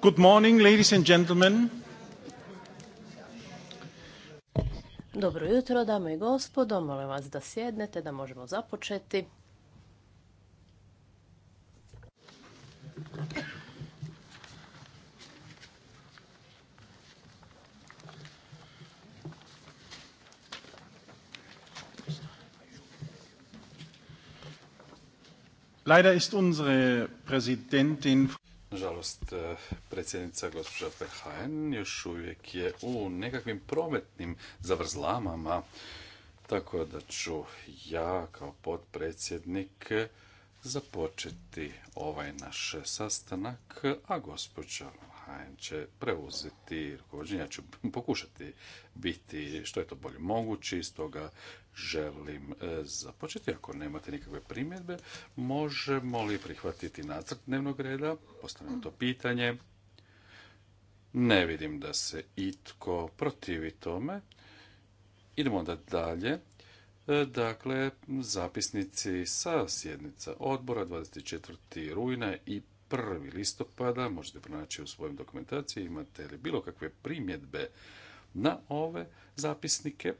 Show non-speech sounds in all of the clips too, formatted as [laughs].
Good morning, ladies and gentlemen. Dobro jutro, dame i gospodo. Molim vas da sjednete, da možemo započeti. Leider ist unsere Präsidentin Nažalost, eh, predsjednica gospođa Perhajen još uvijek je u nekakvim prometnim zavrzlamama, tako da ću ja kao potpredsjednik započeti ovaj naš sastanak, a gospođa Hajn će preuzeti rukovodđenje. Ja ću [laughs] pokušati biti što je to bolje mogući, stoga želim e, započeti. Ako nemate nikakve primjedbe, možemo li prihvatiti nacrt dnevnog reda? Postavljamo to pitanje. Ne vidim da se itko protivi tome. Idemo onda dalje. E, dakle, zapisnici sa sjednica odbora 24. rujna i 1. listopada, možete pronaći u svojim dokumentaciji, imate li bilo kakve primjedbe na ove zapisnike.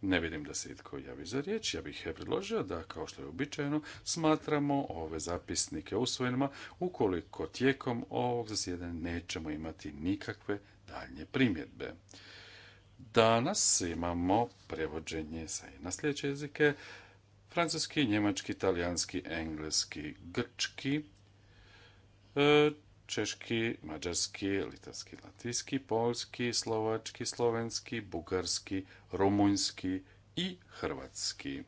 Ne vidim da se itko javi za riječ. Ja bih je predložio da, kao što je običajno, smatramo ove zapisnike usvojenima ukoliko tijekom ovog zasjedanja nećemo imati nikakve daljnje primjedbe. Danas imamo prevođenje sa na sljedeće jezike francuski, njemački, talijanski, engleski, grčki, e, češki, mađarski, litavski, latinski, polski, slovački, slovenski, bugarski, rumunjski i hrvatski.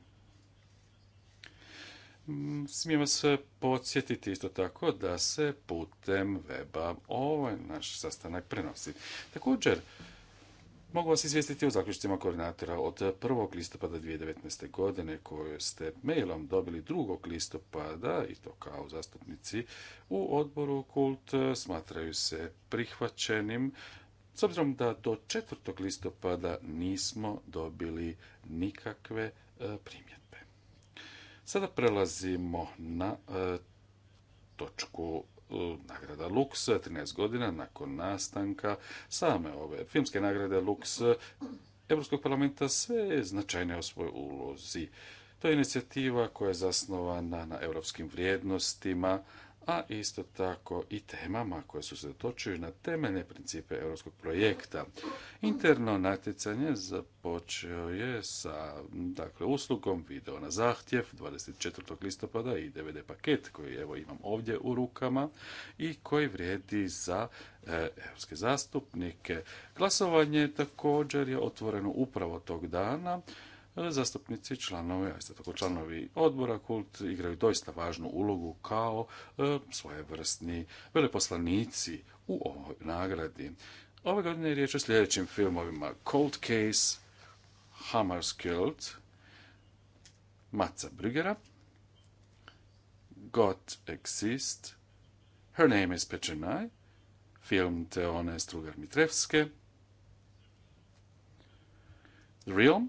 Mm, Smijemo se podsjetiti isto tako da se putem weba ovaj naš sastanak prenosi. Također, Mogu vas izvijestiti o zaključcima koordinatora od 1. listopada 2019. godine koju ste mailom dobili 2. listopada i to kao zastupnici u odboru Kult smatraju se prihvaćenim s obzirom da do 4. listopada nismo dobili nikakve e, primjedbe. Sada prelazimo na e, točku nagrada Lux, 13 godina nakon nastanka same ove filmske nagrade Lux Europskog parlamenta sve je značajne o svojoj ulozi. To je inicijativa koja je zasnovana na europskim vrijednostima, a isto tako i temama koje su se dotočuju na temeljne principe europskog projekta. Interno natjecanje započeo je sa dakle, uslugom video na zahtjev 24. listopada i DVD paket koji evo imam ovdje u rukama i koji vrijedi za e, europske zastupnike. Glasovanje također je otvoreno upravo tog dana E, zastupnici, članovi, a tako članovi odbora Kult igraju doista važnu ulogu kao e, svojevrsni veleposlanici u ovoj nagradi. Ove godine je riječ o sljedećim filmovima Cold Case, Hammer's Guild, Matza Brugera, God Exist, Her Name is Pečenaj, film Teone Strugar Mitrevske, The Realm,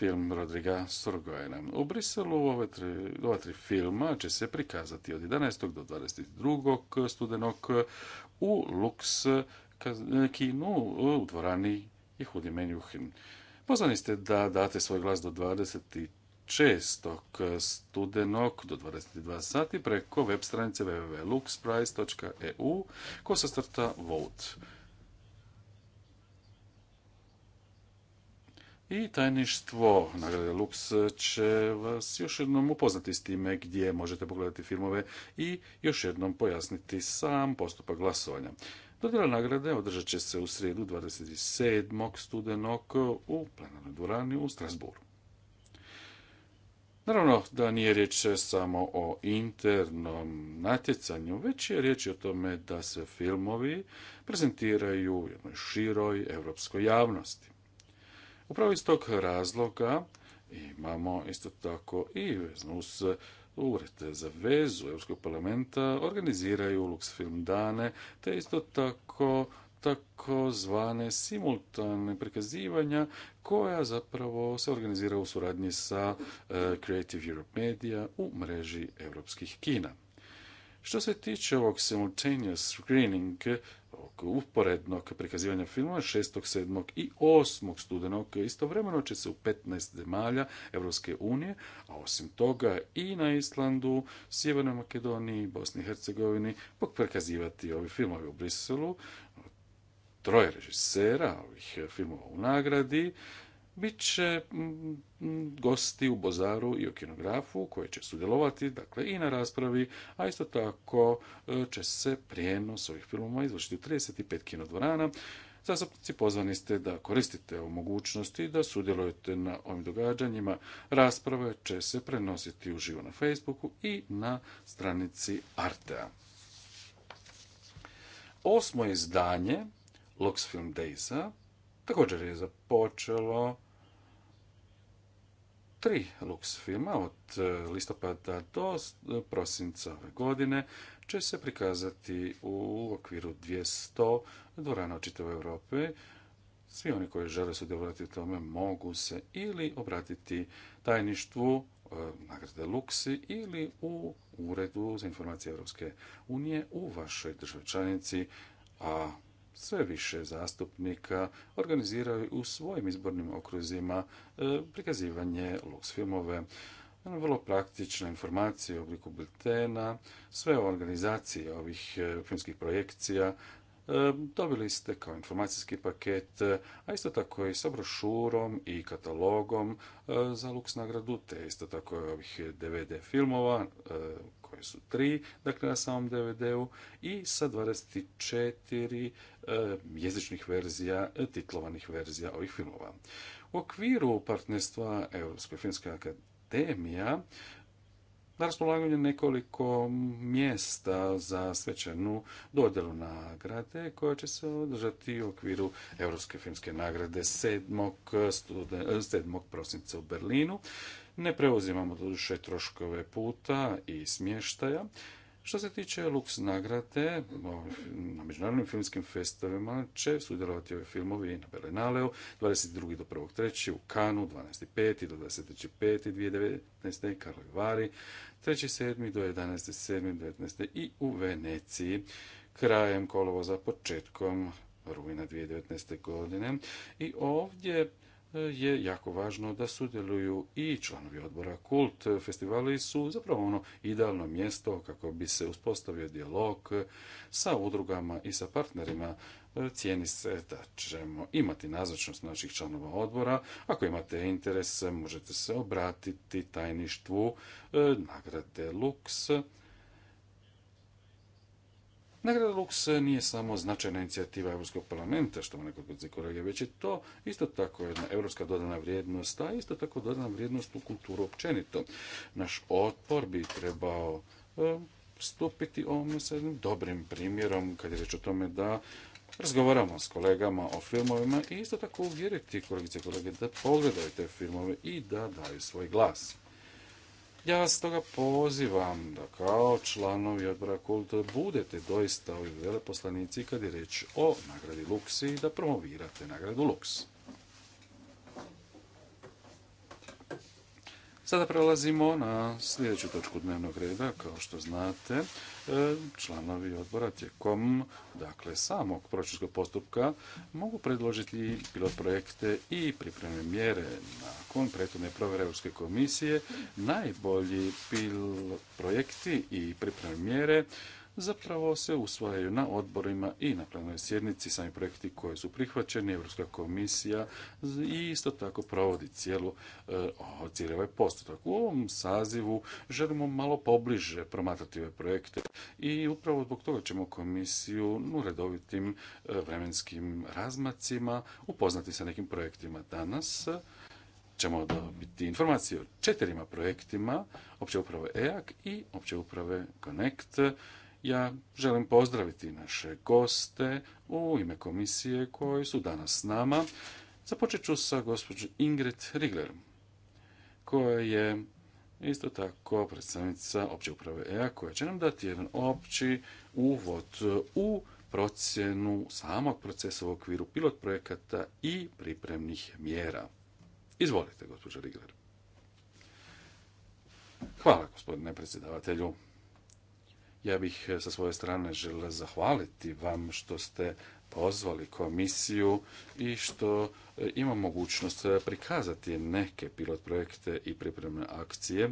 film Rodriga Sorgojena. U Briselu ove tri, ova tri filma će se prikazati od 11. do 22. studenog u Lux kinu u dvorani Jehudi Menjuhin. Pozvani ste da date svoj glas do 26. studenog do 22 sati preko web stranice www.luxprice.eu ko se starta Vote. I tajništvo nagrade Lux će vas još jednom upoznati s time gdje možete pogledati filmove i još jednom pojasniti sam postupak glasovanja. Dodjela nagrade održat će se u srijedu 27. studenog u plenarnoj dvorani u Strasburu. Naravno da nije riječ samo o internom natjecanju, već je riječ o tome da se filmovi prezentiraju jednoj široj europskoj javnosti. Upravo iz tog razloga imamo isto tako i vezno uz ured za vezu Europskog parlamenta organiziraju film dane, te isto tako zvane simultane prikazivanja koja zapravo se organizira u suradnji sa eh, Creative Europe Media u mreži europskih kina. Što se tiče ovog simultaneous screening, uporednog prikazivanja filma 6. 7. i 8. studenog istovremeno će se u 15 zemalja Europske unije, a osim toga i na Islandu, Sjevernoj Makedoniji, Bosni i Hercegovini prikazivati ovi filmovi u Briselu. Troje režisera ovih filmova u nagradi bit će mm, mm, gosti u Bozaru i o kinografu koji će sudjelovati dakle, i na raspravi, a isto tako e, će se prijenos ovih filmova izvršiti u 35 kinodvorana. Zastupnici pozvani ste da koristite ovu mogućnost i da sudjelujete na ovim događanjima. Rasprave će se prenositi u živo na Facebooku i na stranici Artea. Osmo izdanje Lux Film Daysa također je započelo tri Lux filma od e, listopada do e, prosinca ove godine će se prikazati u okviru 200 dvorana čitave Europe. Svi oni koji žele sudjelovati u tome mogu se ili obratiti tajništvu e, nagrade Luksi ili u Uredu za informacije Europske unije u vašoj državi a sve više zastupnika organiziraju u svojim izbornim okruzima e, prikazivanje Lux filmove. Ono vrlo praktične informacije u obliku biltena, sve organizacije ovih e, filmskih projekcija Dobili ste kao informacijski paket, a isto tako i sa brošurom i katalogom e, za Lux nagradu, te isto tako i ovih DVD filmova, e, koje su tri, dakle na samom DVD-u, i sa 24 e, jezičnih verzija, titlovanih verzija ovih filmova. U okviru partnerstva Europske filmske akademije Akademija na raspolaganju nekoliko mjesta za svečanu dodjelu nagrade koja će se održati u okviru Europske filmske nagrade 7. prosinca u Berlinu. Ne preuzimamo doduše troškove puta i smještaja, što se tiče Lux nagrade, na međunarodnim filmskim festivalima će sudjelovati ovi filmovi na Belenaleu 22. do 1.3. u Kanu 12.5. do 23.5. 2019. Karlovari 3.7. do 11.7. 19. i u Veneciji krajem kolovoza početkom rujna 2019. godine. I ovdje je jako važno da sudjeluju i članovi odbora kult. Festivali su zapravo ono idealno mjesto kako bi se uspostavio dijalog sa udrugama i sa partnerima. Cijeni se da ćemo imati nazočnost naših članova odbora. Ako imate interes, možete se obratiti tajništvu e, nagrade Lux Nagrada Lux nije samo značajna inicijativa Europskog parlamenta, što me nekoliko kolege, već je to isto tako jedna europska dodana vrijednost, a isto tako dodana vrijednost u kulturu općenito. Naš otpor bi trebao e, stupiti ovome sa jednim dobrim primjerom kad je reč o tome da razgovaramo s kolegama o filmovima i isto tako uvjeriti kolegice i kolege da pogledaju te filmove i da daju svoj glas. Ja stoga pozivam da kao članovi odbora kulta budete doista ovi veleposlanici kad je reč o nagradi luksi, i da promovirate nagradu Lux. Sada prelazimo na sljedeću točku dnevnog reda. Kao što znate, e, članovi odbora tijekom dakle, samog proračunskog postupka mogu predložiti pilot projekte i pripreme mjere nakon prethodne provjere Europske komisije. Najbolji pilot projekti i pripreme mjere zapravo se usvajaju na odborima i na plenarnoj sjednici sami projekti koji su prihvaćeni, Europska komisija i isto tako provodi cijelu, eh, cijeli ovaj postupak. U ovom sazivu želimo malo pobliže promatrati ove projekte i upravo zbog toga ćemo komisiju u redovitim eh, vremenskim razmacima upoznati sa nekim projektima danas eh, ćemo dobiti informacije o četirima projektima opće uprave EAC i opće uprave Connect ja želim pozdraviti naše goste u ime komisije koji su danas s nama. Započet ću sa gospođom Ingrid Rigler, koja je isto tako predstavnica opće uprave EA, koja će nam dati jedan opći uvod u procjenu samog procesa u okviru pilot projekata i pripremnih mjera. Izvolite, gospođo Rigler. Hvala, gospodine predsjedavatelju. Ja bih e, sa svoje strane želio zahvaliti vam što ste pozvali komisiju i što e, ima mogućnost e, prikazati neke pilot projekte i pripremne akcije,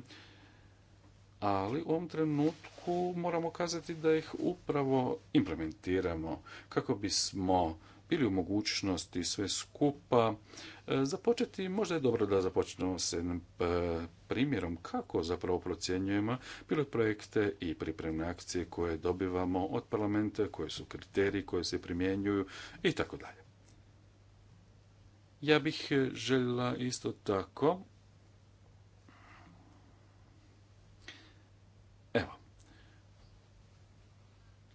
ali u ovom trenutku moramo kazati da ih upravo implementiramo kako bismo bili u mogućnosti sve skupa E, započeti, možda je dobro da započnemo s jednim e, primjerom kako zapravo procjenjujemo pilot projekte i pripremne akcije koje dobivamo od parlamenta, koji su kriteriji, koji se primjenjuju i tako dalje. Ja bih e, željela isto tako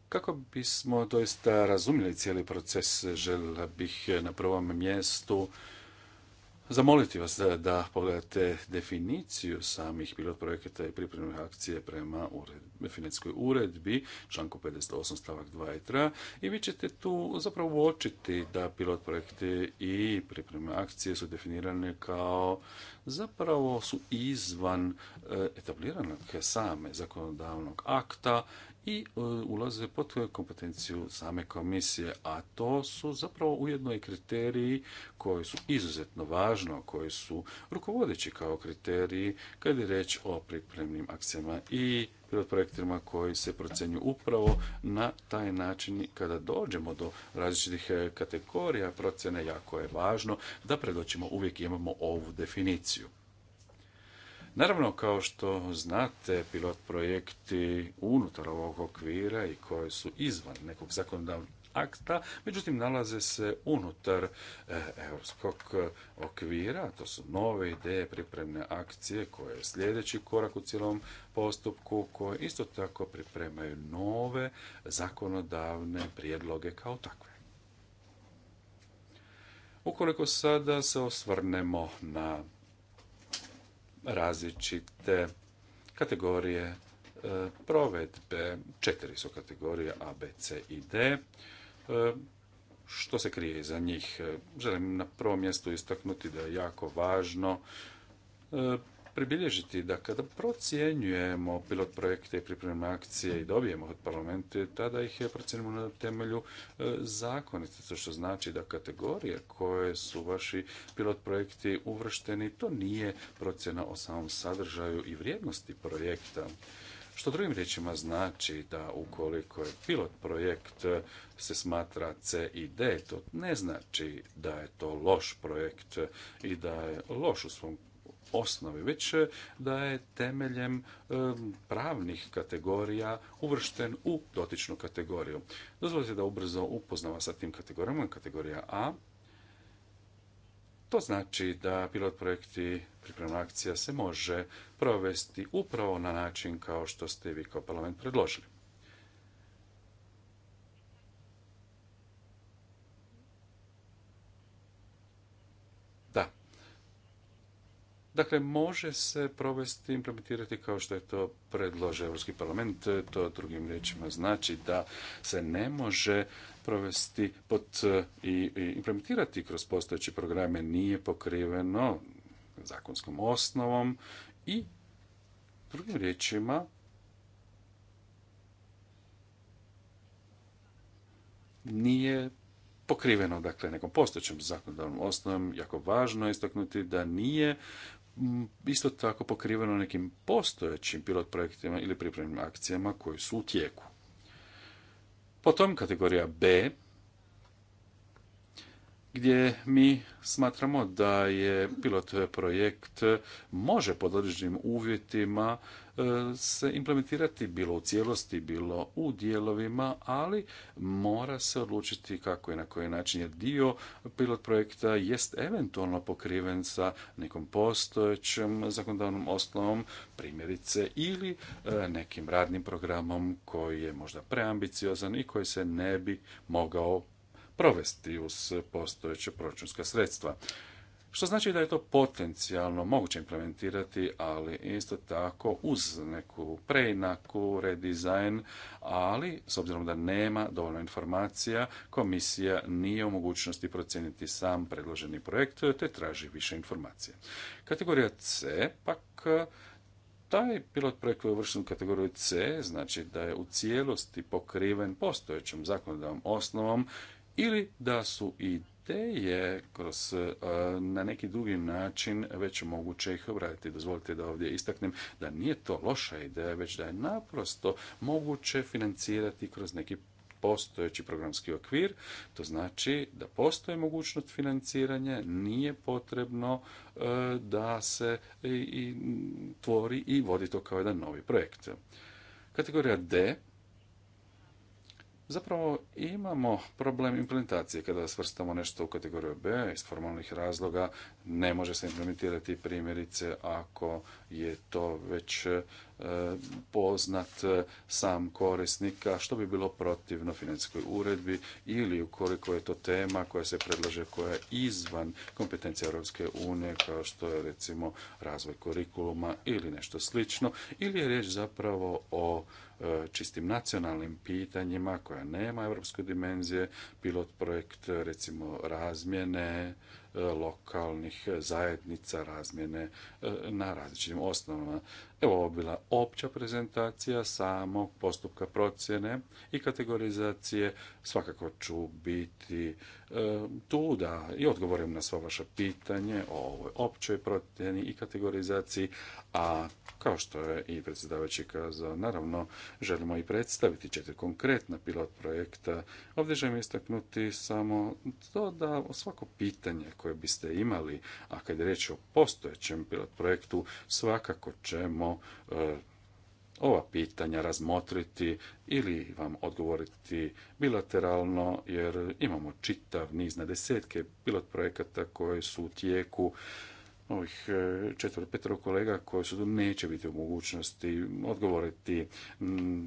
Kako bismo doista razumjeli cijeli proces, željela bih na prvom mjestu zamoliti vas da pogledate definiciju samih pilot projekata i pripremnih akcije prema uredbi, financijskoj uredbi, članku 58 stavak 2 i 3, i vi ćete tu zapravo uočiti da pilot projekte i pripremne akcije su definirane kao zapravo su izvan e, etabliranog same zakonodavnog akta i e, ulaze pod kompetenciju same komisije, a to su zapravo ujedno i kriteriji koji su izuzetno važno, koji su rukovodeći kao kriteriji kad je reč o pripremnim akcijama i projektima koji se procenju upravo na taj način kada dođemo do različitih e, kategorija procjene jako je važno da predočimo uvijek imamo ovu definiciju. Naravno, kao što znate, pilot projekti unutar ovog okvira i koje su izvan nekog zakonodavnog akta, međutim nalaze se unutar e, europskog okvira, to su nove ideje, pripremne akcije koje je sljedeći korak u cijelom postupku, koje isto tako pripremaju nove zakonodavne prijedloge kao takve. Ukoliko sada se osvrnemo na različite kategorije e, provedbe. Četiri su kategorije A, B, C i D. E, što se krije iza njih? E, želim na prvom mjestu istaknuti da je jako važno pribilježiti da kada procjenjujemo pilot projekte i pripremne akcije i dobijemo od parlamenta, tada ih je procjenimo na temelju e, zakonitosti, što znači da kategorije koje su vaši pilot projekti uvršteni, to nije procjena o samom sadržaju i vrijednosti projekta. Što drugim riječima znači da ukoliko je pilot projekt e, se smatra C i D, to ne znači da je to loš projekt i da je loš u svom osnovi, već e, da je temeljem e, pravnih kategorija uvršten u dotičnu kategoriju. Dozvolite da ubrzo upoznava sa tim kategorijama, kategorija A, to znači da pilot projekti pripremna akcija se može provesti upravo na način kao što ste vi kao parlament predložili. Dakle, može se provesti, implementirati kao što je to predložio Europski parlament. To drugim riječima znači da se ne može provesti pod i implementirati kroz postojeće programe nije pokriveno zakonskom osnovom i drugim riječima nije pokriveno dakle nekom postojećom zakonodavnom osnovom. Jako važno je istaknuti da nije isto tako pokriveno nekim postojećim pilot projektima ili pripremnim akcijama koji su u tijeku. Potom kategorija B gdje mi smatramo da je pilot projekt može pod određenim uvjetima e, se implementirati bilo u cijelosti, bilo u dijelovima, ali mora se odlučiti kako i na koji način je dio pilot projekta jest eventualno pokriven sa nekom postojećom zakonodavnom osnovom, primjerice, ili e, nekim radnim programom koji je možda preambiciozan i koji se ne bi mogao provesti uz postojeće proračunska sredstva. Što znači da je to potencijalno moguće implementirati, ali isto tako uz neku preinaku, redizajn, ali s obzirom da nema dovoljno informacija, komisija nije u mogućnosti procijeniti sam predloženi projekt, te traži više informacija. Kategorija C pak taj pilot projekt koji je uvršen u kategoriju C, znači da je u cijelosti pokriven postojećom zakonodavnom osnovom ili da su ideje kroz e, na neki drugi način već moguće ih obraditi. Dozvolite da ovdje istaknem da nije to loša ideja, već da je naprosto moguće financirati kroz neki postojeći programski okvir, to znači da postoje mogućnost financiranja, nije potrebno e, da se tvori i vodi to kao jedan novi projekt. Kategorija D Zapravo imamo problem implementacije kada svrstamo nešto u kategoriju B iz formalnih razloga ne može se implementirati primjerice ako je to već e, poznat e, sam korisnika što bi bilo protivno financijskoj uredbi ili ukoliko je to tema koja se predlaže koja je izvan kompetencije Europske unije kao što je recimo razvoj kurikuluma ili nešto slično ili je riječ zapravo o E, čistim nacionalnim pitanjima koja nema europske dimenzije, pilot projekt recimo razmjene lokalnih zajednica razmjene e, na različitim osnovama. Evo ovo bila opća prezentacija samog postupka procjene i kategorizacije. Svakako ću biti e, tu da i odgovorim na sva vaše pitanje o ovoj općoj procjeni i kategorizaciji, a kao što je i predsjedavajući kazao, naravno želimo i predstaviti četiri konkretna pilot projekta. Ovdje želim istaknuti samo to da svako pitanje koje biste imali, a kad je riječ o postojećem pilot projektu, svakako ćemo e, ova pitanja razmotriti ili vam odgovoriti bilateralno, jer imamo čitav niz na desetke pilot projekata koje su u tijeku ovih e, četvr, petro kolega koji su tu neće biti u mogućnosti odgovoriti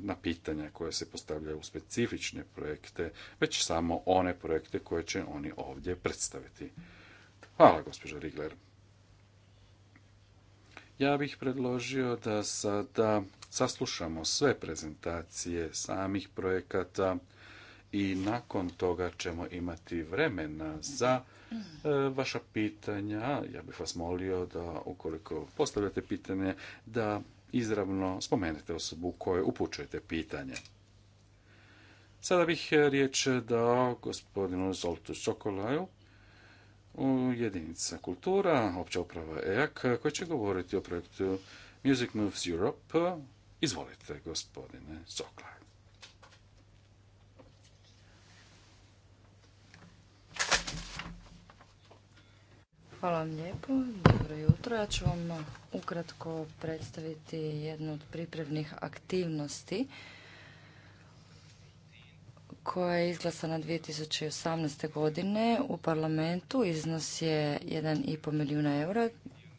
na pitanja koje se postavljaju u specifične projekte, već samo one projekte koje će oni ovdje predstaviti. Hvala, gospođo Rigler. Ja bih predložio da sada saslušamo sve prezentacije samih projekata i nakon toga ćemo imati vremena za e, vaša pitanja. Ja bih vas molio da ukoliko postavljate pitanje, da izravno spomenete osobu kojoj upućujete pitanje. Sada bih e, riječ dao gospodinu Zoltu Sokolaju, jedinica kultura, opća uprava EAK, koja će govoriti o projektu Music Moves Europe. Izvolite, gospodine Sokla. Hvala vam lijepo. Dobro jutro. Ja ću vam ukratko predstaviti jednu od pripremnih aktivnosti koja je izglasana 2018. godine u parlamentu. Iznos je 1,5 milijuna eura,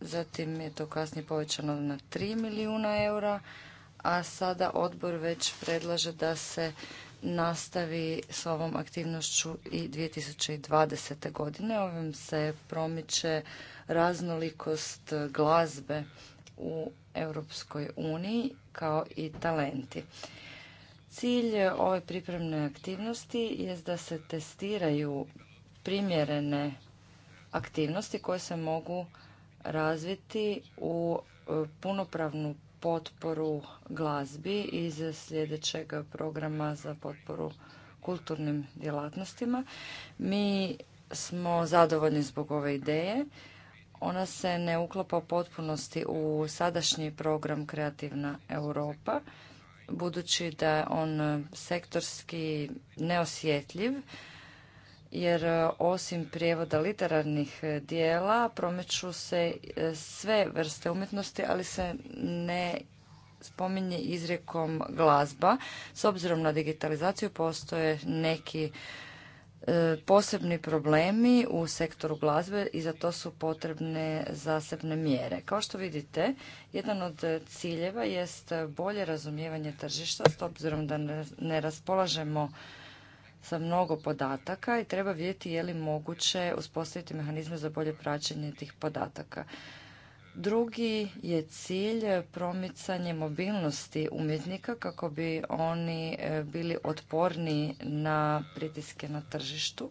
zatim je to kasnije povećano na 3 milijuna eura, a sada odbor već predlaže da se nastavi s ovom aktivnošću i 2020. godine. Ovim se promiče raznolikost glazbe u Europskoj uniji kao i talenti. Cilj ove pripremne aktivnosti je da se testiraju primjerene aktivnosti koje se mogu razviti u e, punopravnu potporu glazbi iz sljedećeg programa za potporu kulturnim djelatnostima. Mi smo zadovoljni zbog ove ideje. Ona se ne uklapa u potpunosti u sadašnji program Kreativna Europa budući da je on e, sektorski neosjetljiv, jer e, osim prijevoda literarnih e, dijela promeću se sve vrste umjetnosti, ali se ne spominje izrijekom glazba. S obzirom na digitalizaciju postoje neki E, posebni problemi u sektoru glazbe i za to su potrebne zasebne mjere. Kao što vidite, jedan od ciljeva jest bolje razumijevanje tržišta s obzirom da ne raspolažemo sa mnogo podataka i treba vidjeti je li moguće uspostaviti mehanizme za bolje praćenje tih podataka. Drugi je cilj promicanje mobilnosti umjetnika kako bi oni e, bili otporniji na pritiske na tržištu.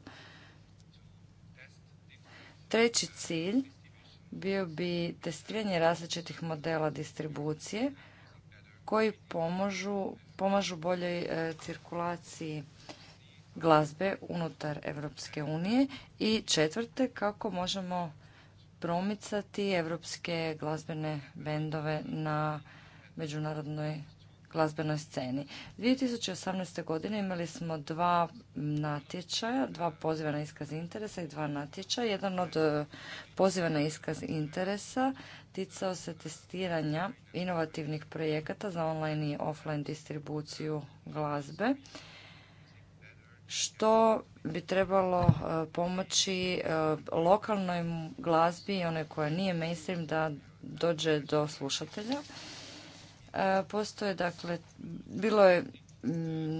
Treći cilj bio bi testiranje različitih modela distribucije koji pomožu, pomažu boljoj e, cirkulaciji glazbe unutar Europske unije i četvrte kako možemo promicati evropske glazbene bendove na međunarodnoj glazbenoj sceni. 2018. godine imali smo dva natječaja, dva poziva na iskaz interesa i dva natječaja. Jedan od e, poziva na iskaz interesa ticao se testiranja inovativnih projekata za online i offline distribuciju glazbe, što bi trebalo e, pomoći e, lokalnoj glazbi i onoj koja nije mainstream da dođe do slušatelja. E, postoje, dakle, bilo je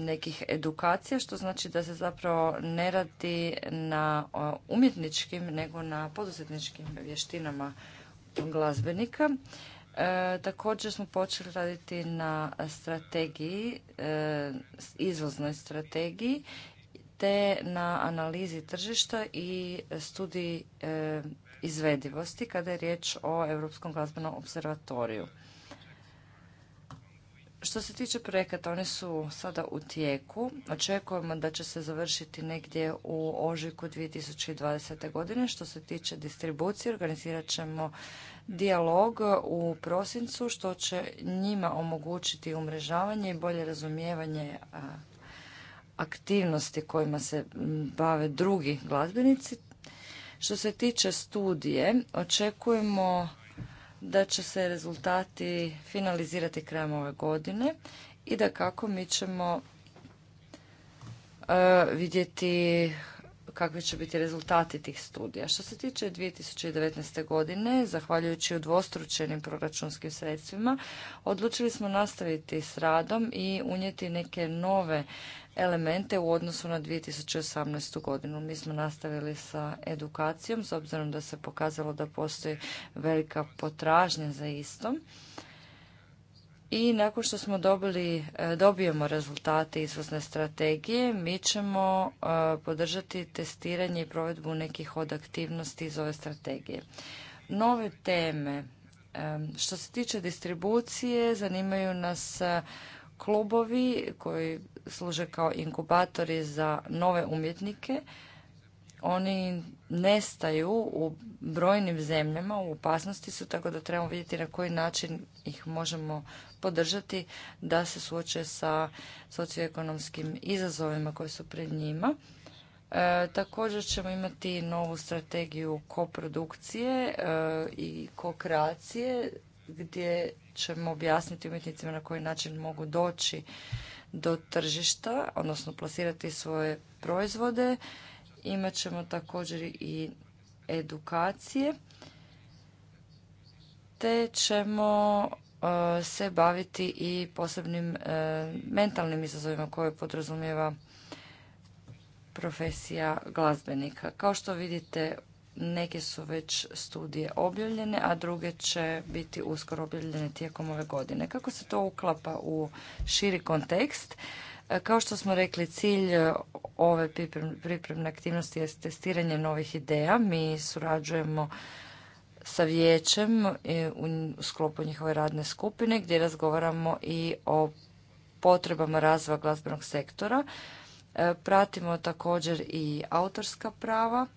nekih edukacija, što znači da se zapravo ne radi na umjetničkim, nego na poduzetničkim vještinama glazbenika. također smo počeli raditi na strategiji, e, izvoznoj strategiji te na analizi tržišta i studiji e, izvedivosti kada je riječ o Europskom glazbenom observatoriju. Što se tiče projekata, oni su sada u tijeku. Očekujemo da će se završiti negdje u ožujku 2020. godine. Što se tiče distribucije, organizirat ćemo dijalog u prosincu, što će njima omogućiti umrežavanje i bolje razumijevanje aktivnosti kojima se bave drugi glazbenici. Što se tiče studije, očekujemo da će se rezultati finalizirati krajem ove godine i da kako mi ćemo e, vidjeti kakvi će biti rezultati tih studija. Što se tiče 2019. godine, zahvaljujući udvostručenim proračunskim sredstvima, odlučili smo nastaviti s radom i unijeti neke nove elemente u odnosu na 2018. godinu. Mi smo nastavili sa edukacijom s obzirom da se pokazalo da postoji velika potražnja za istom. I nakon što smo dobili, e, dobijemo rezultate izvozne strategije, mi ćemo e, podržati testiranje i provedbu nekih od aktivnosti iz ove strategije. Nove teme. E, što se tiče distribucije, zanimaju nas klubovi koji služe kao inkubatori za nove umjetnike, oni nestaju u brojnim zemljama, u opasnosti su, tako da trebamo vidjeti na koji način ih možemo podržati da se suoče sa socioekonomskim izazovima koji su pred njima. E, također ćemo imati novu strategiju koprodukcije e, i kokreacije gdje ćemo objasniti umjetnicima na koji način mogu doći do tržišta, odnosno plasirati svoje proizvode. Imat ćemo također i edukacije, te ćemo e, se baviti i posebnim e, mentalnim izazovima koje podrazumijeva profesija glazbenika. Kao što vidite Neke su već studije objavljene, a druge će biti uskoro objavljene tijekom ove godine. Kako se to uklapa u širi kontekst? E, kao što smo rekli, cilj ove pripremne aktivnosti je testiranje novih ideja. Mi surađujemo sa vijećem u sklopu njihove radne skupine gdje razgovaramo i o potrebama razvoja glazbenog sektora. E, pratimo također i autorska prava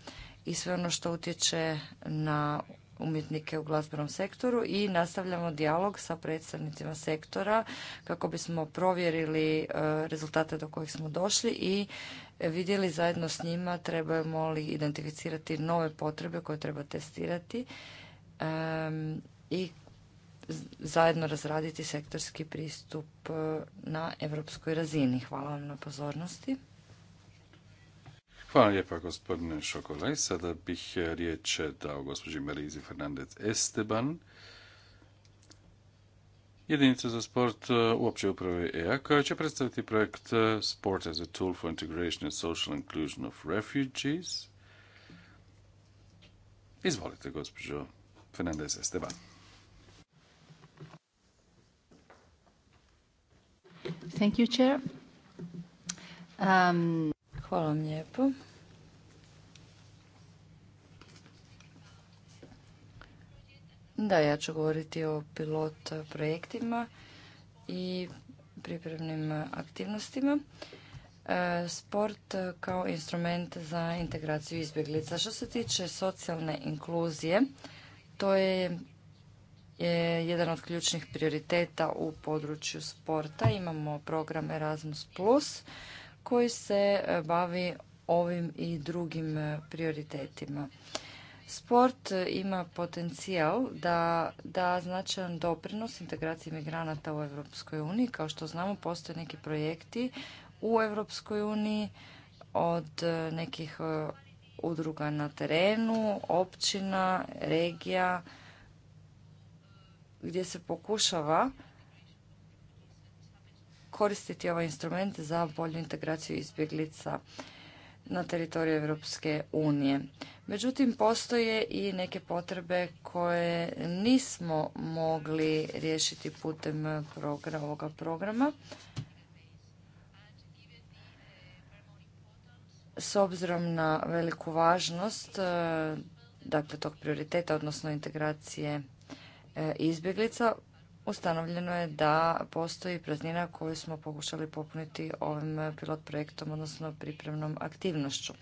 i sve ono što utječe na umjetnike u glazbenom sektoru i nastavljamo dijalog sa predstavnicima sektora kako bismo provjerili e, rezultate do kojih smo došli i vidjeli zajedno s njima trebamo li identificirati nove potrebe koje treba testirati i zajedno razraditi sektorski pristup e, na europskoj razini. Hvala vam na pozornosti. Hvala lijepa gospodine Šokolaj. Sada bih eh, riječ eh, dao gospođi Marizi Fernandez Esteban. Jedinica za sport eh, uopće uprave EA koja će predstaviti projekt Sport as a Tool for Integration and Social Inclusion of Refugees. Izvolite, gospođo Fernandez Esteban. Thank you, Chair. Um... Hvala vam lijepo. Da, ja ću govoriti o pilot projektima i pripremnim aktivnostima. E, sport kao instrument za integraciju izbjeglica. Što se tiče socijalne inkluzije, to je je jedan od ključnih prioriteta u području sporta. Imamo program Erasmus+, koji se e, bavi ovim i drugim e, prioritetima. Sport e, ima potencijal da da značajan doprinos integraciji migranata u Europskoj uniji. Kao što znamo, postoje neki projekti u Europskoj uniji od nekih udruga na terenu, općina, regija, gdje se pokušava koristiti ovaj instrument za bolju integraciju izbjeglica na teritoriju Europske unije. Međutim, postoje i neke potrebe koje nismo mogli riješiti putem ovoga programa. S obzirom na veliku važnost e, dakle, tog prioriteta, odnosno integracije e, izbjeglica, ustanovljeno je da postoji praznina koju smo pokušali popuniti ovim pilot projektom, odnosno pripremnom aktivnošću.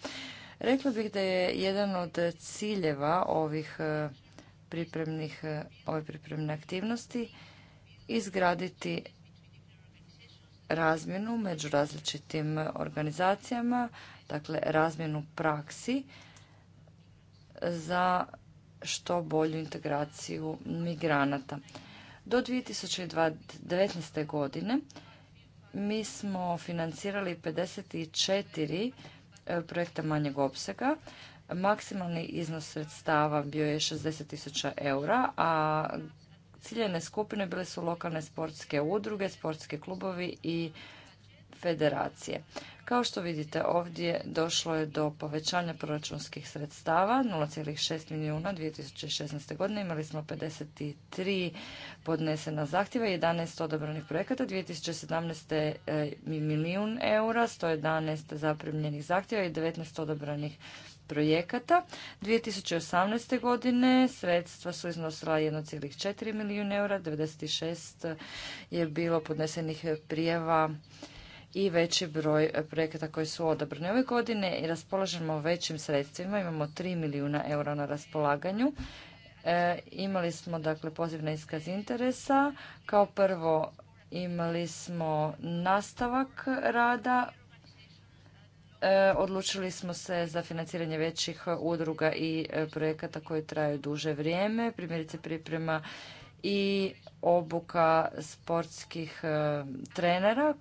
Rekla bih da je jedan od ciljeva ovih e, pripremnih, e, ove pripremne aktivnosti izgraditi razmjenu među različitim organizacijama, dakle razmjenu praksi za što bolju integraciju migranata. Do 2019. godine mi smo financirali 54 e, projekta manjeg opsega. Maksimalni iznos sredstava bio je 60 tisuća eura, a ciljene skupine bile su lokalne sportske udruge, sportske klubovi i federacije. Kao što vidite ovdje došlo je do povećanja proračunskih sredstava 0,6 milijuna 2016. godine. Imali smo 53 podnesena zahtjeva, i 11 odabranih projekata, 2017. E, milijun eura, 111 zaprimljenih zahtjeva i 19 odabranih projekata. 2018. godine sredstva su iznosila 1,4 milijuna eura, 96 je bilo podnesenih prijava i veći broj projekata koji su odabrani. Ove godine i raspolažemo većim sredstvima, imamo 3 milijuna eura na raspolaganju. E, imali smo dakle poziv na iskaz interesa. Kao prvo imali smo nastavak rada e, odlučili smo se za financiranje većih udruga i e, projekata koji traju duže vrijeme, primjerice priprema i obuka sportskih trenera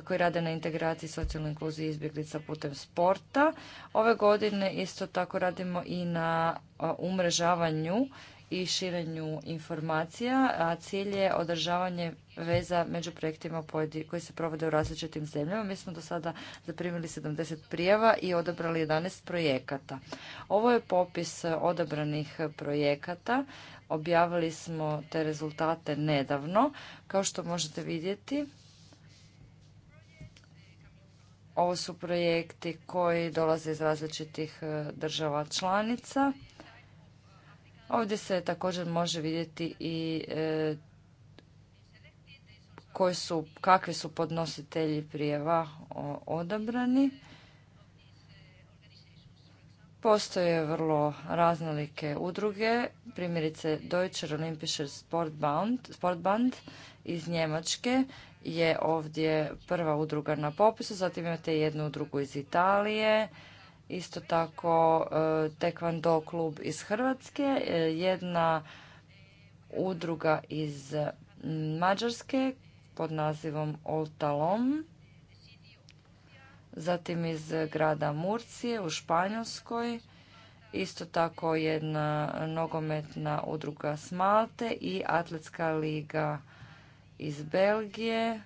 koji rade na integraciji socijalnoj inkluziji izbjeglica putem sporta. Ove godine isto tako radimo i na umrežavanju i širenju informacija, a cilj je održavanje veza među projektima koji se provode u različitim zemljama. Mi smo do sada zaprimili 70 prijava i odabrali 11 projekata. Ovo je popis odabranih projekata. Objavili smo te rezultate nedavno. Kao što možete vidjeti, ovo su projekti koji dolaze iz različitih e, država članica. Ovdje se također može vidjeti i e, koji su, kakvi su podnositelji prijeva odabrani. Postoje vrlo raznolike udruge, primjerice Deutscher Olympischer Sportband iz Njemačke je ovdje prva udruga na popisu, zatim imate jednu udrugu iz Italije, isto tako e, Tekvando klub iz Hrvatske, e, jedna udruga iz Mađarske pod nazivom Oltalom, zatim iz grada Murcije u Španjolskoj, isto tako jedna nogometna udruga Smalte i Atletska liga iz Belgije,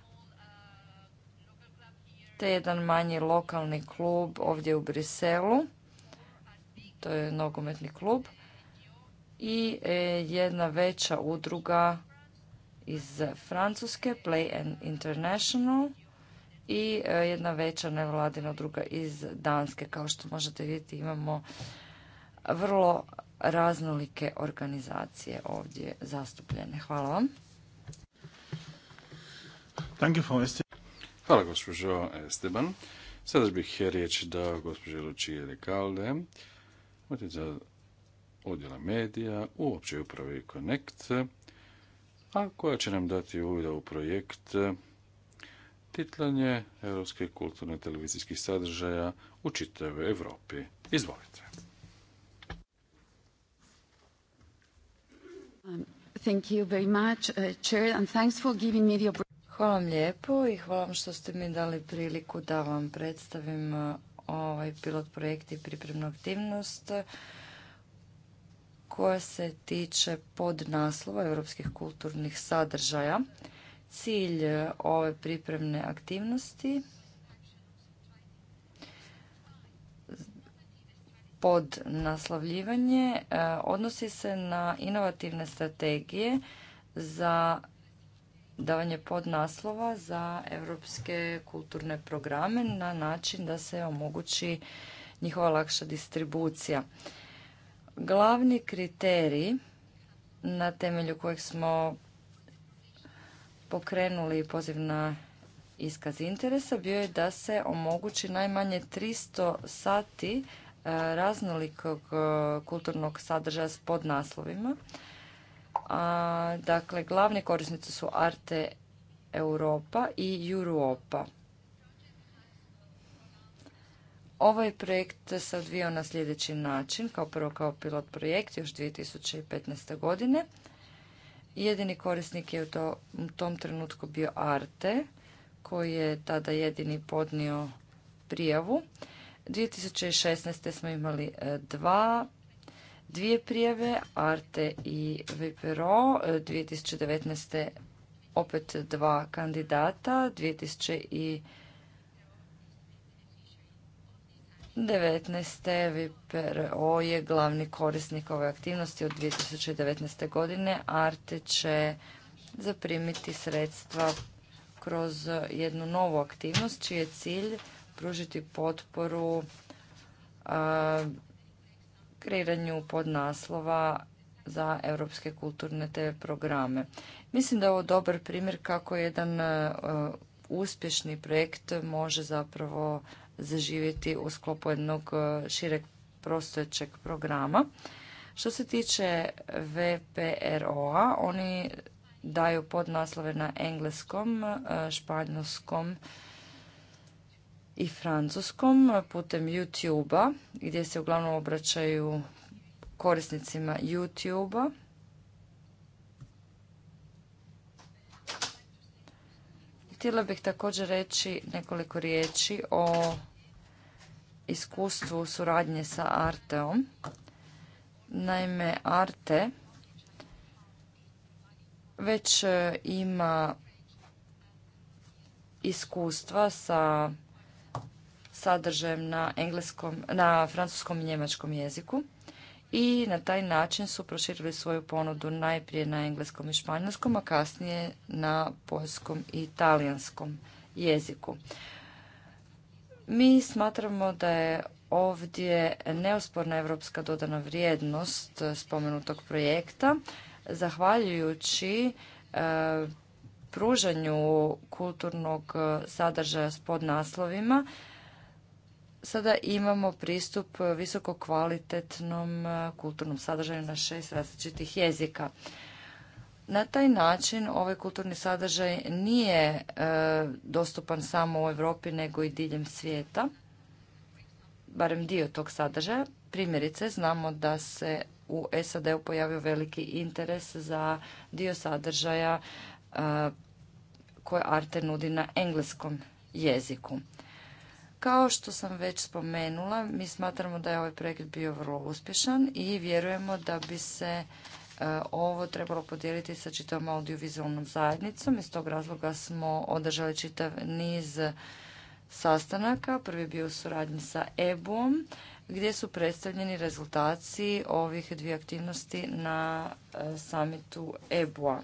te jedan manji lokalni klub ovdje u Briselu, to je nogometni klub, i e, jedna veća udruga iz Francuske, Play and International, i e, jedna veća nevladina udruga iz Danske. Kao što možete vidjeti imamo vrlo raznolike organizacije ovdje zastupljene. Hvala vam. Hvala gospođo Esteban. Sada bih riječ dao gospođe Lučije Rekalde, za odjela medija u općoj upravi Connect, a koja će nam dati uvida u projekt titlanje Europske kulturne televizijskih sadržaja u čitavoj Europi. Izvolite. Um, thank you very much, uh, Chair, and thanks for giving me Hvala vam lijepo i hvala vam što ste mi dali priliku da vam predstavim ovaj pilot projekt i pripremnu aktivnost koja se tiče podnaslova europskih kulturnih sadržaja. Cilj ove pripremne aktivnosti pod naslavljivanje odnosi se na inovativne strategije za davanje podnaslova za europske kulturne programe na način da se omogući njihova lakša distribucija. Glavni kriterij na temelju kojeg smo pokrenuli poziv na iskaz interesa bio je da se omogući najmanje 300 sati e, raznolikog e, kulturnog sadržaja s podnaslovima a, dakle, glavne korisnice su Arte Europa i Europa. Ovaj projekt se odvijao na sljedeći način, kao prvo kao pilot projekt još 2015. godine. Jedini korisnik je u, u tom trenutku bio Arte, koji je tada jedini podnio prijavu. 2016. smo imali e, dva dvije prijeve, Arte i Vipero, 2019. E, opet dva kandidata, 2019. Vipero je glavni korisnik ove aktivnosti od 2019. godine, Arte će zaprimiti sredstva kroz jednu novu aktivnost čiji je cilj pružiti potporu kreiranju podnaslova za europske kulturne TV programe. Mislim da je ovo dobar primjer kako jedan e, uspješni projekt može zapravo zaživjeti u sklopu jednog e, šireg prostojećeg programa. Što se tiče vpro oni daju podnaslove na engleskom, e, španjolskom, i francuskom putem YouTube-a gdje se uglavnom obraćaju korisnicima YouTube-a. Htjela bih također reći nekoliko riječi o iskustvu suradnje sa Arteom. Naime, Arte već e, ima iskustva sa sadržajem na, engleskom, na francuskom i njemačkom jeziku i na taj način su proširili svoju ponudu najprije na engleskom i španjolskom, a kasnije na poljskom i talijanskom jeziku. Mi smatramo da je ovdje neosporna evropska dodana vrijednost spomenutog projekta, zahvaljujući e, pružanju kulturnog sadržaja s podnaslovima sada imamo pristup visoko kvalitetnom e, kulturnom sadržaju na šest različitih jezika. Na taj način ovaj kulturni sadržaj nije e, dostupan samo u Europi nego i diljem svijeta, barem dio tog sadržaja. Primjerice, znamo da se u SAD-u pojavio veliki interes za dio sadržaja e, koje Arte nudi na engleskom jeziku. Kao što sam već spomenula, mi smatramo da je ovaj projekt bio vrlo uspješan i vjerujemo da bi se e, ovo trebalo podijeliti sa čitavom audiovizualnom zajednicom. Iz tog razloga smo održali čitav niz sastanaka. Prvi je bio u suradnji sa EBU-om gdje su predstavljeni rezultaci ovih dvije aktivnosti na e, samitu EBU-a.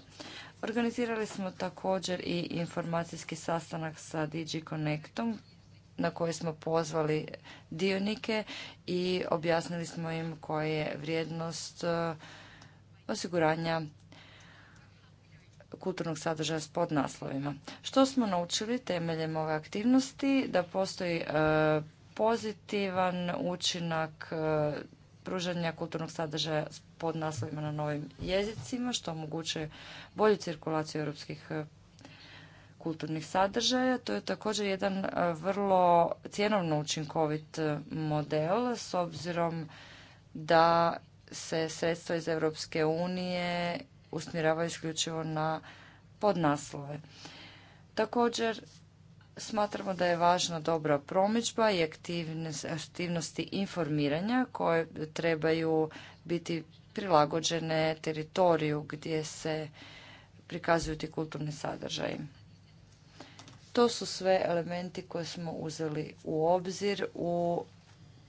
Organizirali smo također i informacijski sastanak sa Digi Connectom na koje smo pozvali dionike i objasnili smo im koja je vrijednost e, osiguranja kulturnog sadržaja s podnaslovima. Što smo naučili temeljem ove aktivnosti? Da postoji e, pozitivan učinak e, pružanja kulturnog sadržaja s podnaslovima na novim jezicima, što omogućuje bolju cirkulaciju europskih kulturnih sadržaja. To je također jedan e, vrlo cjenovno učinkovit e, model s obzirom da se sredstva iz Europske unije usmjeravaju isključivo na podnaslove. Također smatramo da je važna dobra promičba i aktivnosti informiranja koje trebaju biti prilagođene teritoriju gdje se prikazuju ti kulturni sadržaji. To su sve elementi koje smo uzeli u obzir u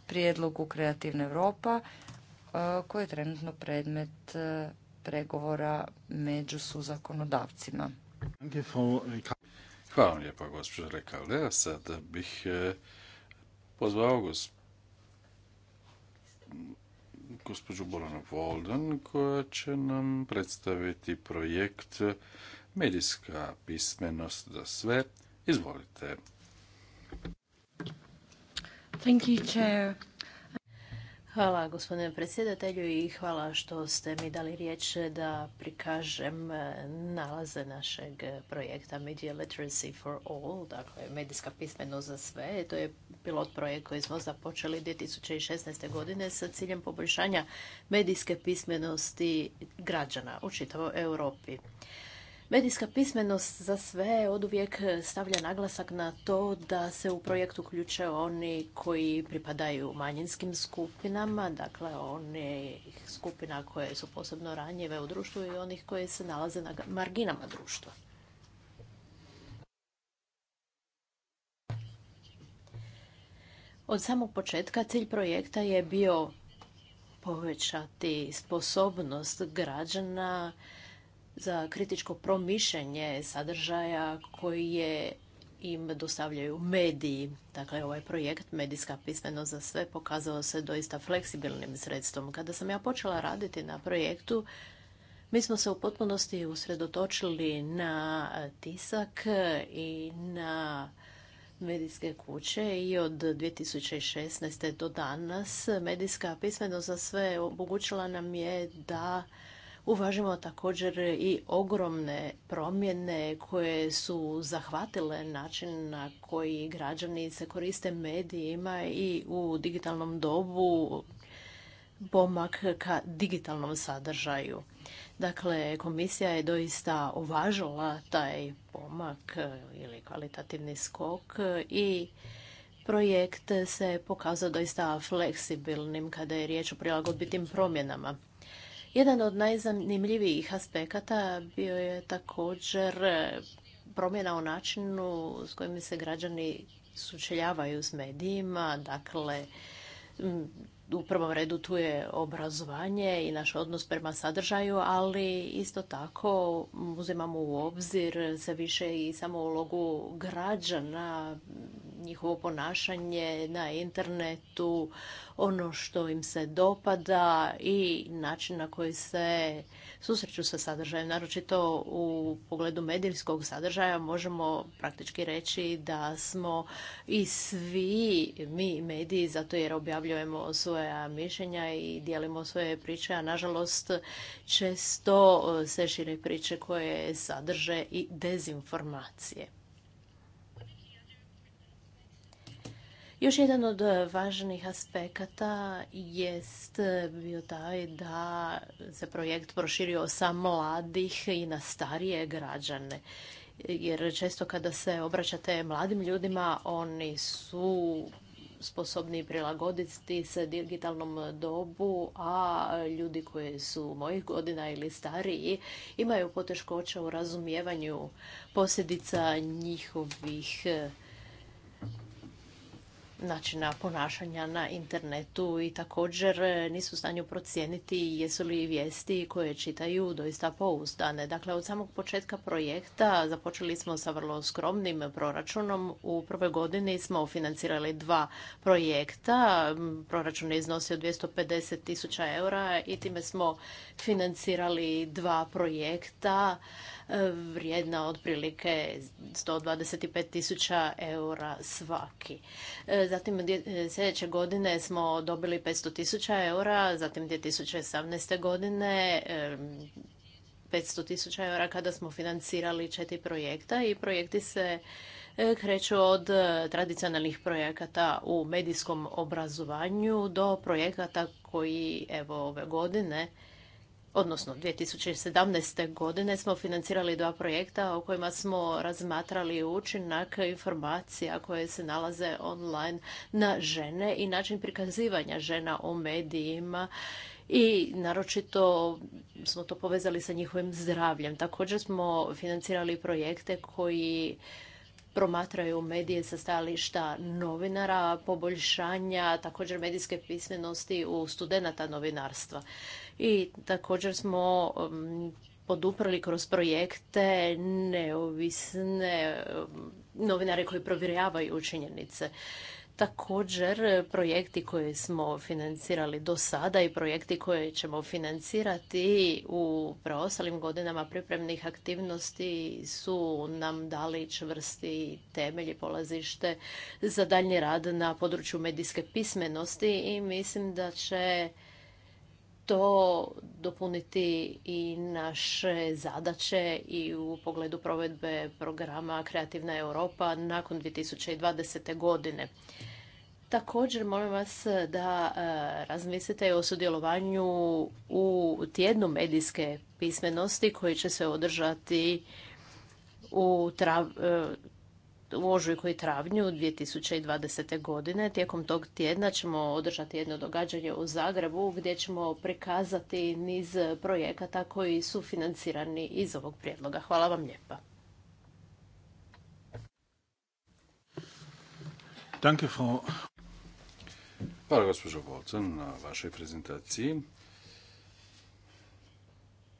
prijedlogu Kreativna Europa e, koji je trenutno predmet e, pregovora među suzakonodavcima. Uh, Hvala vam lijepa, gospođo Rekale. A sada bih e, pozvao gospođu Bolanu Voldan koja će nam predstaviti projekt Medijska pismenost za sve – Izvolite. Thank you, chair. Hvala gospodine predsjedatelju i hvala što ste mi dali riječ da prikažem nalaze našeg projekta Media Literacy for All, dakle medijska pismenost za sve. To je pilot projekt koji smo započeli 2016. godine sa ciljem poboljšanja medijske pismenosti građana u čitavoj Europi. Medijska pismenost za sve oduvijek stavlja naglasak na to da se u projekt uključe oni koji pripadaju manjinskim skupinama, dakle onih skupina koje su posebno ranjive u društvu i onih koje se nalaze na marginama društva. Od samog početka cilj projekta je bio povećati sposobnost građana za kritičko promišljanje sadržaja koji je im dostavljaju mediji. Dakle, ovaj projekt Medijska pismenost za sve pokazao se doista fleksibilnim sredstvom. Kada sam ja počela raditi na projektu, mi smo se u potpunosti usredotočili na tisak i na medijske kuće i od 2016. do danas medijska pismenost za sve omogućila nam je da uvažimo također i ogromne promjene koje su zahvatile način na koji građani se koriste medijima i u digitalnom dobu pomak ka digitalnom sadržaju. Dakle, komisija je doista uvažila taj pomak ili kvalitativni skok i projekt se pokazao doista fleksibilnim kada je riječ o prilagodbitim promjenama. Jedan od najzanimljivijih aspekata bio je također e, promjena u načinu s kojim se građani sučeljavaju s medijima, dakle u prvom redu tu je obrazovanje i naš odnos prema sadržaju, ali isto tako uzimamo u obzir sve više i samo ulogu građana njihovo ponašanje na internetu, ono što im se dopada i način na koji se susreću sa sadržajem. Naročito u pogledu medijskog sadržaja možemo praktički reći da smo i svi mi mediji, zato jer objavljujemo svoja mišljenja i dijelimo svoje priče, a nažalost često se šire priče koje sadrže i dezinformacije. Još jedan od e, važnih aspekata jest e, bio taj da se projekt proširio sa mladih i na starije građane. Jer često kada se obraćate mladim ljudima, oni su sposobni prilagoditi se digitalnom dobu, a ljudi koji su mojih godina ili stariji imaju poteškoća u razumijevanju posljedica njihovih e, načina ponašanja na internetu i također e, nisu u stanju procijeniti jesu li vijesti koje čitaju doista pouzdane. Dakle, od samog početka projekta započeli smo sa vrlo skromnim proračunom. U prvoj godini smo financirali dva projekta. Proračun je iznosio 250 tisuća eura i time smo financirali dva projekta vrijedna otprilike 125 tisuća eura svaki. E, zatim e, sljedeće godine smo dobili 500.000 tisuća eura, zatim 2018. godine 500 tisuća eura kada smo financirali četiri projekta i projekti se e, kreću od tradicionalnih projekata u medijskom obrazovanju do projekata koji evo ove godine odnosno 2017. godine smo financirali dva projekta o kojima smo razmatrali učinak informacija koje se nalaze online na žene i način prikazivanja žena u medijima i naročito smo to povezali sa njihovim zdravljem. Također smo financirali projekte koji promatraju medije sa stajališta novinara, poboljšanja također medijske pismenosti u studenata novinarstva i također smo um, poduprli kroz projekte neovisne um, novinare koji provjeravaju činjenice. Također, projekti koje smo financirali do sada i projekti koje ćemo financirati u preostalim godinama pripremnih aktivnosti su nam dali čvrsti temelj i polazište za daljnji rad na području medijske pismenosti i mislim da će to dopuniti i naše zadaće i u pogledu provedbe programa Kreativna Europa nakon 2020. godine. Također molim vas da e, razmislite o sudjelovanju u tjednu medijske pismenosti koji će se održati u e, u ožujku i travnju 2020. godine. Tijekom tog tjedna ćemo održati jedno događanje u Zagrebu gdje ćemo prikazati niz projekata koji su financirani iz ovog prijedloga. Hvala vam lijepa. Danke, Frau. Hvala, gospođo na vašoj prezentaciji.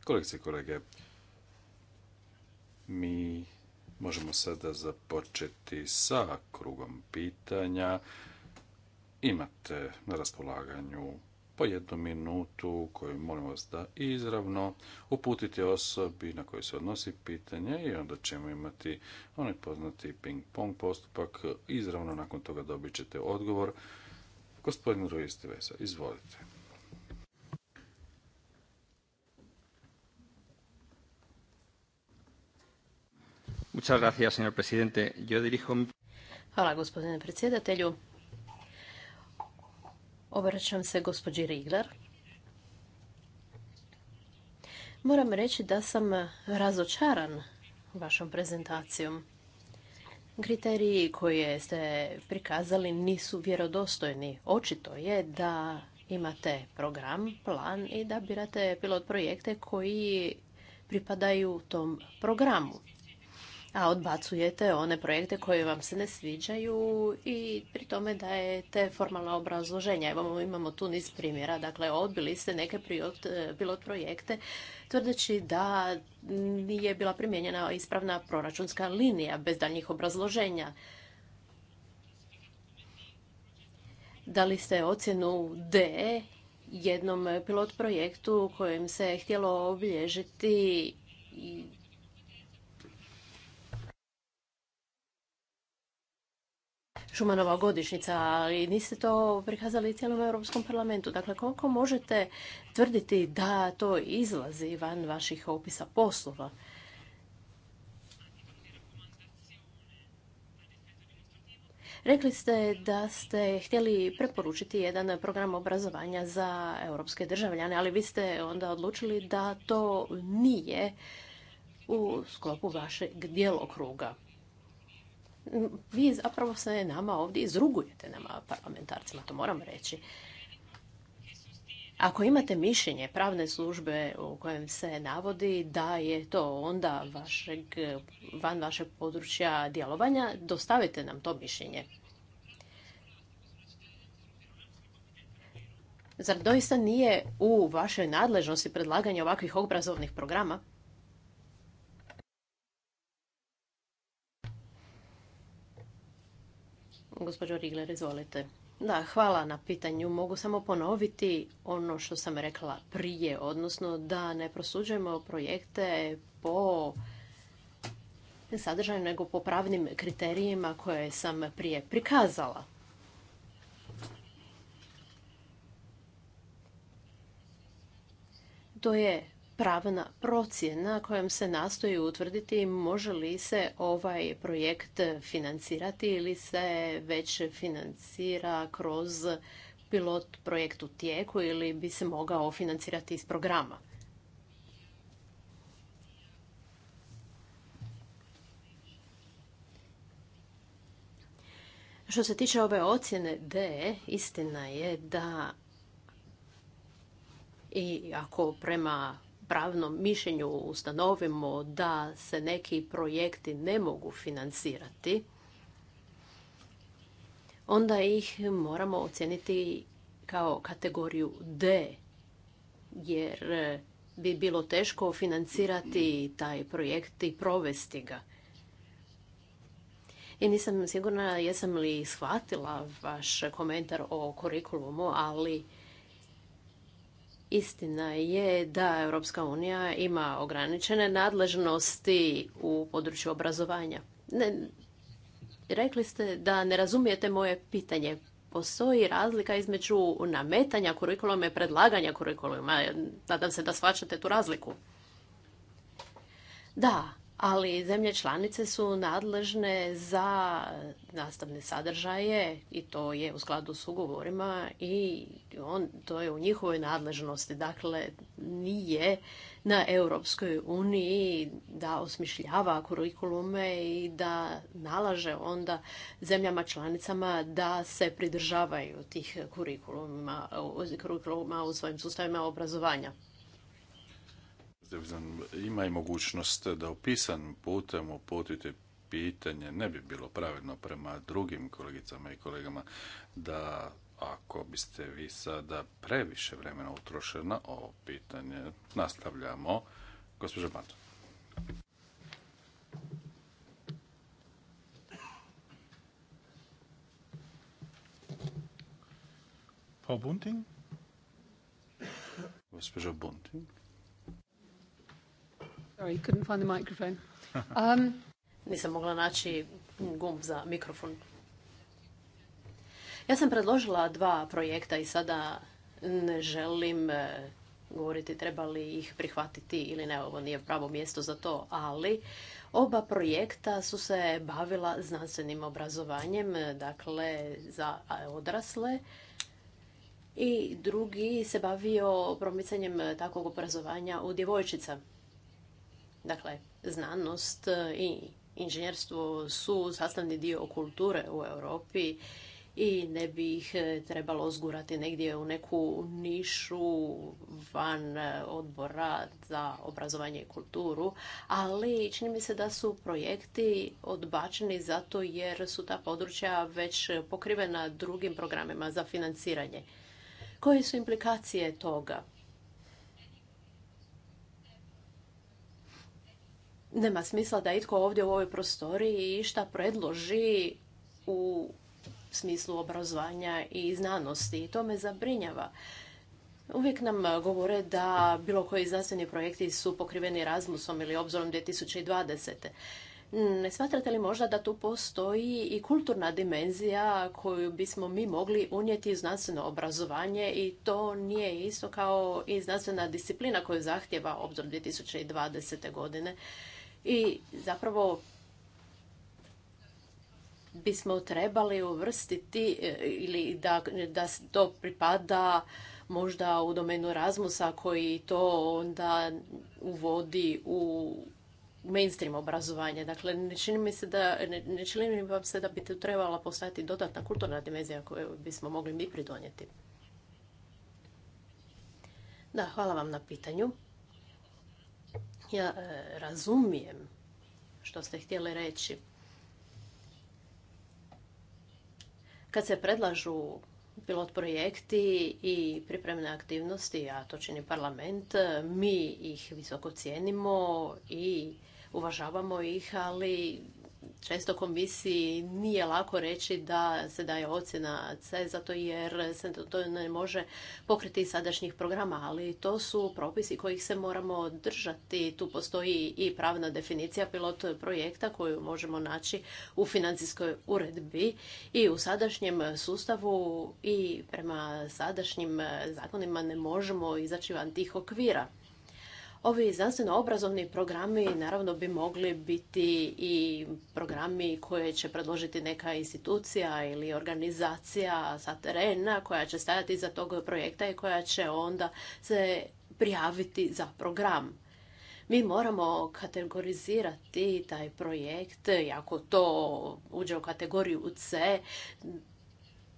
Kolegice i kolege, mi Možemo sada započeti sa krugom pitanja. Imate na raspolaganju po jednu minutu koju molim vas da izravno uputite osobi na koju se odnosi pitanje i onda ćemo imati onaj poznati ping-pong postupak. Izravno nakon toga dobit ćete odgovor. Gospodin Ruiz Vesa, izvolite. Hvala, gospodine predsjedatelju. Obraćam se gospođi Rigler. Moram reći da sam razočaran vašom prezentacijom. Kriteriji koje ste prikazali nisu vjerodostojni. Očito je da imate program, plan i da birate pilot projekte koji pripadaju tom programu a odbacujete one projekte koje vam se ne sviđaju i pri tome dajete formalna obrazloženja. Evo imamo tu niz primjera, dakle odbili ste neke pilot projekte tvrdeći da nije bila primijenjena ispravna proračunska linija bez daljnjih obrazloženja. Dali ste ocjenu D jednom pilot projektu kojim se htjelo obilježiti Šumanova godišnica, ali niste to prikazali cijelom Europskom parlamentu. Dakle, koliko možete tvrditi da to izlazi van vaših opisa poslova? Rekli ste da ste htjeli preporučiti jedan program obrazovanja za europske državljane, ali vi ste onda odlučili da to nije u sklopu vašeg djelokruga vi zapravo se nama ovdje izrugujete, nama parlamentarcima, to moram reći. Ako imate mišljenje pravne službe u kojem se navodi da je to onda vašeg, van vašeg područja djelovanja, dostavite nam to mišljenje. Zar doista nije u vašoj nadležnosti predlaganje ovakvih obrazovnih programa? Gospođo Rigler, izvolite. Da, hvala na pitanju. Mogu samo ponoviti ono što sam rekla prije, odnosno da ne prosuđujemo projekte po sadržaju, nego po pravnim kriterijima koje sam prije prikazala. To je pravna procjena kojom se nastoji utvrditi može li se ovaj projekt financirati ili se već financira kroz pilot projekt u tijeku ili bi se mogao financirati iz programa. Što se tiče ove ocjene D, istina je da i ako prema pravnom mišljenju ustanovimo da se neki projekti ne mogu financirati, onda ih moramo ocijeniti kao kategoriju D, jer bi bilo teško financirati taj projekt i provesti ga. I nisam sigurna jesam li shvatila vaš komentar o kurikulumu, ali Istina je da Europska unija ima ograničene nadležnosti u području obrazovanja. Ne, rekli ste da ne razumijete moje pitanje. Postoji razlika između nametanja kurikuluma i predlaganja kurikuluma. Nadam se da shvaćate tu razliku. Da, ali zemlje članice su nadležne za nastavne sadržaje i to je u skladu s ugovorima i on, to je u njihovoj nadležnosti. Dakle, nije na Europskoj uniji da osmišljava kurikulume i da nalaže onda zemljama članicama da se pridržavaju tih kurikuluma, kurikuluma u svojim sustavima obrazovanja ima i mogućnost da upisan putem uputite pitanje, ne bi bilo pravedno prema drugim kolegicama i kolegama da ako biste vi sada previše vremena utrošili na ovo pitanje, nastavljamo. Gospođa Banton. Pa Bunting? Gospođa Bunting? Sorry, couldn't find the microphone. [laughs] Um... Nisam mogla naći gumb za mikrofon. Ja sam predložila dva projekta i sada ne želim e, govoriti treba li ih prihvatiti ili ne, ovo nije pravo mjesto za to, ali oba projekta su se bavila znanstvenim obrazovanjem, e, dakle za odrasle i drugi se bavio promicanjem takvog obrazovanja u djevojčica. Dakle, znanost e, i inženjerstvo su sastavni dio kulture u Europi i ne bi ih e, trebalo zgurati negdje u neku nišu van e, odbora za obrazovanje i kulturu, ali čini mi se da su projekti odbačeni zato jer su ta područja već pokrivena drugim programima za financiranje. Koje su implikacije toga? nema smisla da itko ovdje u ovoj prostoriji išta predloži u smislu obrazovanja i znanosti i to me zabrinjava. Uvijek nam govore da bilo koji znanstveni projekti su pokriveni razmusom ili obzorom 2020. Ne smatrate li možda da tu postoji i kulturna dimenzija koju bismo mi mogli unijeti u znanstveno obrazovanje i to nije isto kao i znanstvena disciplina koju zahtjeva obzor 2020. godine i zapravo bismo trebali uvrstiti e, ili da, da to pripada možda u domenu Razmusa koji to onda uvodi u mainstream obrazovanje. Dakle, ne čini mi se da, ne, vam se da bi tu trebala postaviti dodatna kulturna dimenzija koju bismo mogli mi pridonijeti. Da, hvala vam na pitanju. Ja e, razumijem što ste htjeli reći. Kad se predlažu pilot projekti i pripremne aktivnosti, a to čini parlament, mi ih visoko cijenimo i uvažavamo ih, ali često komisiji nije lako reći da se daje ocjena C zato jer se to ne može pokriti sadašnjih programa, ali to su propisi kojih se moramo držati. Tu postoji i pravna definicija pilot projekta koju možemo naći u financijskoj uredbi i u sadašnjem sustavu i prema sadašnjim zakonima ne možemo izaći van tih okvira. Ovi znanstveno-obrazovni programi naravno bi mogli biti i programi koje će predložiti neka institucija ili organizacija sa terena koja će stajati iza tog projekta i koja će onda se prijaviti za program. Mi moramo kategorizirati taj projekt, i ako to uđe u kategoriju C,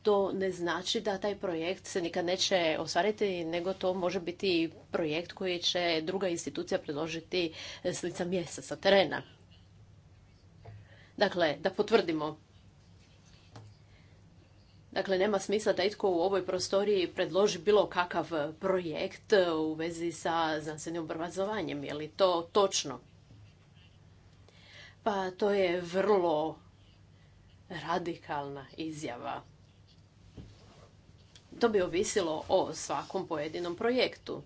to ne znači da taj projekt se nikad neće ostvariti, nego to može biti projekt koji će druga institucija predložiti s lica mjesta, sa terena. Dakle, da potvrdimo. Dakle, nema smisla da itko u ovoj prostoriji predloži bilo kakav projekt u vezi sa znanstvenim obrazovanjem. Je li to točno? Pa to je vrlo radikalna izjava. To bi ovisilo o svakom pojedinom projektu.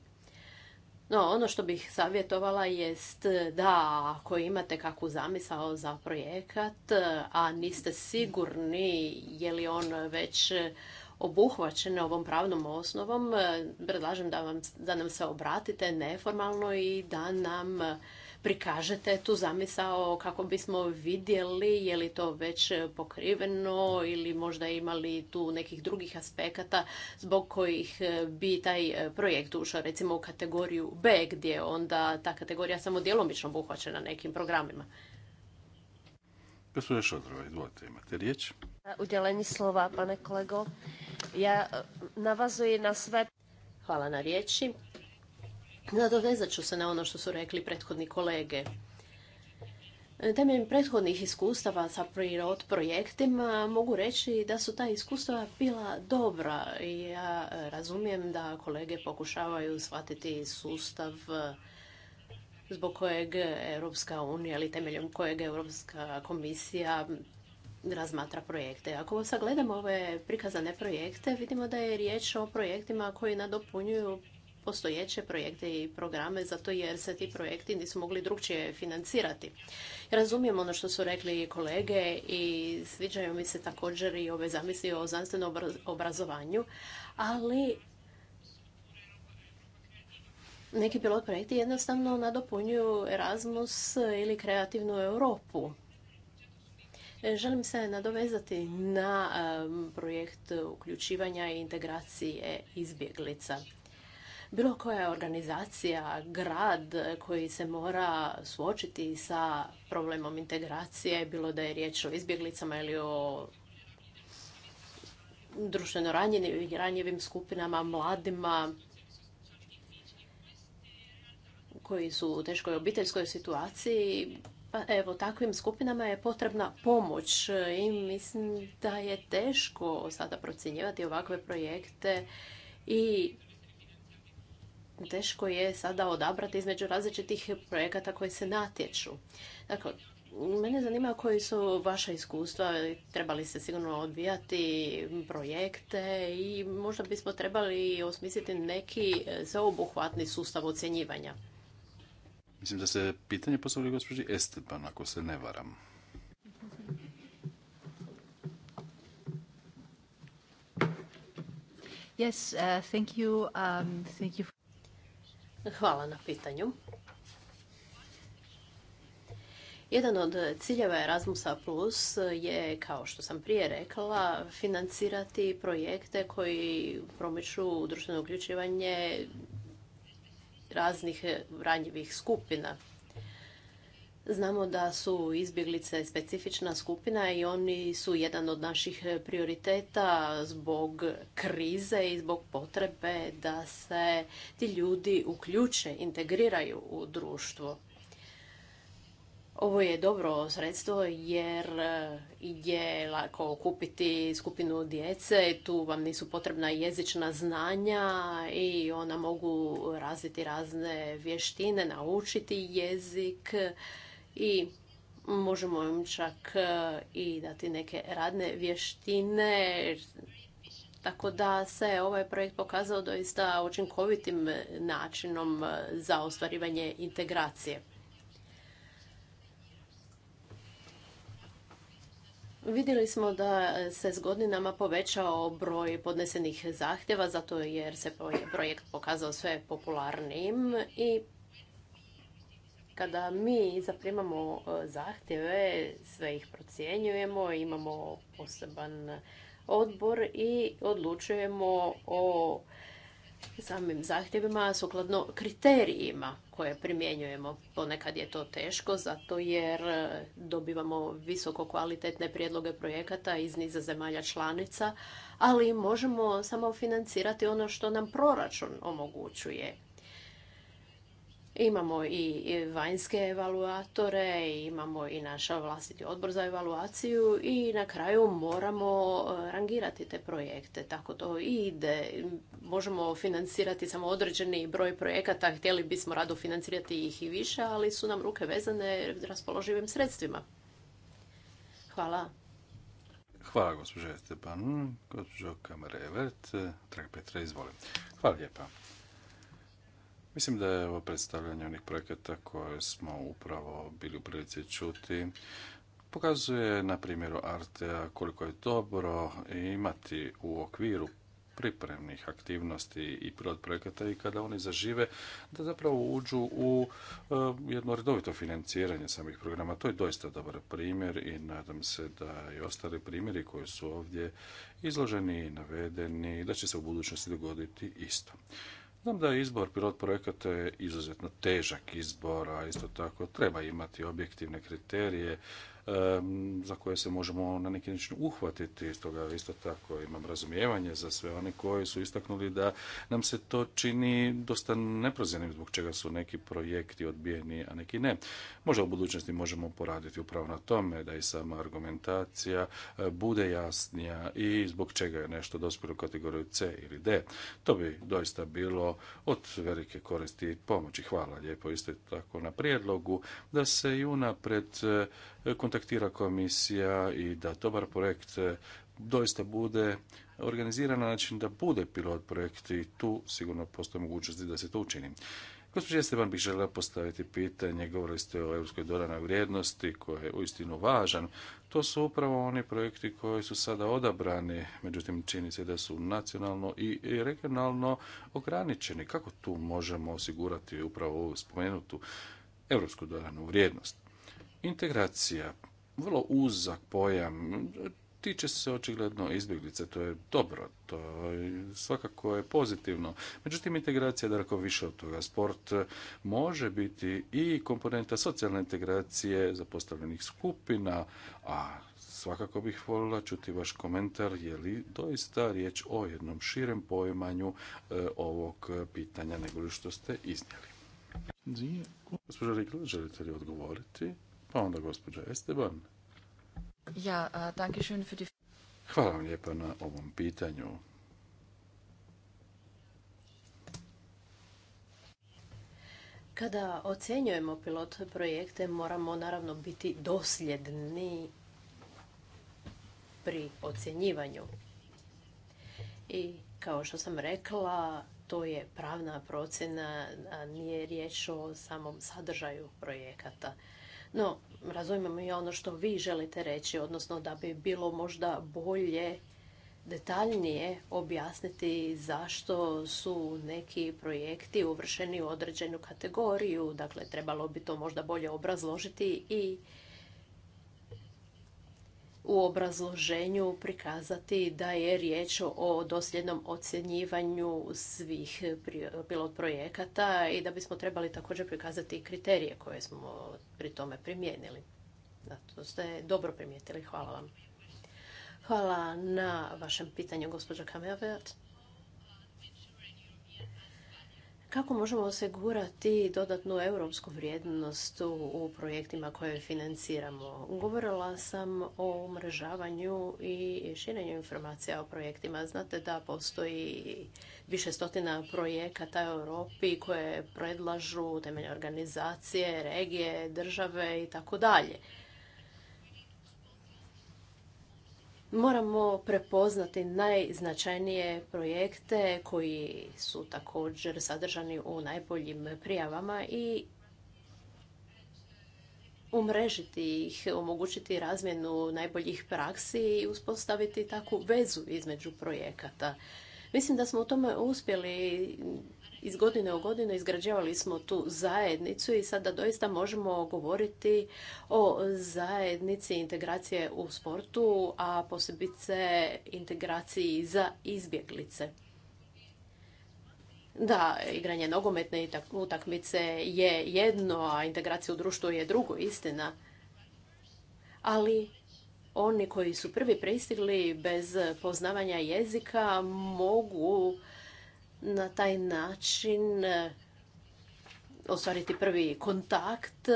No, ono što bih savjetovala jest da ako imate kakvu zamisao za projekat, a niste sigurni je li on već obuhvaćen ovom pravnom osnovom, predlažem da, da nam se obratite neformalno i da nam prikažete tu zamisao kako bismo vidjeli je li to već pokriveno ili možda imali tu nekih drugih aspekata zbog kojih eh, bi taj eh, projekt ušao recimo u kategoriju B gdje onda ta kategorija samo djelomično obuhvaćena nekim programima. Gospodin Šodrova, izvolite, imate riječ. Udjeleni slova, pane kolego. Ja eh, navazuji na sve... Hvala na riječi. Nadovezat ću se na ono što su rekli prethodni kolege. E, temeljem prethodnih iskustava sa prirod projektima mogu reći da su ta iskustva bila dobra. Ja razumijem da kolege pokušavaju shvatiti sustav e, zbog kojeg Europska unija ili temeljem kojeg Europska komisija razmatra projekte. Ako sagledamo ove prikazane projekte, vidimo da je riječ o projektima koji nadopunjuju postojeće projekte i programe zato jer se ti projekti nisu mogli drugčije financirati. Razumijem ono što su rekli kolege i sviđaju mi se također i ove zamisli o znanstvenom obrazovanju, ali neki pilot projekti jednostavno nadopunjuju Erasmus ili kreativnu Europu. Želim se nadovezati na projekt uključivanja i integracije izbjeglica bilo koja organizacija, grad koji se mora suočiti sa problemom integracije, bilo da je riječ o izbjeglicama ili o društveno ranjivim, ranjivim skupinama, mladima, koji su u teškoj obiteljskoj situaciji, pa evo takvim skupinama je potrebna pomoć i mislim da je teško sada procjenjivati ovakve projekte i teško je sada odabrati između različitih projekata koji se natječu. Dakle, mene zanima koji su vaša iskustva, trebali se sigurno odvijati projekte i možda bismo trebali osmisliti neki zaobuhvatni sustav ocjenjivanja. Mislim da se pitanje postavili gospođi Esteban, ako se ne varam. Yes, uh, thank you. Um, thank you. Hvala na pitanju. Jedan od ciljeva Erasmusa Plus je, kao što sam prije rekla, financirati projekte koji promiču društveno uključivanje raznih ranjivih skupina. Znamo da su izbjeglice specifična skupina i oni su jedan od naših prioriteta zbog krize i zbog potrebe da se ti ljudi uključe, integriraju u društvo. Ovo je dobro sredstvo jer je lako kupiti skupinu djece, tu vam nisu potrebna jezična znanja i ona mogu razviti razne vještine, naučiti jezik, i možemo im čak e, i dati neke radne vještine. Tako da se ovaj projekt pokazao doista učinkovitim načinom e, za ostvarivanje integracije. Vidjeli smo da se s godinama povećao broj podnesenih zahtjeva zato jer se projekt pokazao sve popularnijim i kada mi zaprimamo e, zahtjeve, sve ih procjenjujemo, imamo poseban odbor i odlučujemo o samim zahtjevima sukladno kriterijima koje primjenjujemo. Ponekad je to teško zato jer e, dobivamo visoko kvalitetne prijedloge projekata iz niza zemalja članica, ali možemo samo financirati ono što nam proračun omogućuje. Imamo i vanjske evaluatore, imamo i naš vlastiti odbor za evaluaciju i na kraju moramo e, rangirati te projekte. Tako to i ide. Možemo financirati samo određeni broj projekata, htjeli bismo rado financirati ih i više, ali su nam ruke vezane raspoloživim sredstvima. Hvala. Hvala gospođa Esteban. gospođo Kamarevert, Trag Petra, izvolim. Hvala lijepa. Mislim da je ovo predstavljanje onih projekata koje smo upravo bili u prilici čuti pokazuje na primjeru Artea koliko je dobro imati u okviru pripremnih aktivnosti i pilot projekata i kada oni zažive da zapravo uđu u e, jedno redovito financiranje samih programa. To je doista dobar primjer i nadam se da i ostali primjeri koji su ovdje izloženi i navedeni da će se u budućnosti dogoditi isto. Znam da je izbor pilot projekata je izuzetno težak izbor, a isto tako treba imati objektivne kriterije za koje se možemo na neki način uhvatiti. Stoga isto tako imam razumijevanje za sve one koji su istaknuli da nam se to čini dosta neprozirnim zbog čega su neki projekti odbijeni, a neki ne. Možda u budućnosti možemo poraditi upravo na tome da i sama argumentacija e, bude jasnija i zbog čega je nešto dospjelo u kategoriju C ili D. To bi doista bilo od velike koristi i pomoći. Hvala lijepo isto tako na prijedlogu da se i unapred e, kontaktira komisija i da dobar projekt e, doista bude organiziran na način da bude pilot projekt i tu sigurno postoje mogućnosti da se to učini. Gospođa Esteban bih željela postaviti pitanje, govorili ste o europskoj dodanoj vrijednosti koja je uistinu važan. To su upravo oni projekti koji su sada odabrani, međutim čini se da su nacionalno i regionalno ograničeni. Kako tu možemo osigurati upravo ovu spomenutu europsku dodanu vrijednost? Integracija, vrlo uzak pojam, tiče se očigledno izbjeglice, to je dobro, to svakako je pozitivno. Međutim, integracija je daleko više od toga. Sport može biti i komponenta socijalne integracije zapostavljenih skupina, a svakako bih volila čuti vaš komentar je li doista riječ o jednom širem pojmanju e, ovog pitanja nego što ste iznijeli. Gospodin želite li odgovoriti? Pa onda Esteban. Hvala vam na ovom pitanju. Kada ocjenjujemo pilot projekte, moramo naravno biti dosljedni pri ocjenjivanju. I kao što sam rekla, to je pravna procjena, nije riječ o samom sadržaju projekata. No, razumijem i ono što vi želite reći, odnosno da bi bilo možda bolje detaljnije objasniti zašto su neki projekti uvršeni u određenu kategoriju. Dakle, trebalo bi to možda bolje obrazložiti i u obrazloženju prikazati da je riječ o dosljednom ocjenjivanju svih pilot projekata i da bismo trebali također prikazati i kriterije koje smo pri tome primijenili. To ste dobro primijetili. Hvala vam. Hvala na vašem pitanju, gospođa Kamevet. Kako možemo osigurati dodatnu europsku vrijednost u projektima koje financiramo? Govorila sam o umrežavanju i širenju informacija o projektima. Znate da postoji više stotina projekata u Europi koje predlažu temelje organizacije, regije, države i tako dalje. moramo prepoznati najznačajnije projekte koji su također sadržani u najboljim prijavama i umrežiti ih, omogućiti razmjenu najboljih praksi i uspostaviti takvu vezu između projekata. Mislim da smo u tome uspjeli iz godine u godinu izgrađivali smo tu zajednicu i sada doista možemo govoriti o zajednici integracije u sportu, a posebice integraciji za izbjeglice. Da, igranje nogometne utakmice je jedno, a integracija u društvu je drugo, istina. Ali oni koji su prvi pristigli bez poznavanja jezika mogu na taj način e, ostvariti prvi kontakt e,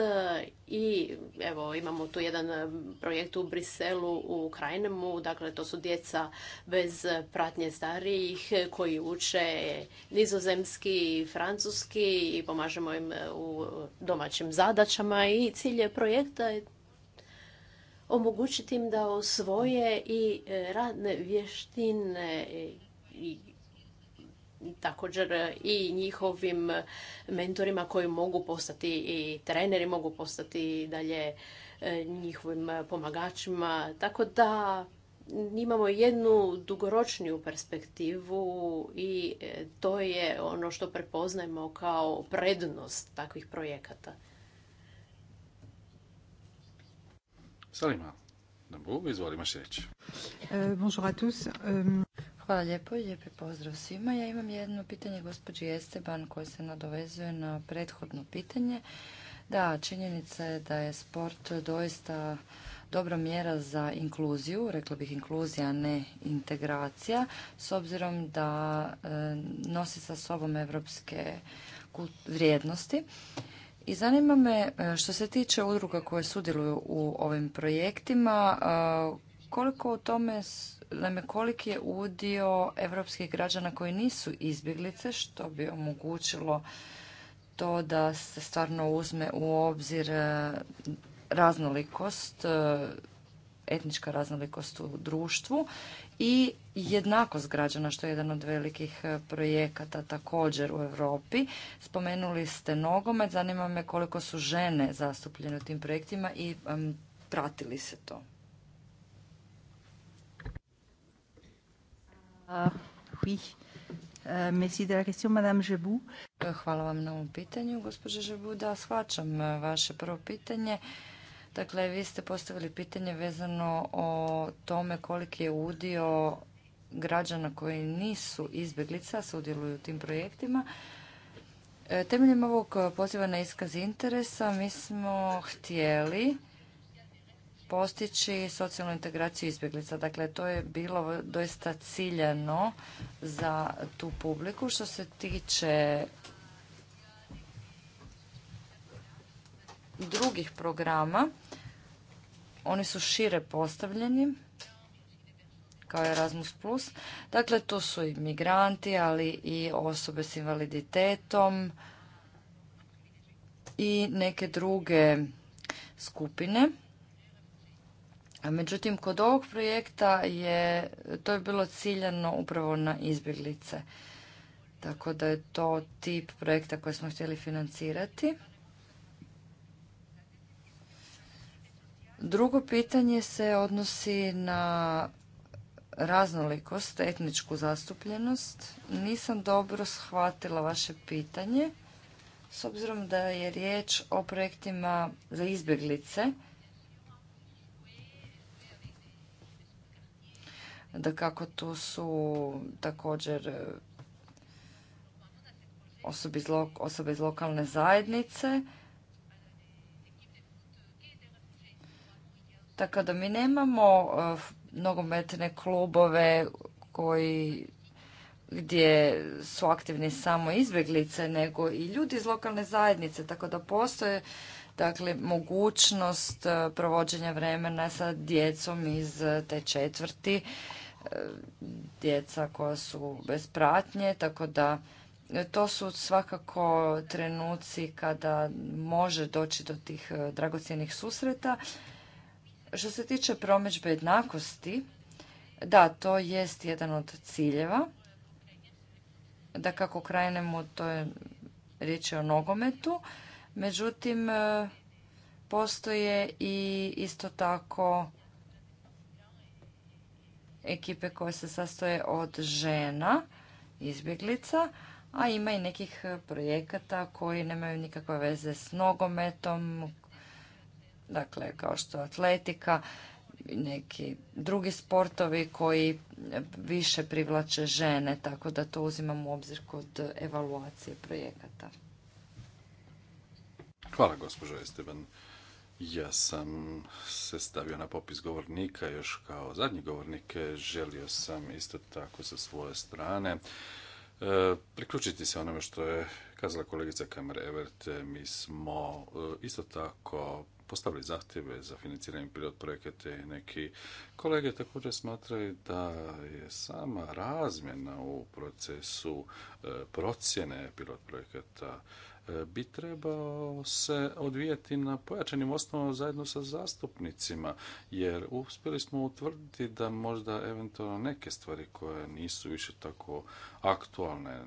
i evo imamo tu jedan e, projekt u Briselu u Krajnemu, dakle to su djeca bez pratnje starijih koji uče nizozemski i francuski i pomažemo im u domaćim zadaćama i cilj je projekta omogućiti im da osvoje i radne vještine i također e, i njihovim mentorima koji mogu postati i treneri, mogu postati dalje e, njihovim pomagačima. Tako da imamo jednu dugoročniju perspektivu i e, to je ono što prepoznajemo kao prednost takvih projekata. Salima, da bu izvoli, Bonjour à tous. Hvala lijepo i lijepi pozdrav svima. Ja imam jedno pitanje gospođi Esteban koje se nadovezuje na prethodno pitanje. Da, činjenica je da je sport doista dobra mjera za inkluziju, rekla bih inkluzija, ne integracija, s obzirom da e, nosi sa sobom evropske vrijednosti. I zanima me e, što se tiče udruga koje sudjeluju u ovim projektima, e, koliko o tome Naime, koliki je udio evropskih građana koji nisu izbjeglice, što bi omogućilo to da se stvarno uzme u obzir e, raznolikost, e, etnička raznolikost u društvu i jednakost građana, što je jedan od velikih e, projekata također u Europi. Spomenuli ste nogomet, zanima me koliko su žene zastupljene u tim projektima i pratili se to. Euh, euh, hvala vam na ovom pitanju, gospođo Žebu. Da, shvaćam euh, vaše prvo pitanje. Dakle, vi ste postavili pitanje vezano o tome koliki je udio građana koji nisu izbjeglica, a sudjeluju u tim projektima. E, temeljem ovog poziva na iskaz interesa mi smo htjeli postići socijalnu integraciju izbjeglica. Dakle, to je bilo doista ciljano za tu publiku. Što se tiče drugih programa, oni su šire postavljeni, kao Erasmus+. Dakle, tu su i migranti, ali i osobe s invaliditetom i neke druge skupine. Međutim, kod ovog projekta je, to je bilo ciljano upravo na izbjeglice. Tako da je to tip projekta koje smo htjeli financirati. Drugo pitanje se odnosi na raznolikost, etničku zastupljenost. Nisam dobro shvatila vaše pitanje. S obzirom da je riječ o projektima za izbjeglice, da kako tu su također e, osobe iz lokalne zajednice. Tako da mi nemamo e, nogometne klubove koji gdje su aktivni samo izbjeglice, nego i ljudi iz lokalne zajednice, tako da postoje dakle, mogućnost e, provođenja vremena sa djecom iz te četvrti djeca koja su bez pratnje, tako da to su svakako trenuci kada može doći do tih e, dragocjenih susreta. Što se tiče promidžbe jednakosti, da, to jest jedan od ciljeva. Da kako krenemo, to je riječ o nogometu. Međutim, e, postoje i isto tako ekipe koje se sastoje od žena, izbjeglica, a ima i nekih projekata koji nemaju nikakve veze s nogometom, dakle kao što atletika, neki drugi sportovi koji više privlače žene, tako da to uzimam u obzir kod evaluacije projekata. Hvala gospođo Esteban. Ja sam se stavio na popis govornika još kao zadnji govornik. Želio sam isto tako sa svoje strane e, priključiti se onome što je kazala kolegica Kamer Evert. E, mi smo e, isto tako postavili zahtjeve za financiranje pilot projekata i neki kolege također smatraju da je sama razmjena u procesu procjene pilot projekata E, bi trebao se odvijeti na pojačanim osnovama zajedno sa zastupnicima, jer uspjeli smo utvrditi da možda eventualno neke stvari koje nisu više tako aktualne,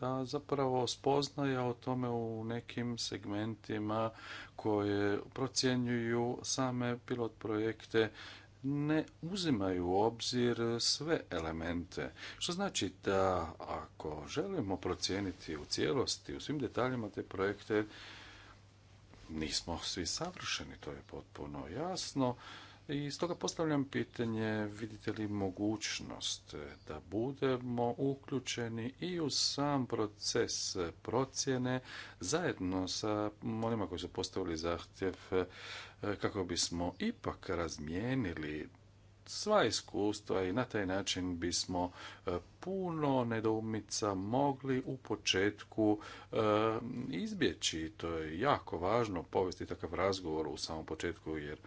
da zapravo spoznaja o tome u nekim segmentima koje procjenjuju same pilot projekte ne uzimaju u obzir sve elemente. Što znači da ako želimo procijeniti u cijelosti, u svim detaljima te projekte, nismo svi savršeni, to je potpuno jasno. I stoga postavljam pitanje, vidite li mogućnost da budemo uključeni i u sam proces procjene zajedno sa onima koji su postavili zahtjev e, kako bismo ipak razmijenili sva iskustva i na taj način bismo e, puno nedoumica mogli u početku e, izbjeći. To je jako važno povesti takav razgovor u samom početku jer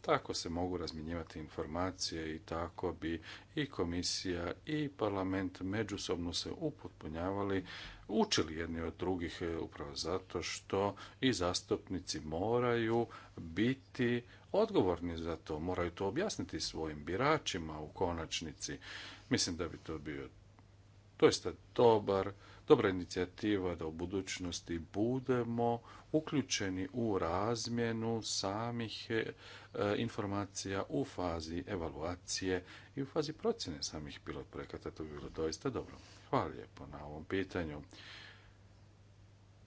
tako se mogu razminjivati informacije i tako bi i komisija i parlament međusobno se upotpunjavali, učili jedni od drugih e, upravo zato što i zastupnici moraju biti odgovorni za to, moraju to objasniti svojim biračima u konačnici. Mislim da bi to bio doista dobar dobra inicijativa da u budućnosti budemo uključeni u razmjenu samih e, informacija u fazi evaluacije i u fazi procjene samih pilot projekata. To bi bilo doista dobro. Hvala lijepo na ovom pitanju.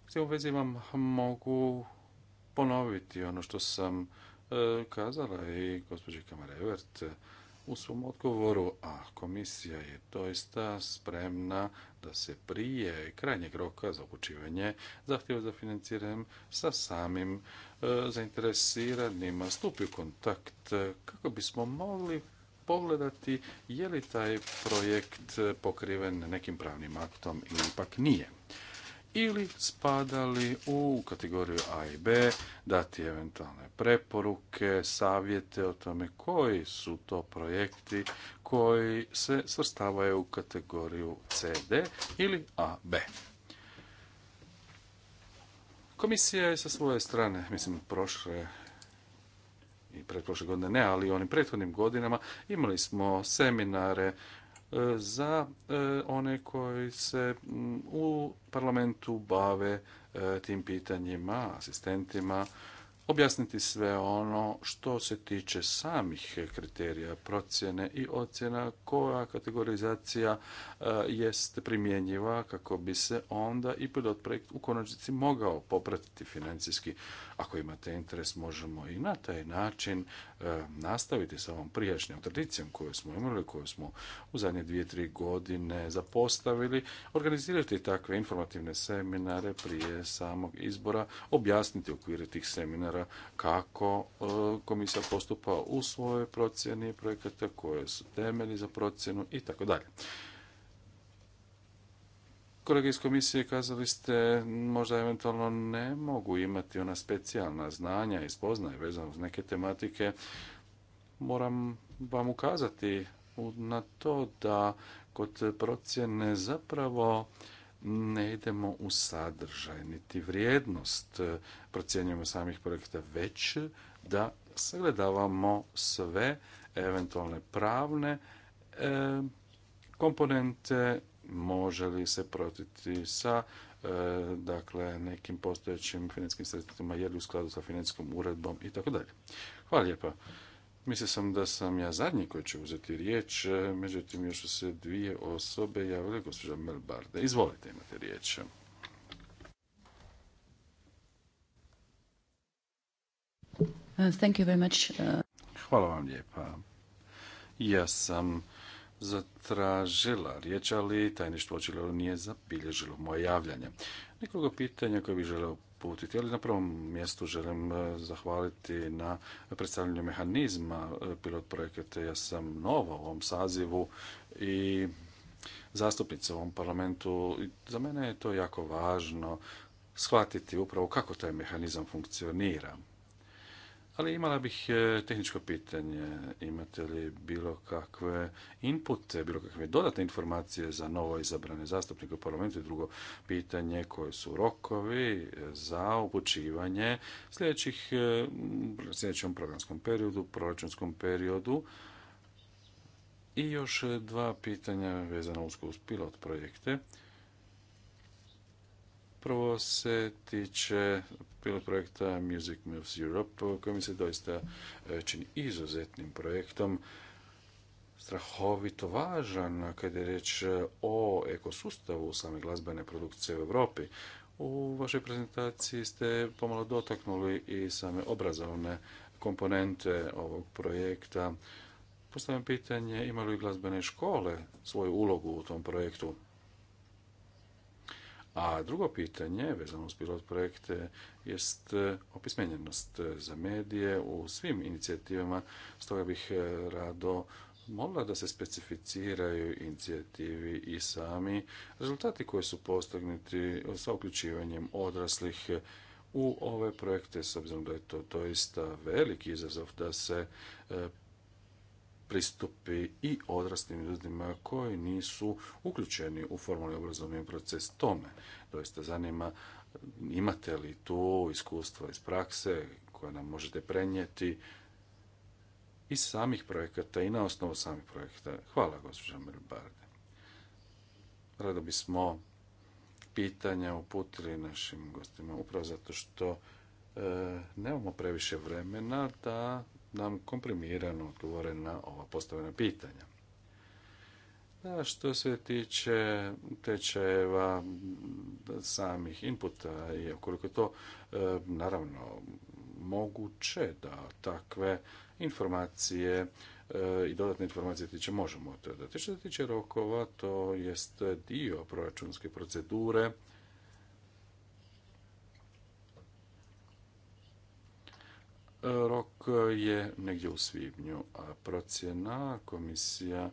S u vezi vam mogu ponoviti ono što sam e, kazala i gospođi Kamarevert u svom odgovoru, a komisija je doista spremna da se prije krajnjeg roka za upućivanje zahtjeva za financiranjem sa samim e, zainteresiranima stupi u kontakt e, kako bismo mogli pogledati je li taj projekt pokriven nekim pravnim aktom ili ipak nije ili spadali u kategoriju A i B, dati eventualne preporuke, savjete o tome koji su to projekti koji se svrstavaju u kategoriju CD ili AB. Komisija je sa svoje strane, mislim, prošle i pretprošle godine ne, ali u onim prethodnim godinama imali smo seminare e, za e, one koji se mm, u parlamentu bave e, tim pitanjima, asistentima, objasniti sve ono što se tiče samih kriterija procjene i ocjena koja kategorizacija eh, jest primjenjiva kako bi se onda i pilot projekt u konačnici mogao popratiti financijski. Ako imate interes možemo i na taj način eh, nastaviti sa ovom prijašnjom tradicijom koju smo imali, koju smo u zadnje dvije, tri godine zapostavili, organizirati takve informativne seminare prije samog izbora, objasniti okvire tih seminara kako e, komisija postupa u svojoj procjeni projekata koje su temelji za procjenu i tako dalje. Kolege iz komisije kazali ste možda eventualno ne mogu imati ona specijalna znanja i spoznaje vezano uz neke tematike. Moram vam ukazati na to da kod procjene zapravo ne idemo u sadržaj, niti vrijednost e, procjenjujemo samih projekta, već da sagledavamo sve eventualne pravne e, komponente, može li se protiti sa e, dakle, nekim postojećim financijskim sredstvima, je li u skladu sa financijskom uredbom i tako dalje. Hvala lijepa. Mislim sam da sam ja zadnji koji će uzeti riječ, e, međutim još su se dvije osobe javile, gospođa Melbarda. Izvolite, imate riječ. Uh, uh, Hvala vam lijepa. Ja sam zatražila riječ, ali tajništvo očilo nije zabilježilo moje javljanje. Nekoliko pitanja koje bih želeo uputiti. Ali na prvom mjestu želim e, zahvaliti na predstavljanju mehanizma e, pilot projekata. Ja sam nova u ovom sazivu i zastupnica u ovom parlamentu. Za mene je to jako važno shvatiti upravo kako taj mehanizam funkcionira. Ali imala bih e, tehničko pitanje. Imate li bilo kakve inpute, bilo kakve dodatne informacije za novo izabrane zastupnike u parlamentu? I drugo pitanje, koje su rokovi za upućivanje sljedećih, e, sljedećem programskom periodu, proračunskom periodu? I još dva pitanja vezana uz pilot projekte. Prvo se tiče pilot projekta Music Moves Europe, koji mi se doista e, čini izuzetnim projektom strahovito važan kada je reč e, o ekosustavu same glazbene produkcije u Europi. U vašoj prezentaciji ste pomalo dotaknuli i same obrazovne komponente ovog projekta. Postavljam pitanje, imaju li glazbene škole svoju ulogu u tom projektu? A drugo pitanje, vezano uz pilot projekte, jest e, opismenjenost e, za medije u svim inicijativama, stoga bih e, rado molila da se specificiraju inicijativi i sami rezultati koji su postignuti sa uključivanjem odraslih u ove projekte, s obzirom da je to doista veliki izazov da se pristupi i odraslim ljudima koji nisu uključeni u formalni obrazovni proces tome. Doista zanima imate li tu iskustva iz prakse koje nam možete prenijeti iz samih projekata i na osnovu samih projekata. Hvala, gospođa Merbarde. Rado bismo pitanja uputili našim gostima, upravo zato što e, nemamo previše vremena da nam komprimirano odgovore na ova postavljena pitanja. što se tiče tečajeva samih inputa i ukoliko je to e, naravno moguće da takve informacije e, i dodatne informacije tiče možemo to Što se tiče rokova, to jest dio proračunske procedure Rok je negdje u svibnju, a procjena komisija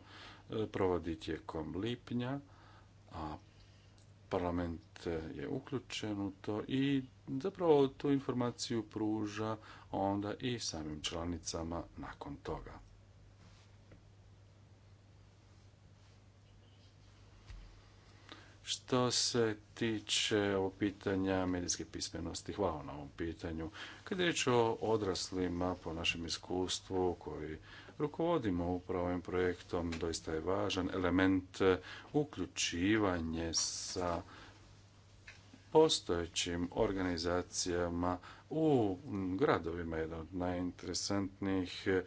e, provodi tijekom lipnja, a parlament je uključen u to i zapravo tu informaciju pruža onda i samim članicama nakon toga. Što se tiče ovog pitanja medijske pismenosti, hvala na ovom pitanju. Kad je riječ o odraslima, po našem iskustvu koji rukovodimo upravo ovim projektom, doista je važan element e, uključivanje sa postojećim organizacijama u gradovima. Jedna od najinteresantnijih e,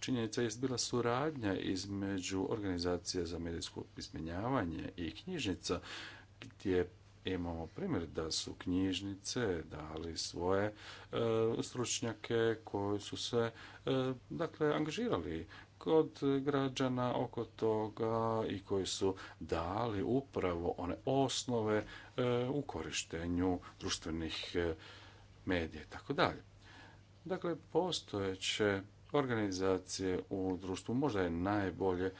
činjenica je bila suradnja između Organizacije za medijsko pismenjavanje i knjižnica gdje imamo primjer da su knjižnice dali svoje e, stručnjake koji su se e, dakle angažirali kod građana oko toga i koji su dali upravo one osnove u korištenju društvenih medije i tako dalje. Dakle, postojeće organizacije u društvu možda je najbolje e,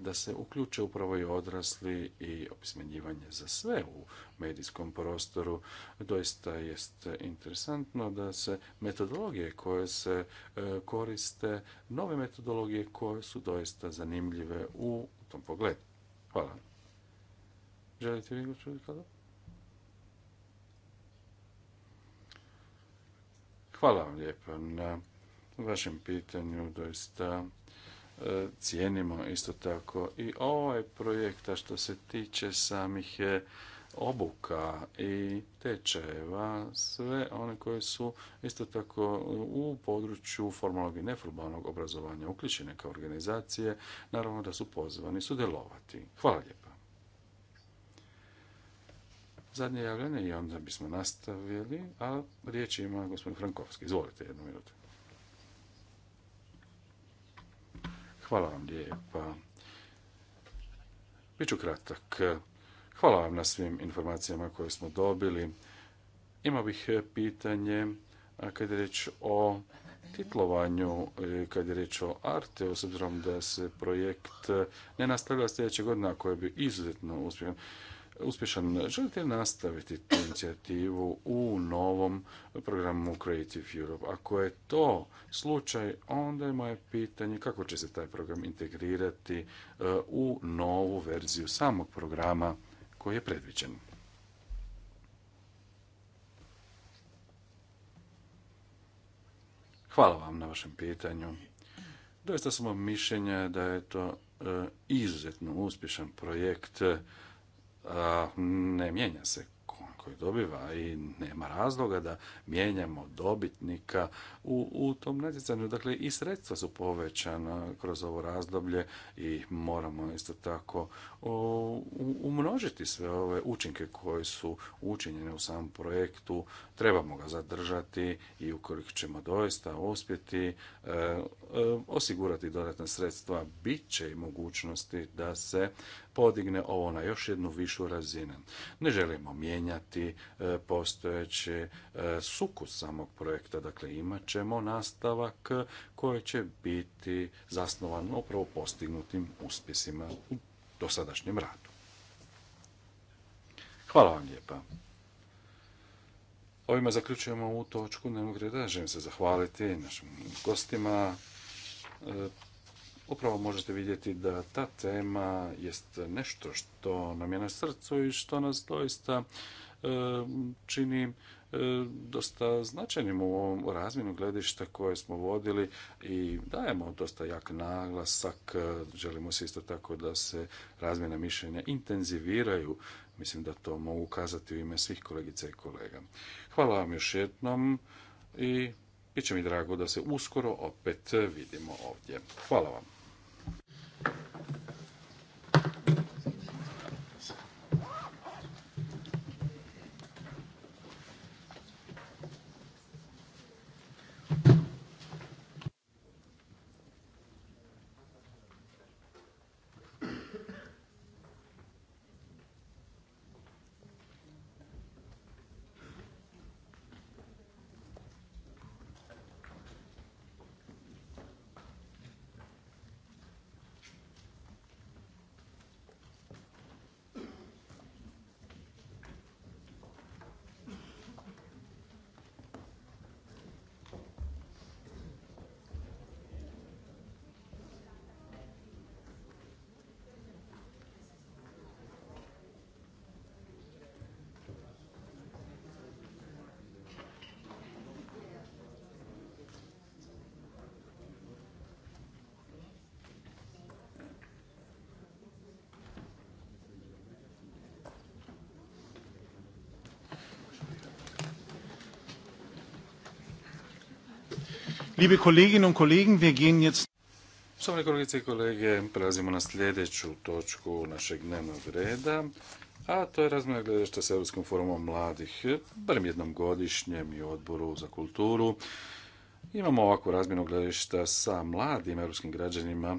da se uključe upravo i odrasli i opismenjivanje za sve u medijskom prostoru. Doista jest interesantno da se metodologije koje se e, koriste, nove metodologije koje su doista zanimljive u tom pogledu. Hvala. Želite vi, gospodin Hvala vam lijepo na vašem pitanju, doista e, cijenimo isto tako i ovaj projekta što se tiče samih e, obuka i tečajeva, sve one koje su isto tako u području formalnog i neformalnog obrazovanja uključene kao organizacije, naravno da su pozvani sudjelovati. Hvala lijepo zadnje javljanje i onda bismo nastavili, a riječ ima gospodin Frankovski. Izvolite jednu minutu. Hvala vam lijepa. Biću kratak. Hvala vam na svim informacijama koje smo dobili. Imao bih pitanje kada kad je riječ o titlovanju, e, kada je riječ o arte, s obzirom da se projekt ne nastavlja sljedeće godine, a koji je izuzetno uspješan uspješan. Želite nastaviti tu inicijativu u novom programu Creative Europe? Ako je to slučaj, onda je moje pitanje kako će se taj program integrirati e, u novu verziju samog programa koji je predviđen. Hvala vam na vašem pitanju. Doista smo mišljenja da je to e, izuzetno uspješan projekt ne mijenja se koji dobiva i nema razloga da mijenjamo dobitnika u, u tom natjecanju. Dakle, i sredstva su povećana kroz ovo razdoblje i moramo isto tako umnožiti sve ove učinke koje su učinjene u samom projektu. Trebamo ga zadržati i ukoliko ćemo doista uspjeti e, Ehm, osigurati dodatna sredstva, bit će i mogućnosti da se podigne ovo na još jednu višu razinu. Ne želimo mijenjati ehm, postojeći ehm, sukus samog projekta, dakle imat ćemo nastavak koji će biti zasnovan upravo postignutim uspjesima u dosadašnjem radu. Hvala vam lijepa. Ovime zaključujemo ovu točku dnevnog reda. Želim se zahvaliti našim gostima, E, upravo možete vidjeti da ta tema jest nešto što nam je na srcu i što nas doista e, čini e, dosta značajnim u ovom razmjenu gledišta koje smo vodili i dajemo dosta jak naglasak. Želimo se isto tako da se razmjena mišljenja intenziviraju. Mislim da to mogu kazati u ime svih kolegica i kolega. Hvala vam još jednom i Biće mi drago da se uskoro opet vidimo ovdje. Hvala vam. Liebe Kolleginnen und Kollegen, wir jetzt kolegice i kolege, prelazimo na sljedeću točku našeg dnevnog reda, a to je razmjena gledišta s Europskom forumom mladih, barem jednom godišnjem i odboru za kulturu. Imamo ovakvu razmjenu gledišta sa mladim europskim građanima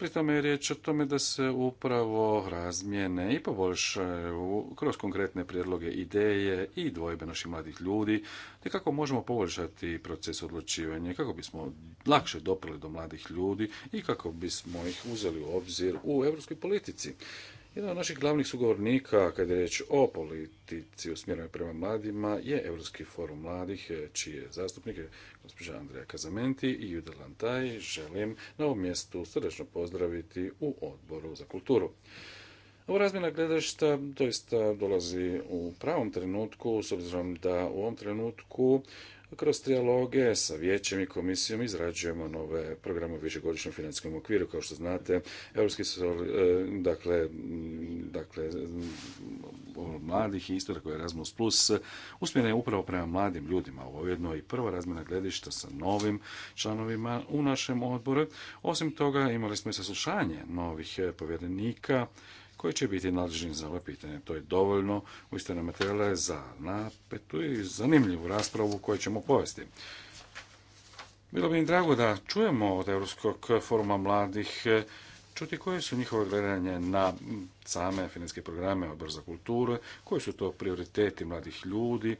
Pri tome je riječ o tome da se upravo razmjene i poboljšaju kroz konkretne prijedloge, ideje i dvojbe naših mladih ljudi, te kako možemo poboljšati proces odlučivanja, kako bismo lakše doprli do mladih ljudi i kako bismo ih uzeli u obzir u europskoj politici. Jedan od naših glavnih sugovornika, kad je reč o politici usmjerenoj prema mladima, je Europski forum mladih, e, čije zastupnike, gospođa Andreja Kazamenti i Juda Lantaj, želim na ovom mjestu srdečno pozdraviti u odboru za kulturu. Ova razmjena gledešta doista dolazi u pravom trenutku, s obzirom da u ovom trenutku kroz trijaloge sa vijećem i komisijom izrađujemo nove programe u višegodišnjem financijskom okviru. Kao što znate, Europski e, dakle, dakle, ono, mladih i isto tako Erasmus Plus usmjeren je upravo prema mladim ljudima. Ovo je jedno i prva razmjena gledišta sa novim članovima u našem odboru. Osim toga, imali smo i saslušanje novih e, povjerenika koji će biti nadležni za ove pitanje. To je dovoljno uistinu materijale za napetu i zanimljivu raspravu koju ćemo povesti. Bilo bi mi drago da čujemo od Europskog foruma mladih e, čuti koje su njihove gledanje na same finanske programe Odbor za kulturu, koji su to prioriteti mladih ljudi, e,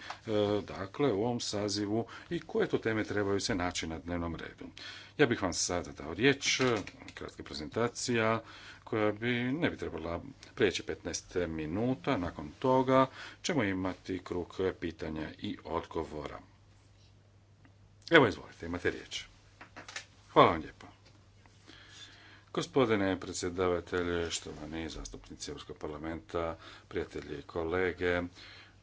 dakle u ovom sazivu i koje to teme trebaju se naći na dnevnom redu. Ja bih vam sada dao riječ, e, kratka prezentacija, koja bi ne bi trebala prijeći 15 minuta. Nakon toga ćemo imati krug pitanja i odgovora. Evo izvolite, imate riječ. Hvala vam lijepo. Gospodine predsjedavatelje, štovani zastupnici Europskog parlamenta, prijatelji i kolege,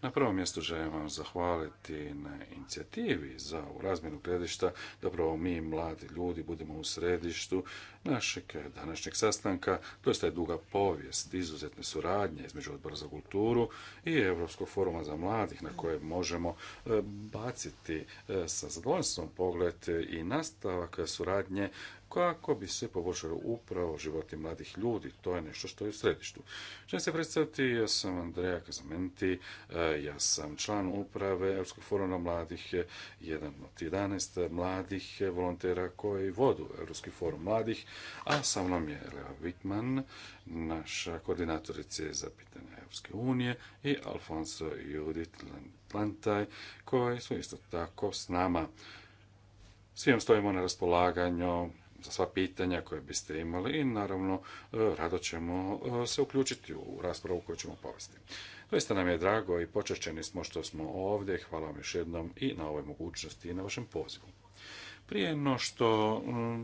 na prvom mjestu želim vam zahvaliti na inicijativi za ovu razmjenu gledišta, da mi mladi ljudi budemo u središtu našeg današnjeg sastanka. To je duga povijest izuzetne suradnje između Odbora za kulturu i Europskog foruma za mladih na koje možemo eh, baciti eh, sa zadovoljstvom pogled i nastavak suradnje kako bi se poboljšalo upravo životi mladih ljudi. To je nešto što je u središtu. Želim se predstaviti, ja sam Andreja Kazamenti, e, ja sam član uprave Europskog foruma mladih, e, jedan od 11 mladih volontera koji vodu Europski forum mladih, a sa mnom je Lea Wittmann, naša koordinatorica za pitanje Europske unije i Alfonso Judit Plantaj, koji su isto tako s nama. Svi stojimo na raspolaganju, za sva pitanja koje biste imali i naravno e, rado ćemo e, se uključiti u raspravu koju ćemo povesti. Doista nam je drago i počešćeni smo što smo ovdje. Hvala vam još jednom i na ovoj mogućnosti i na vašem pozivu. Prije no što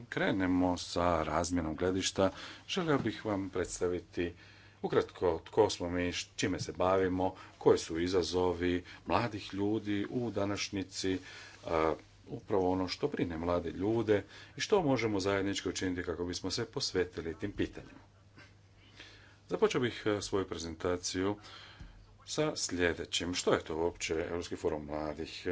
krenemo sa razmjenom gledišta, želio bih vam predstaviti ukratko tko smo mi, čime se bavimo, koji su izazovi mladih ljudi u današnjici, upravo ono što brine mlade ljude i što možemo zajednički učiniti kako bismo se posvetili tim pitanjima. Započeo bih e, svoju prezentaciju sa sljedećim. Što je to uopće Europski forum mladih?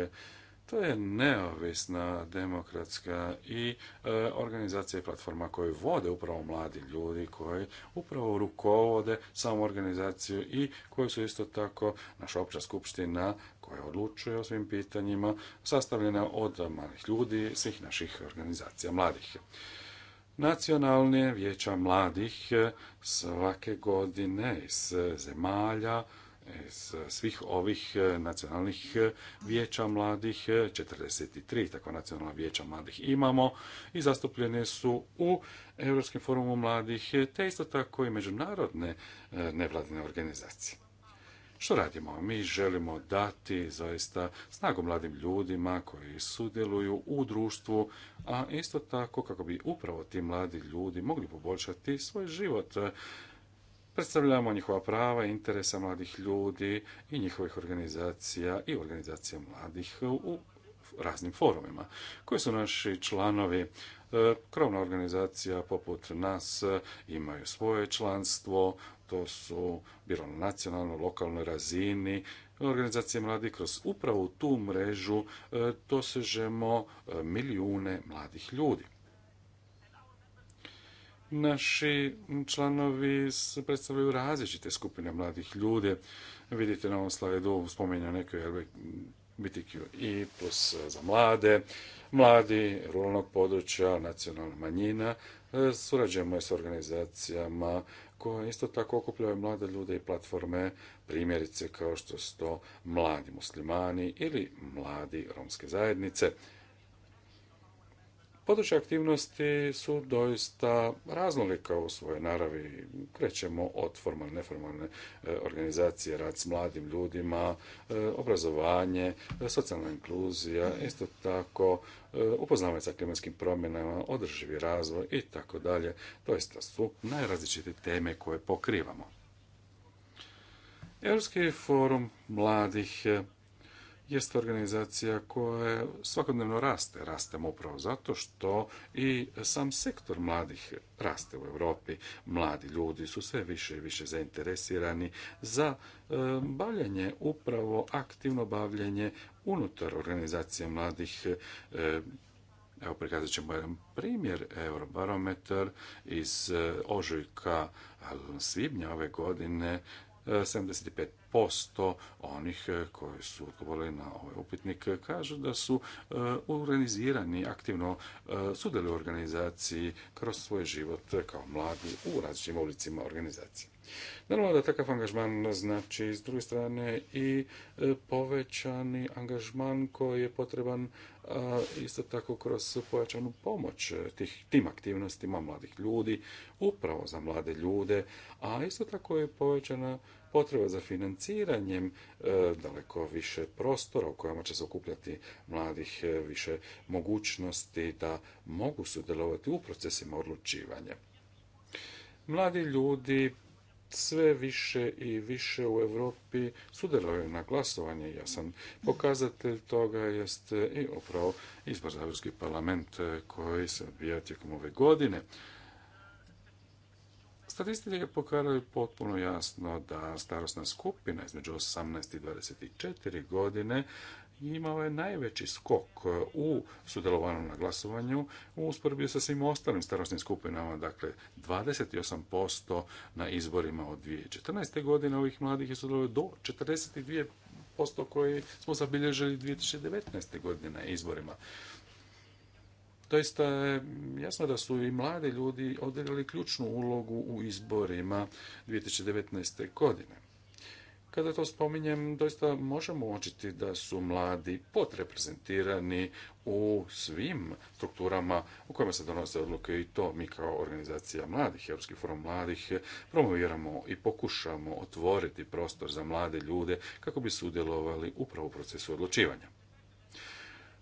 To je neovisna demokratska i e, organizacija i platforma koju vode upravo mladi ljudi koji upravo rukovode samo organizaciju i koji su isto tako naša opća skupština koja odlučuje o svim pitanjima sastavljena od malih ljudi svih naših organizacija mladih. Nacionalne vijeća mladih e, svake godine iz zemalja iz svih ovih e, nacionalnih e, vijeća mladih, 43 e, tako nacionalna vijeća mladih imamo i zastupljene su u Europskim forumu mladih, te isto tako i međunarodne nevladine organizacije. Što radimo? Mi želimo dati zaista snagu mladim ljudima koji sudjeluju u društvu, a isto tako kako bi upravo ti mladi ljudi mogli poboljšati svoj život predstavljamo njihova prava, i interesa mladih ljudi i njihovih organizacija i organizacija mladih u raznim forumima, koji su naši članovi. E, krovna organizacija poput nas e, imaju svoje članstvo, to su bilo na nacionalnoj, lokalnoj razini, organizacije mladih kroz upravo tu mrežu e, dosežemo milijune mladih ljudi. Naši članovi predstavljaju različite skupine mladih ljudi. Vidite na ovom slajdu spomenja neke i plus za mlade, mladi ruralnog područja, nacionalna manjina. E, surađujemo s organizacijama koje isto tako okupljaju mlade ljude i platforme, primjerice kao što su to mladi muslimani ili mladi romske zajednice. Područje aktivnosti su doista raznolika u svojoj naravi. Krećemo od formalne, neformalne e, organizacije, rad s mladim ljudima, e, obrazovanje, e, socijalna inkluzija, isto tako upoznavanje sa klimatskim promjenama, održivi razvoj i tako dalje. Doista su najrazličite teme koje pokrivamo. Europski forum mladih jest organizacija koja svakodnevno raste. Rastemo upravo zato što i sam sektor mladih raste u Europi. Mladi ljudi su sve više i više zainteresirani za e, bavljanje, upravo aktivno bavljanje unutar organizacije mladih e, Evo prikazat ćemo jedan primjer Eurobarometer iz e, ožujka svibnja ove godine 75% onih eh, koji su odgovorili na ovaj upitnik eh, kažu da su eh, organizirani, aktivno sudjeluju u organizaciji kroz svoj život kao mladi u različitim oblicima organizacije. Naravno da takav angažman znači s druge strane i e, povećani angažman koji je potreban isto tako kroz pojačanu pomoć e, tih, tim aktivnostima mladih ljudi, upravo za mlade ljude, a isto tako je povećana potreba za financiranjem e, daleko više prostora u kojima će se okupljati mladih, više mogućnosti da mogu sudjelovati u procesima odlučivanja. Mladi ljudi sve više i više u Europi sudjeluju na glasovanje. sam pokazatelj toga jest e, i upravo izbor za Europski parlament e, koji se odvija tijekom ove godine. Statistike pokazuju potpuno jasno da starosna skupina između 18 i 24 godine imao je najveći skok e, u sudjelovanju na glasovanju u usporedbi sa svim ostalim starosnim skupinama, dakle 28% na izborima od 2014. godine ovih mladih je sudjelovalo do 42% koji smo zabilježili 2019. godine na izborima. To je jasno da su i mladi ljudi odigrali ključnu ulogu u izborima 2019. godine. Kada to spominjem, doista možemo uočiti da su mladi potreprezentirani u svim strukturama u kojima se donose odluke i to mi kao organizacija mladih, Europski forum mladih, promoviramo i pokušamo otvoriti prostor za mlade ljude kako bi sudjelovali upravo u procesu odlučivanja.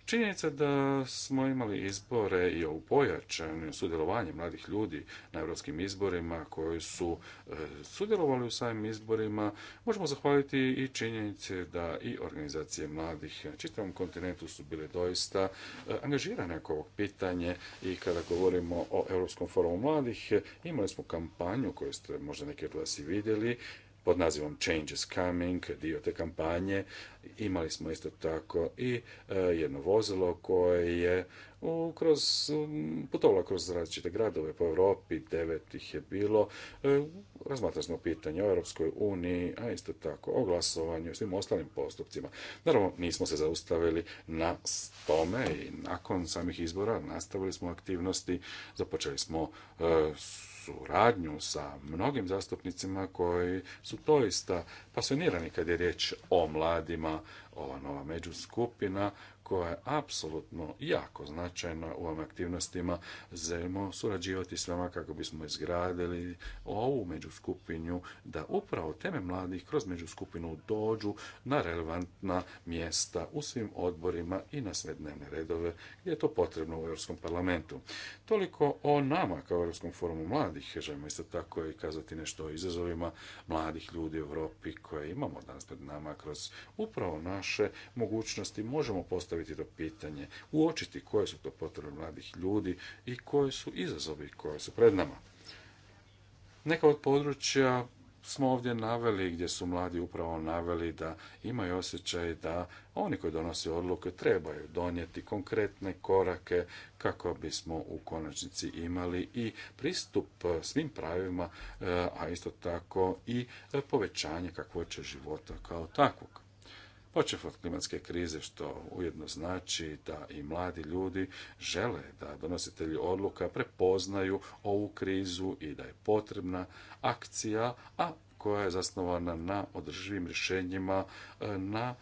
Činjenica da smo imali izbore i o pojačanju sudjelovanje mladih ljudi na europskim izborima koji su e, sudjelovali u samim izborima, možemo zahvaliti i činjenice da i organizacije mladih na čitavom kontinentu su bile doista e, angažirane oko ovog pitanje i kada govorimo o Europskom forumu mladih, imali smo kampanju koju ste možda neki od vas i vidjeli, pod nazivom Change is Coming, dio te kampanje. Imali smo isto tako i e, jedno vozilo koje je kroz, putovalo kroz različite gradove po Europi, devet ih je bilo. E, razmatrali smo pitanje o Europskoj uniji, a isto tako o glasovanju i svim ostalim postupcima. Naravno, nismo se zaustavili na tome i nakon samih izbora nastavili smo aktivnosti, započeli smo e, s suradnju sa mnogim zastupnicima koji su toista pasionirani kad je riječ o mladima. Ova nova međuskupina koja je apsolutno jako značajna u ovim aktivnostima. Želimo surađivati s vama kako bismo izgradili ovu međuskupinju da upravo teme mladih kroz međuskupinu dođu na relevantna mjesta u svim odborima i na sve dnevne redove gdje je to potrebno u Europskom parlamentu. Toliko o nama kao Europskom forumu mladih. Želimo isto tako i kazati nešto o izazovima mladih ljudi u Europi koje imamo danas pred nama kroz upravo naše mogućnosti. Možemo postaviti postaviti to pitanje, uočiti koje su to potrebe mladih ljudi i koji su izazovi koje su pred nama. Neka od područja smo ovdje naveli gdje su mladi upravo naveli da imaju osjećaj da oni koji donose odluke trebaju donijeti konkretne korake kako bismo u konačnici imali i pristup e, svim pravima, e, a isto tako i e, povećanje kakvoće života kao takvog počev od klimatske krize, što ujedno znači da i mladi ljudi žele da donositelji odluka prepoznaju ovu krizu i da je potrebna akcija, a koja je zasnovana na održivim rješenjima, e, na e,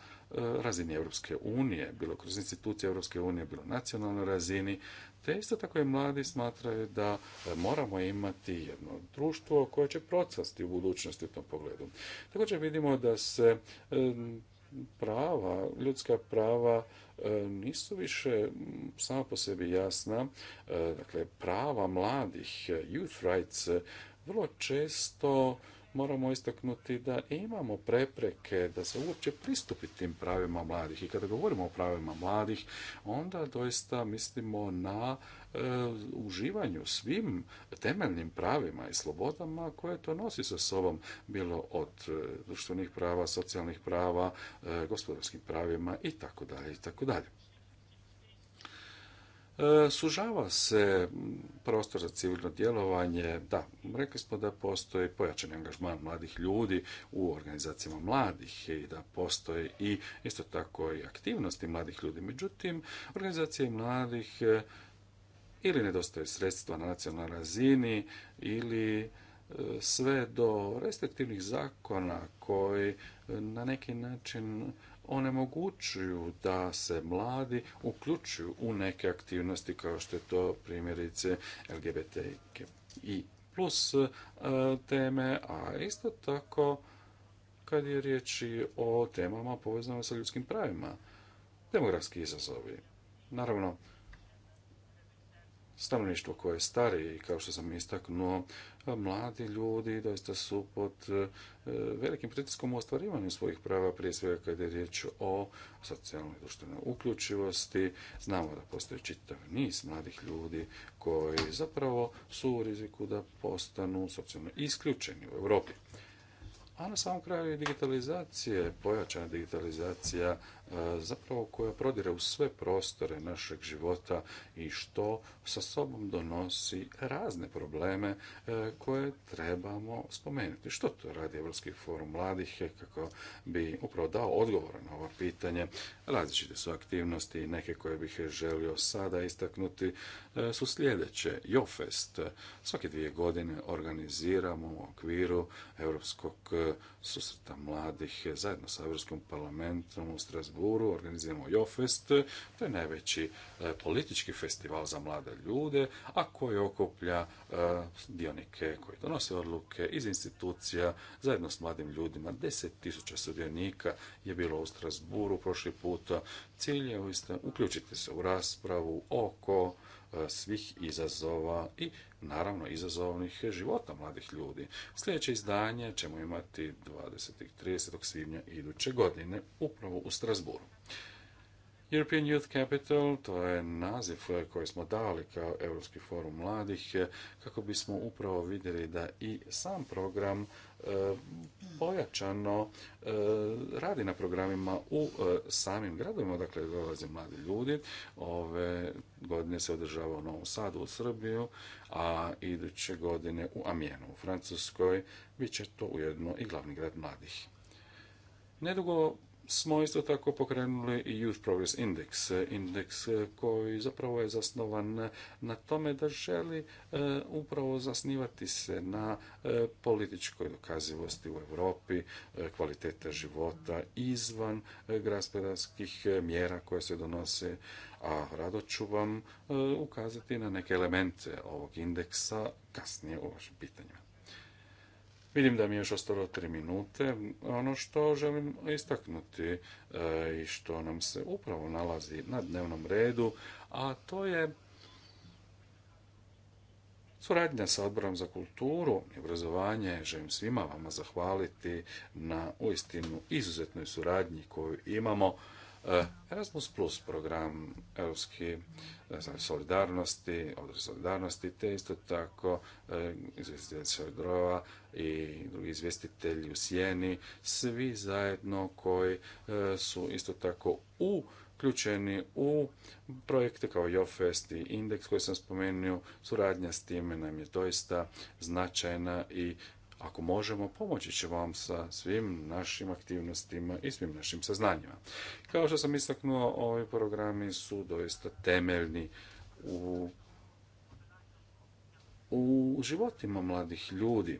razini Europske unije, bilo kroz institucije Europske unije, bilo nacionalnoj razini, te isto tako i mladi smatraju da e, moramo imati jedno društvo koje će procasti u budućnosti u tom pogledu. Također vidimo da se prava, ljudska prava e, nisu više sama po sebi jasna. E, dakle, prava mladih, youth rights, vrlo često moramo istaknuti da imamo prepreke da se uopće pristupi tim pravima mladih. I kada govorimo o pravima mladih, onda doista mislimo na E, uživanju svim temeljnim pravima i slobodama koje to nosi sa sobom, bilo od e, društvenih prava, socijalnih prava, e, gospodarskim pravima i tako dalje i tako dalje. Sužava se prostor za civilno djelovanje. Da, rekli smo da postoji pojačan angažman mladih ljudi u organizacijama mladih i da postoji i isto tako i aktivnosti mladih ljudi. Međutim, organizacije mladih ili nedostaju sredstva na nacionalnoj razini ili e, sve do restriktivnih zakona koji e, na neki način onemogućuju da se mladi uključuju u neke aktivnosti kao što je to primjerice LGBT i plus e, teme, a isto tako kad je riječ o temama povezano sa ljudskim pravima, demografski izazovi. Naravno, stanovništvo koje je stari i kao što sam istaknuo, mladi ljudi doista su pod e, velikim pritiskom u ostvarivanju svojih prava, prije svega kada je riječ o socijalnoj društvenoj uključivosti. Znamo da postoji čitav niz mladih ljudi koji zapravo su u riziku da postanu socijalno isključeni u Europi. A na samom kraju je digitalizacija, pojačana digitalizacija E, zapravo koja prodire u sve prostore našeg života i što sa sobom donosi razne probleme e, koje trebamo spomenuti. Što to radi Evropski forum mladih kako bi upravo dao odgovor na ovo pitanje. Različite su aktivnosti i neke koje bih želio sada istaknuti e, su sljedeće. Jofest svake dvije godine organiziramo u okviru Europskog susreta mladih zajedno sa Europskom parlamentom u Strasbourgu Strasburu organiziramo Jofest, to je najveći e, politički festival za mlade ljude, a koji okuplja e, dionike koji donose odluke iz institucija zajedno s mladim ljudima. tisuća sudionika je bilo u Strasburu prošli puta. Cilj je uključiti se u raspravu oko E, svih izazova i naravno izazovnih života mladih ljudi. Sljedeće izdanje ćemo imati 20. 30. svibnja iduće godine upravo u Strasburu. European Youth Capital, to je naziv koji smo dali kao Europski forum mladih, kako bismo upravo vidjeli da i sam program E, pojačano e, radi na programima u e, samim gradovima, dakle dolaze mladi ljudi. Ove godine se održava u Novom Sadu u Srbiju, a iduće godine u Amijenu u Francuskoj bit će to ujedno i glavni grad mladih. Nedugo smo isto tako pokrenuli i Youth Progress Index, indeks e, koji zapravo je zasnovan na tome da želi e, upravo zasnivati se na e, političkoj dokazivosti u Europi, kvalitete života izvan gospodarskih mjera koje se donose, a rado ću vam ukazati na neke elemente ovog indeksa kasnije u vašim pitanjima. Vidim da mi je još ostalo tri minute. Ono što želim istaknuti e, i što nam se upravo nalazi na dnevnom redu, a to je Suradnja sa odborom za kulturu i obrazovanje želim svima vama zahvaliti na uistinu izuzetnoj suradnji koju imamo. E, Erasmus Plus program Europski e, znači solidarnosti, odnosno solidarnosti, te isto tako e, izvjestitelj Grova i drugi izvjestitelji u Sjeni, svi zajedno koji su isto tako u uključeni u projekte kao Jofest i Indeks koji sam spomenuo. Suradnja s time nam je doista značajna i ako možemo, pomoći će vam sa svim našim aktivnostima i svim našim saznanjima. Kao što sam istaknuo, ovi programi su doista temeljni u, u životima mladih ljudi.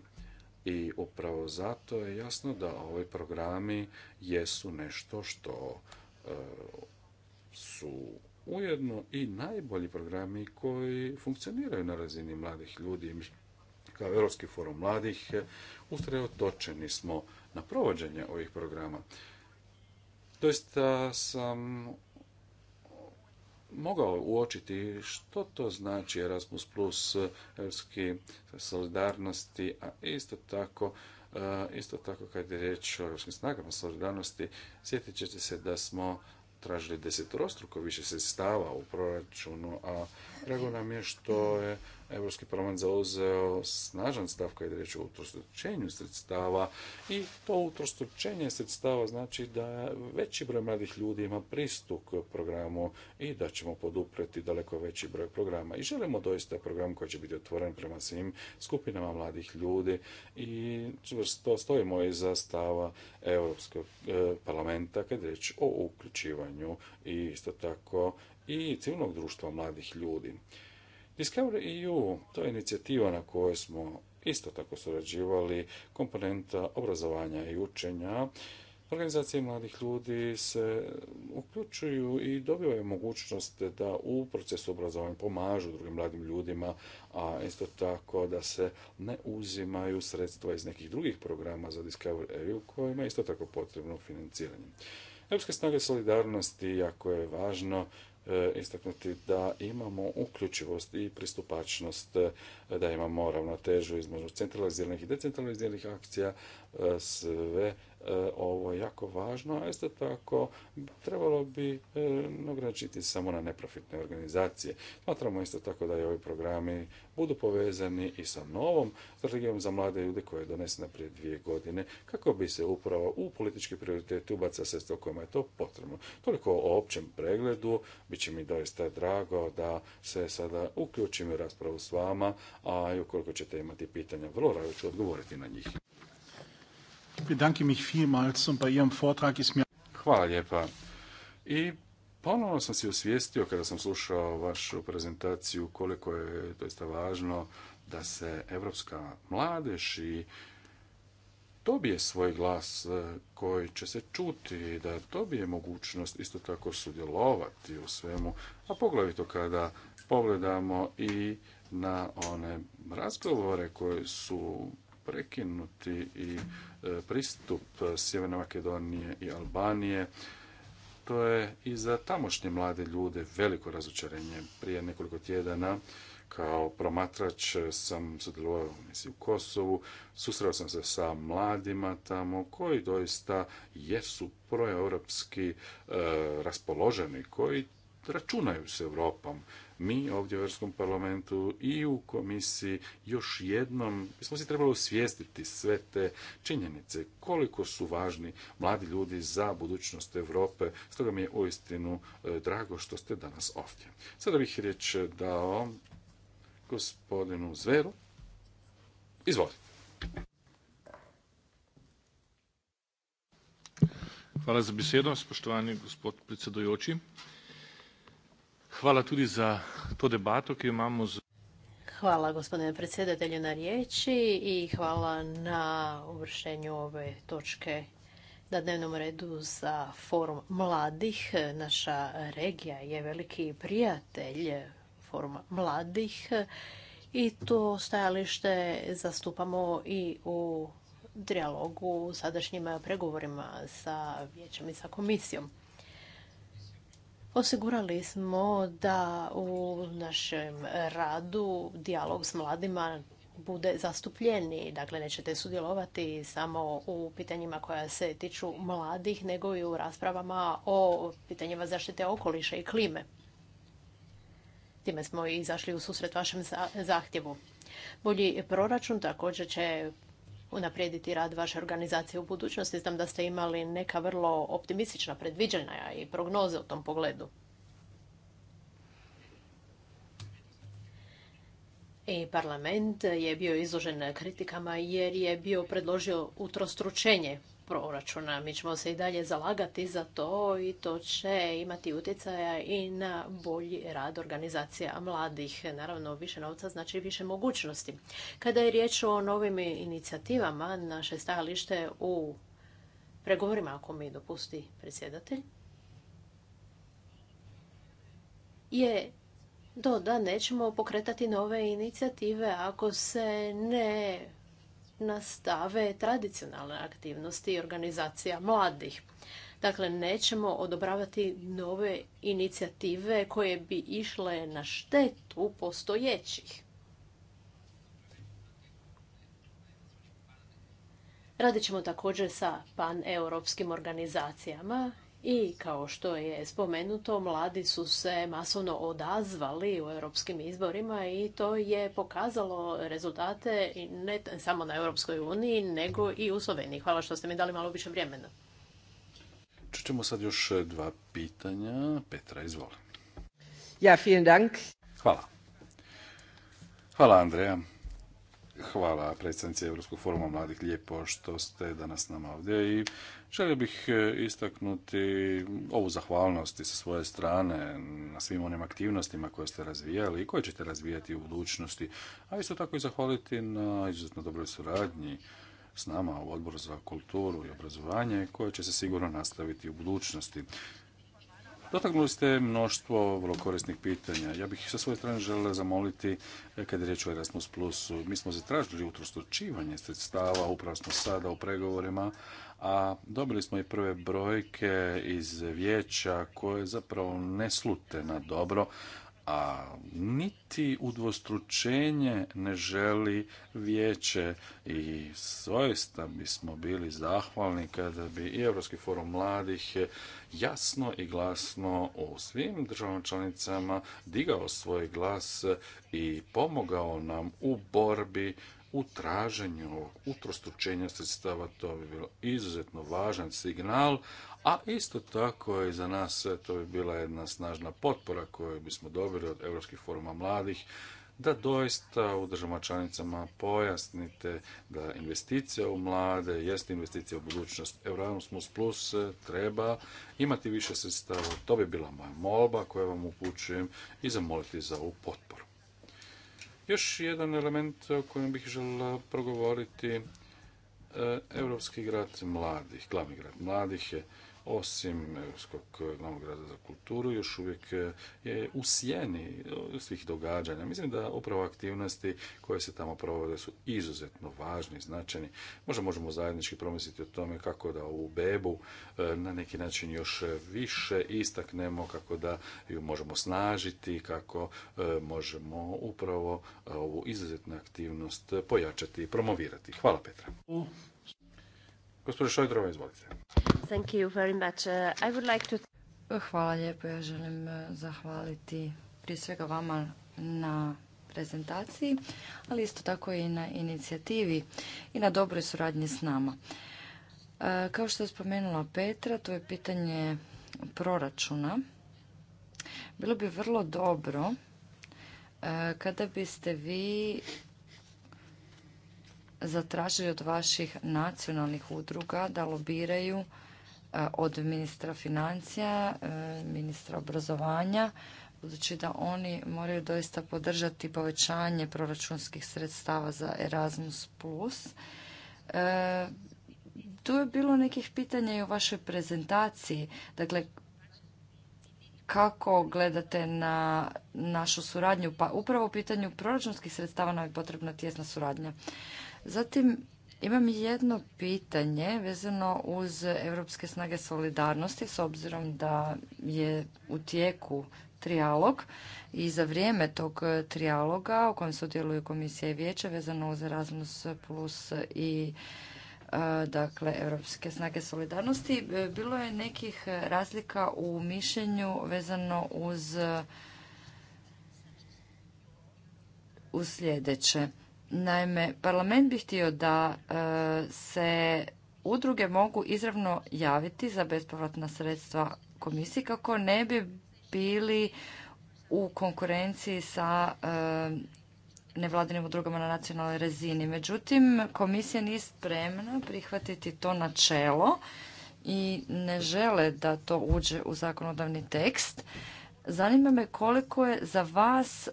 I upravo zato je jasno da ovi programi jesu nešto što e, su ujedno i najbolji programi koji funkcioniraju na razini mladih ljudi kao Europski forum mladih e, usredotočeni smo na provođenje ovih programa. Doista sam mogao uočiti što to znači Erasmus plus e, europski solidarnosti, a isto tako e, isto tako kad je riječ o europskim snagama solidarnosti, sjetit ćete se da smo tražili desetorostruko više sredstava u proračunu, a drago nam je što je Europski parlament zauzeo snažan stav kada je riječ o utrostručenju sredstava i to utrostručenje sredstava znači da veći broj mladih ljudi ima pristup k programu i da ćemo podupreti daleko veći broj programa. I želimo doista program koji će biti otvoren prema svim skupinama mladih ljudi i čvrsto stojimo iza stava Europskog e, parlamenta kada je riječ o uključivanju i isto tako i civilnog društva mladih ljudi. Discovery EU, to je inicijativa na kojoj smo isto tako surađivali, komponenta obrazovanja i učenja, Organizacije mladih ljudi se uključuju i dobivaju mogućnost da u procesu obrazovanja pomažu drugim mladim ljudima, a isto tako da se ne uzimaju sredstva iz nekih drugih programa za Discover EU kojima je isto tako potrebno financiranje. Europske snage solidarnosti jako je važno E, istaknuti da imamo uključivost i pristupačnost, e, da imamo ravnotežu između centraliziranih i decentraliziranih akcija, e, sve E, ovo je jako važno, a isto tako trebalo bi e, ograničiti samo na neprofitne organizacije. Smatramo isto tako da i ovi programi budu povezani i sa novom strategijom za mlade ljude koja je donesena prije dvije godine, kako bi se upravo u politički prioritet ubaca to kojima je to potrebno. Toliko o općem pregledu, bit će mi doista drago da se sada uključim u raspravu s vama, a i ukoliko ćete imati pitanja, vrlo rado ću odgovoriti na njih. Hvala lijepa. I ponovno sam se osvijestio kada sam slušao vašu prezentaciju koliko je doista važno da se evropska mladež i dobije svoj glas e, koji će se čuti, da dobije mogućnost isto tako sudjelovati u svemu, a poglavito kada pogledamo i na one razgovore koje su prekinuti i e, pristup Sjeverne Makedonije i Albanije. To je i za tamošnje mlade ljude veliko razočarenje. Prije nekoliko tjedana kao promatrač sam sudjelovao u u Kosovu, susreo sam se sa mladima tamo koji doista jesu proeuropski e, raspoloženi, koji računaju s Europom, mi ovdje u Europskom parlamentu i u komisiji još jednom bismo si trebali osvijestiti sve te činjenice koliko su važni mladi ljudi za budućnost Europe. Stoga mi je uistinu e, drago što ste danas ovdje. Sada bih riječ dao gospodinu Zveru. Izvolite. Hvala za besedo, spoštovani gospod predsedojoči. Hvala tudi za to debato jo imamo z... Hvala gospodine predsjedatelju na riječi i hvala na uvršenju ove točke na dnevnom redu za forum mladih. Naša regija je veliki prijatelj foruma mladih i to stajalište zastupamo i u u sadašnjim pregovorima sa vijećem i sa komisijom. Osigurali smo da u našem radu dijalog s mladima bude zastupljeniji. Dakle, nećete sudjelovati samo u pitanjima koja se tiču mladih, nego i u raspravama o pitanjima zaštite okoliša i klime. Time smo i izašli u susret vašem zahtjevu. Bolji proračun također će unaprijediti rad vaše organizacije u budućnosti? Znam da ste imali neka vrlo optimistična predviđanja i prognoze u tom pogledu. I parlament je bio izložen kritikama jer je bio predložio utrostručenje proračuna. Mi ćemo se i dalje zalagati za to i to će imati utjecaja i na bolji rad organizacija mladih. Naravno, više novca znači više mogućnosti. Kada je riječ o novim inicijativama, naše stajalište u pregovorima, ako mi dopusti predsjedatelj, je to da nećemo pokretati nove inicijative ako se ne nastave tradicionalne aktivnosti i organizacija mladih. Dakle, nećemo odobravati nove inicijative koje bi išle na štetu postojećih. Radit ćemo također sa paneuropskim organizacijama i kao što je spomenuto, mladi su se masovno odazvali u europskim izborima i to je pokazalo rezultate ne samo na Europskoj uniji, nego i u Sloveniji. Hvala što ste mi dali malo više vremena. Čućemo sad još dva pitanja. Petra, izvoli. Ja, vielen dank. Hvala. Hvala, Andreja. Hvala predsjednici Europskog foruma mladih lijepo što ste danas s nama ovdje i želio bih e, istaknuti ovu zahvalnost i sa svoje strane na svim onim aktivnostima koje ste razvijali i koje ćete razvijati u budućnosti, a isto tako i zahvaliti na izuzetno dobroj suradnji s nama u Odboru za kulturu i obrazovanje koje će se sigurno nastaviti u budućnosti. Dotaknuli ste mnoštvo vrlo korisnih pitanja. Ja bih sa svoje strane želio zamoliti, e, kad je riječ o Erasmus Plusu, mi smo zatražili utrostočivanje sredstava, upravo smo sada u pregovorima, a dobili smo i prve brojke iz vijeća koje zapravo ne slute na dobro, a niti udvostručenje ne želi vijeće i bi bismo bili zahvalni kada bi i Europski forum mladih jasno i glasno u svim državama članicama digao svoj glas i pomogao nam u borbi u traženju ovog utrostručenja sredstava, to bi bilo izuzetno važan signal, a isto tako i za nas to bi bila jedna snažna potpora koju bismo dobili od Europskih foruma mladih, da doista u državama članicama pojasnite da investicija u mlade jeste investicija u budućnost. smo Plus treba imati više sredstava. To bi bila moja molba koju vam upućujem i zamoliti za ovu potporu. Još jedan element o kojem bih želila progovoriti, e, Europski grad mladih, glavni grad mladih je osim Skog glavnog grada za kulturu, još uvijek e, je u sjeni e, svih događanja. Mislim da upravo aktivnosti koje se tamo provode su izuzetno važni, značajni. Možda možemo zajednički promisliti o tome kako da u bebu e, na neki način još više istaknemo, kako da ju možemo snažiti, kako možemo upravo ovu izuzetnu aktivnost pojačati i promovirati. Hvala Petra. Gospodin Šojdrova, izvolite. Hvala lijepo. Ja želim uh, zahvaliti prije svega vama na prezentaciji, ali isto tako i na inicijativi i na dobroj suradnji s nama. Uh, kao što je spomenula Petra, to je pitanje proračuna. Bilo bi vrlo dobro uh, kada biste vi zatražili od vaših nacionalnih udruga da lobiraju E, od ministra financija, e, ministra obrazovanja, budući da oni moraju doista podržati povećanje proračunskih sredstava za Erasmus+. plus. E, tu je bilo nekih pitanja i u vašoj prezentaciji. Dakle, kako gledate na našu suradnju? Pa upravo u pitanju proračunskih sredstava nam je potrebna tjesna suradnja. Zatim, imam jedno pitanje vezano uz Europske snage solidarnosti s obzirom da je u tijeku trijalog i za vrijeme tog trijaloga u kojem sudjeluju komisija i vijeće vezano uz Erasmus plus i e, dakle Europske snage solidarnosti e, bilo je nekih razlika u mišljenju vezano uz uz sljedeće. Naime, parlament bi htio da e, se udruge mogu izravno javiti za bespovratna sredstva komisiji kako ne bi bili u konkurenciji sa e, nevladinim udrugama na nacionalnoj razini. Međutim, komisija nije spremna prihvatiti to načelo i ne žele da to uđe u zakonodavni tekst. Zanima me koliko je za vas e,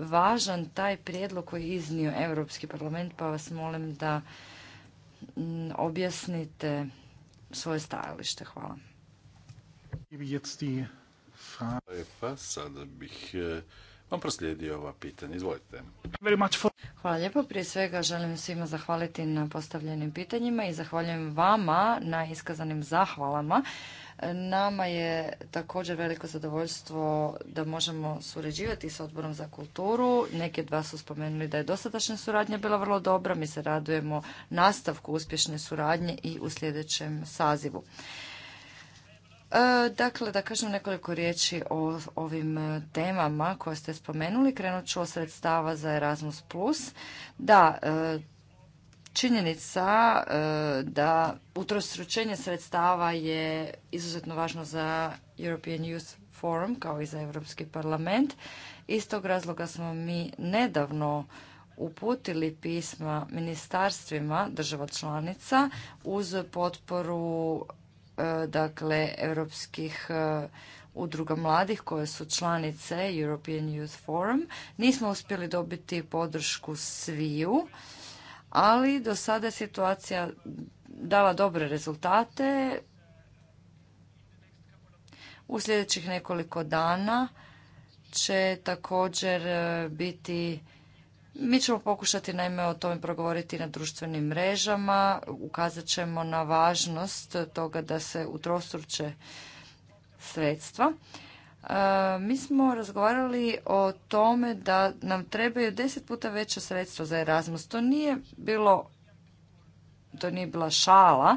važan taj prijedlog koji je iznio Europski parlament, pa vas molim da objasnite svoje stajalište. Hvala. Pa sada bih e, vam proslijedio ova pitanja. Hvala lijepo. Prije svega želim svima zahvaliti na postavljenim pitanjima i zahvaljujem vama na iskazanim zahvalama. Nama je također veliko zadovoljstvo da možemo surađivati s odborom za kulturu. Neki od vas su spomenuli da je dosadašnja suradnja bila vrlo dobra. Mi se radujemo nastavku uspješne suradnje i u sljedećem sazivu. E, dakle, da kažem nekoliko riječi o ovim temama koje ste spomenuli. Krenut ću od sredstava za Erasmus+. Da, e, činjenica e, da utrostručenje sredstava je izuzetno važno za European Youth Forum kao i za Europski parlament. Iz tog razloga smo mi nedavno uputili pisma ministarstvima država članica uz potporu e, dakle europskih e, udruga mladih koje su članice European Youth Forum. Nismo uspjeli dobiti podršku sviju ali do sada je situacija dala dobre rezultate. U sljedećih nekoliko dana će također e, biti mi ćemo pokušati naime o tome progovoriti na društvenim mrežama, ukazat ćemo na važnost toga da se utrostruče sredstva. Mi smo razgovarali o tome da nam trebaju deset puta veća sredstva za Erasmus. To nije bilo, to nije bila šala,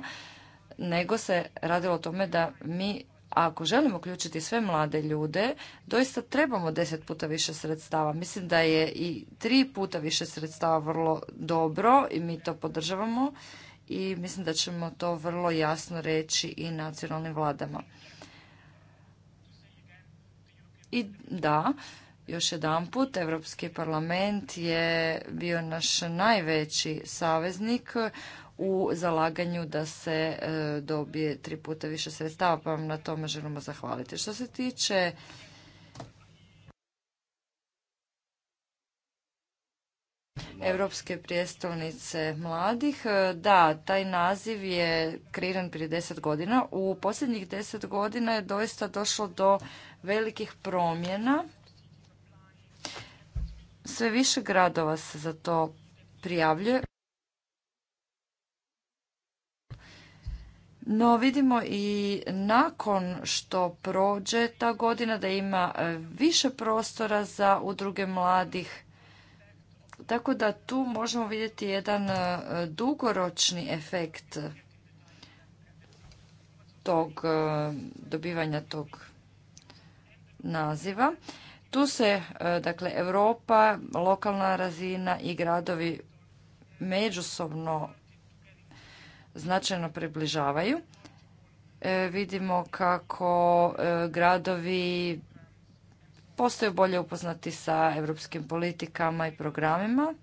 nego se radilo o tome da mi ako želimo uključiti sve mlade ljude, doista trebamo deset puta više sredstava. Mislim da je i tri puta više sredstava vrlo dobro i mi to podržavamo i mislim da ćemo to vrlo jasno reći i nacionalnim vladama. I da, još jedanput, Europski parlament je bio naš najveći saveznik u zalaganju da se e, dobije tri puta više sredstava, pa vam na tome želimo zahvaliti. Što se tiče Europske prijestolnice mladih. E, da, taj naziv je kreiran prije deset godina. U posljednjih deset godina je doista došlo do velikih promjena. Sve više gradova se za to prijavljuje. No vidimo i nakon što prođe ta godina da ima više prostora za udruge mladih tako da tu možemo vidjeti jedan e, dugoročni efekt tog e, dobivanja tog naziva. Tu se, e, dakle, Europa, lokalna razina i gradovi međusobno značajno približavaju. vidimo kako gradovi postaju bolje upoznati sa europskim politikama i programima.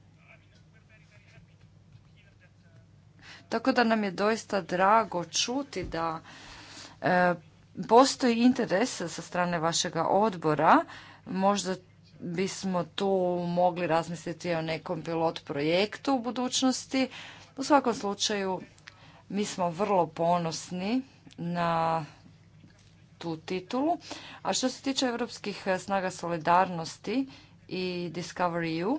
Tako da nam je doista drago čuti da e, postoji interes sa strane vašeg odbora. Možda bismo tu mogli razmisliti o nekom pilot projektu u budućnosti. U svakom slučaju mi smo vrlo ponosni na tu titulu. A što se tiče europskih eh, snaga solidarnosti i Discovery EU,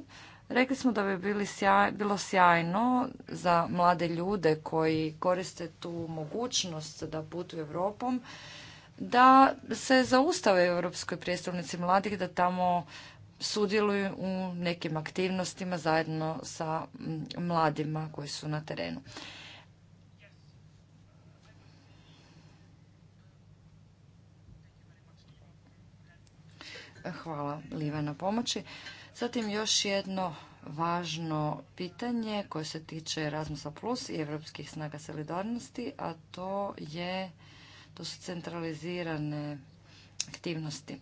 rekli smo da bi bili bilo sjajno za mlade ljude koji koriste tu mogućnost da putuju Europom, da se zaustave u Europskoj prijestolnici mladih, da tamo sudjeluju u nekim aktivnostima zajedno sa mm, mladima koji su na terenu. Hvala Liva na pomoći. Zatim još jedno važno pitanje koje se tiče Erasmusa Plus i Europskih snaga solidarnosti, a to je to su centralizirane aktivnosti.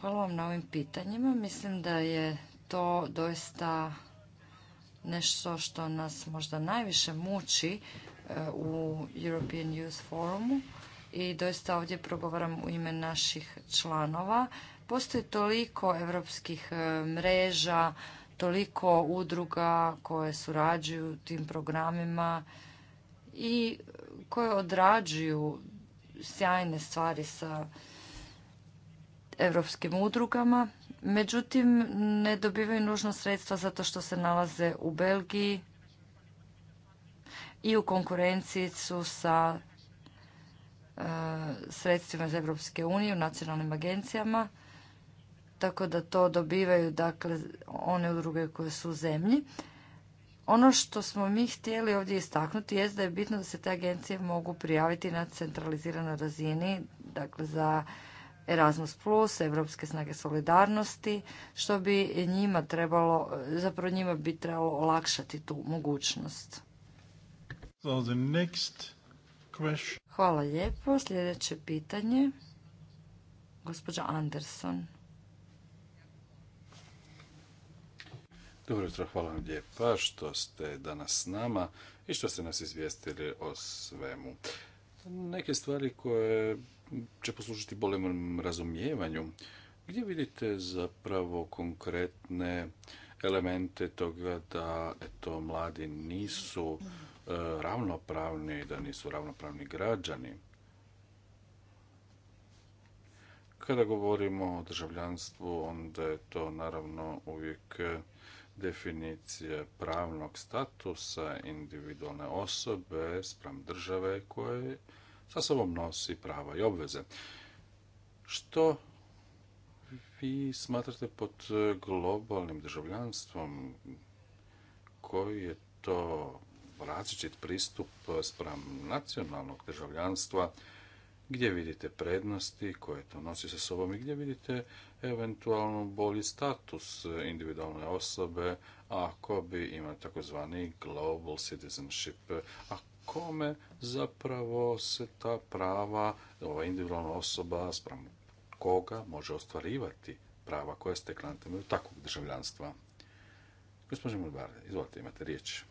Hvala vam na ovim pitanjima. Mislim da je to doista nešto što nas možda najviše muči eh, u European Youth Forumu i doista ovdje progovaram u ime naših članova Postoji toliko evropskih e, mreža, toliko udruga koje surađuju tim programima i koje odrađuju sjajne stvari sa evropskim udrugama. Međutim, ne dobivaju nužno sredstva zato što se nalaze u Belgiji i u konkurenciji su sa e, sredstvima iz Europske unije u nacionalnim agencijama tako da to dobivaju dakle one udruge koje su u zemlji. Ono što smo mi htjeli ovdje istaknuti je da je bitno da se te agencije mogu prijaviti na centraliziranoj razini, dakle za Erasmus+, plus, Evropske snage solidarnosti, što bi njima trebalo, zapravo njima bi trebalo olakšati tu mogućnost. Hvala lijepo. Sljedeće pitanje, gospođa Anderson. Dobro jutro, hvala vam lijepa što ste danas s nama i što ste nas izvijestili o svemu. Neke stvari koje će poslužiti boljem razumijevanju. Gdje vidite zapravo konkretne elemente toga da eto, mladi nisu ravnopravni e, ravnopravni, da nisu ravnopravni građani? Kada govorimo o državljanstvu, onda je to naravno uvijek definicije pravnog statusa individualne osobe spram države koje sa sobom nosi prava i obveze. Što vi smatrate pod globalnim državljanstvom? Koji je to različit pristup spram nacionalnog državljanstva? gdje vidite prednosti koje to nosi sa sobom i gdje vidite eventualno bolji status individualne osobe ako bi imali takozvani global citizenship, a kome zapravo se ta prava, ova individualna osoba, spram koga može ostvarivati prava koja ste stekla temelju takvog državljanstva. Gospodin Mulbar, izvolite, imate riječ.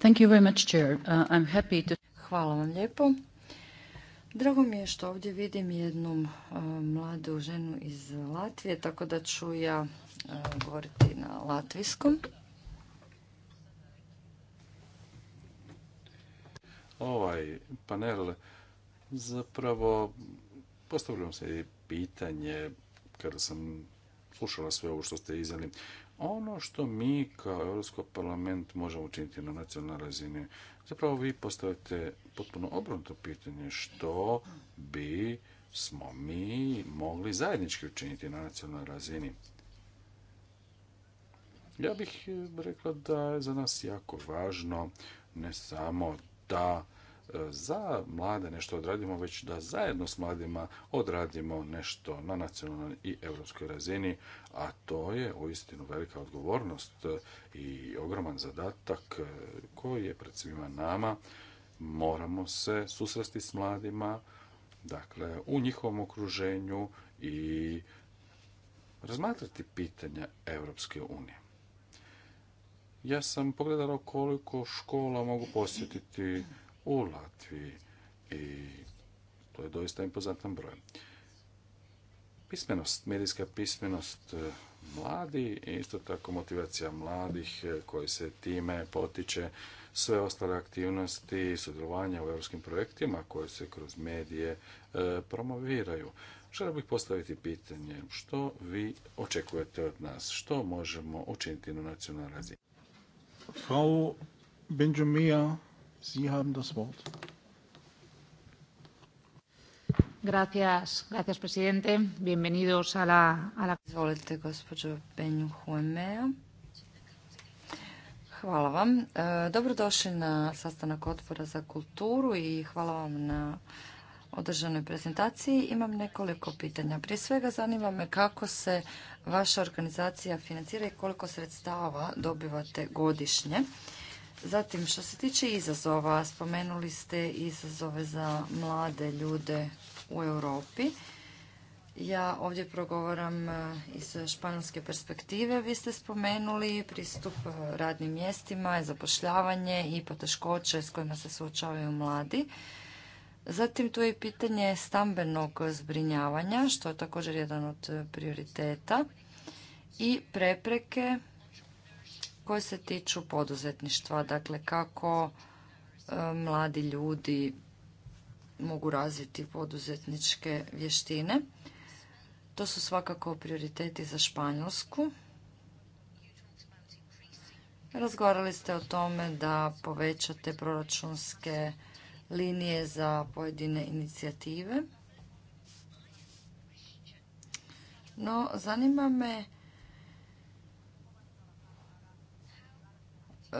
Thank you very much, uh, Hvala vam lijepo. Drago mi je što ovdje vidim jednu uh, mladu ženu iz Latvije, tako da ću ja uh, govoriti na latvijskom. Ovaj panel zapravo postavljam se pitanje kada sam slušala sve ovo što ste izjeli, ono što mi kao Europski parlament možemo učiniti na nacionalnoj razini, zapravo vi postavite potpuno obrnuto pitanje što bi smo mi mogli zajednički učiniti na nacionalnoj razini. Ja bih rekla da je za nas jako važno ne samo da za mlade nešto odradimo, već da zajedno s mladima odradimo nešto na nacionalnoj i europskoj razini, a to je uistinu velika odgovornost e, i ogroman zadatak e, koji je pred svima nama. Moramo se susresti s mladima, dakle, u njihovom okruženju i razmatrati pitanja Europske unije. Ja sam pogledala koliko škola mogu posjetiti u Latviji i to je doista impozantan broj. Pismenost, medijska pismenost e, mladi i isto tako motivacija mladih e, koji se time potiče sve ostale aktivnosti i sudjelovanja u europskim projektima koje se kroz medije e, promoviraju. Želio bih postaviti pitanje što vi očekujete od nas, što možemo učiniti na nacionalnoj razini. Frau Benjamin, Sie haben das Wort. Gracias, gracias presidente. Bienvenidos a la... A la... Izvolite, gospođo Benjuhuemea. Hvala vam. E, dobrodošli na sastanak odbora za kulturu i hvala vam na održanoj prezentaciji. Imam nekoliko pitanja. Prije svega zanima me kako se vaša organizacija financira i koliko sredstava dobivate godišnje. Zatim, što se tiče izazova, spomenuli ste izazove za mlade ljude u Europi. Ja ovdje progovaram e, iz španjolske perspektive. Vi ste spomenuli pristup e, radnim mjestima, zapošljavanje i poteškoće s kojima se suočavaju mladi. Zatim tu je pitanje stambenog zbrinjavanja, što je također jedan od prioriteta i prepreke koje se tiču poduzetništva, dakle kako e, mladi ljudi mogu razviti poduzetničke vještine. To su svakako prioriteti za Španjolsku. Razgovarali ste o tome da povećate proračunske linije za pojedine inicijative. No, zanima me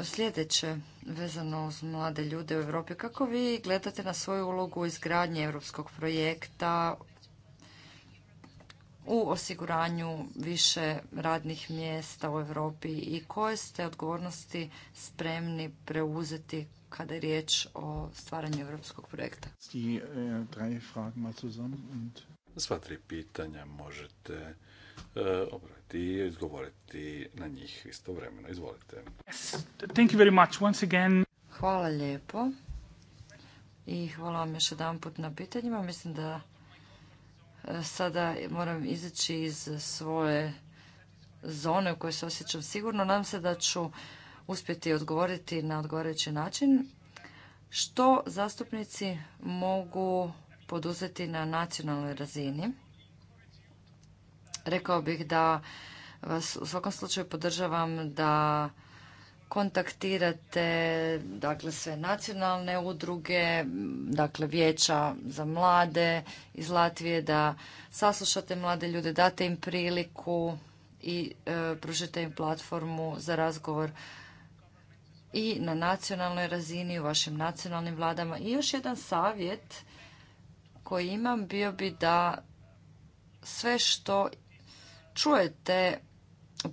sljedeće vezano uz mlade ljude u Europi. Kako vi gledate na svoju ulogu u izgradnji europskog projekta u osiguranju više radnih mjesta u Europi i koje ste odgovornosti spremni preuzeti kada je riječ o stvaranju europskog projekta? Eh, Sva tri pitanja možete E, obrati i izgovoriti na njih istovremeno. Izvolite. Hvala lijepo. I hvala vam još jedan put na pitanjima. Mislim da e, sada moram izaći iz svoje zone u kojoj se osjećam sigurno. Nadam se da ću uspjeti odgovoriti na odgovarajući način. Što zastupnici mogu poduzeti na nacionalnoj razini? Rekao bih da vas u svakom slučaju podržavam da kontaktirate dakle sve nacionalne udruge, dakle vijeća za mlade iz Latvije da saslušate mlade ljude, date im priliku i e, pružite im platformu za razgovor i na nacionalnoj razini u vašim nacionalnim vladama. I još jedan savjet koji imam bio bi da sve što čujete,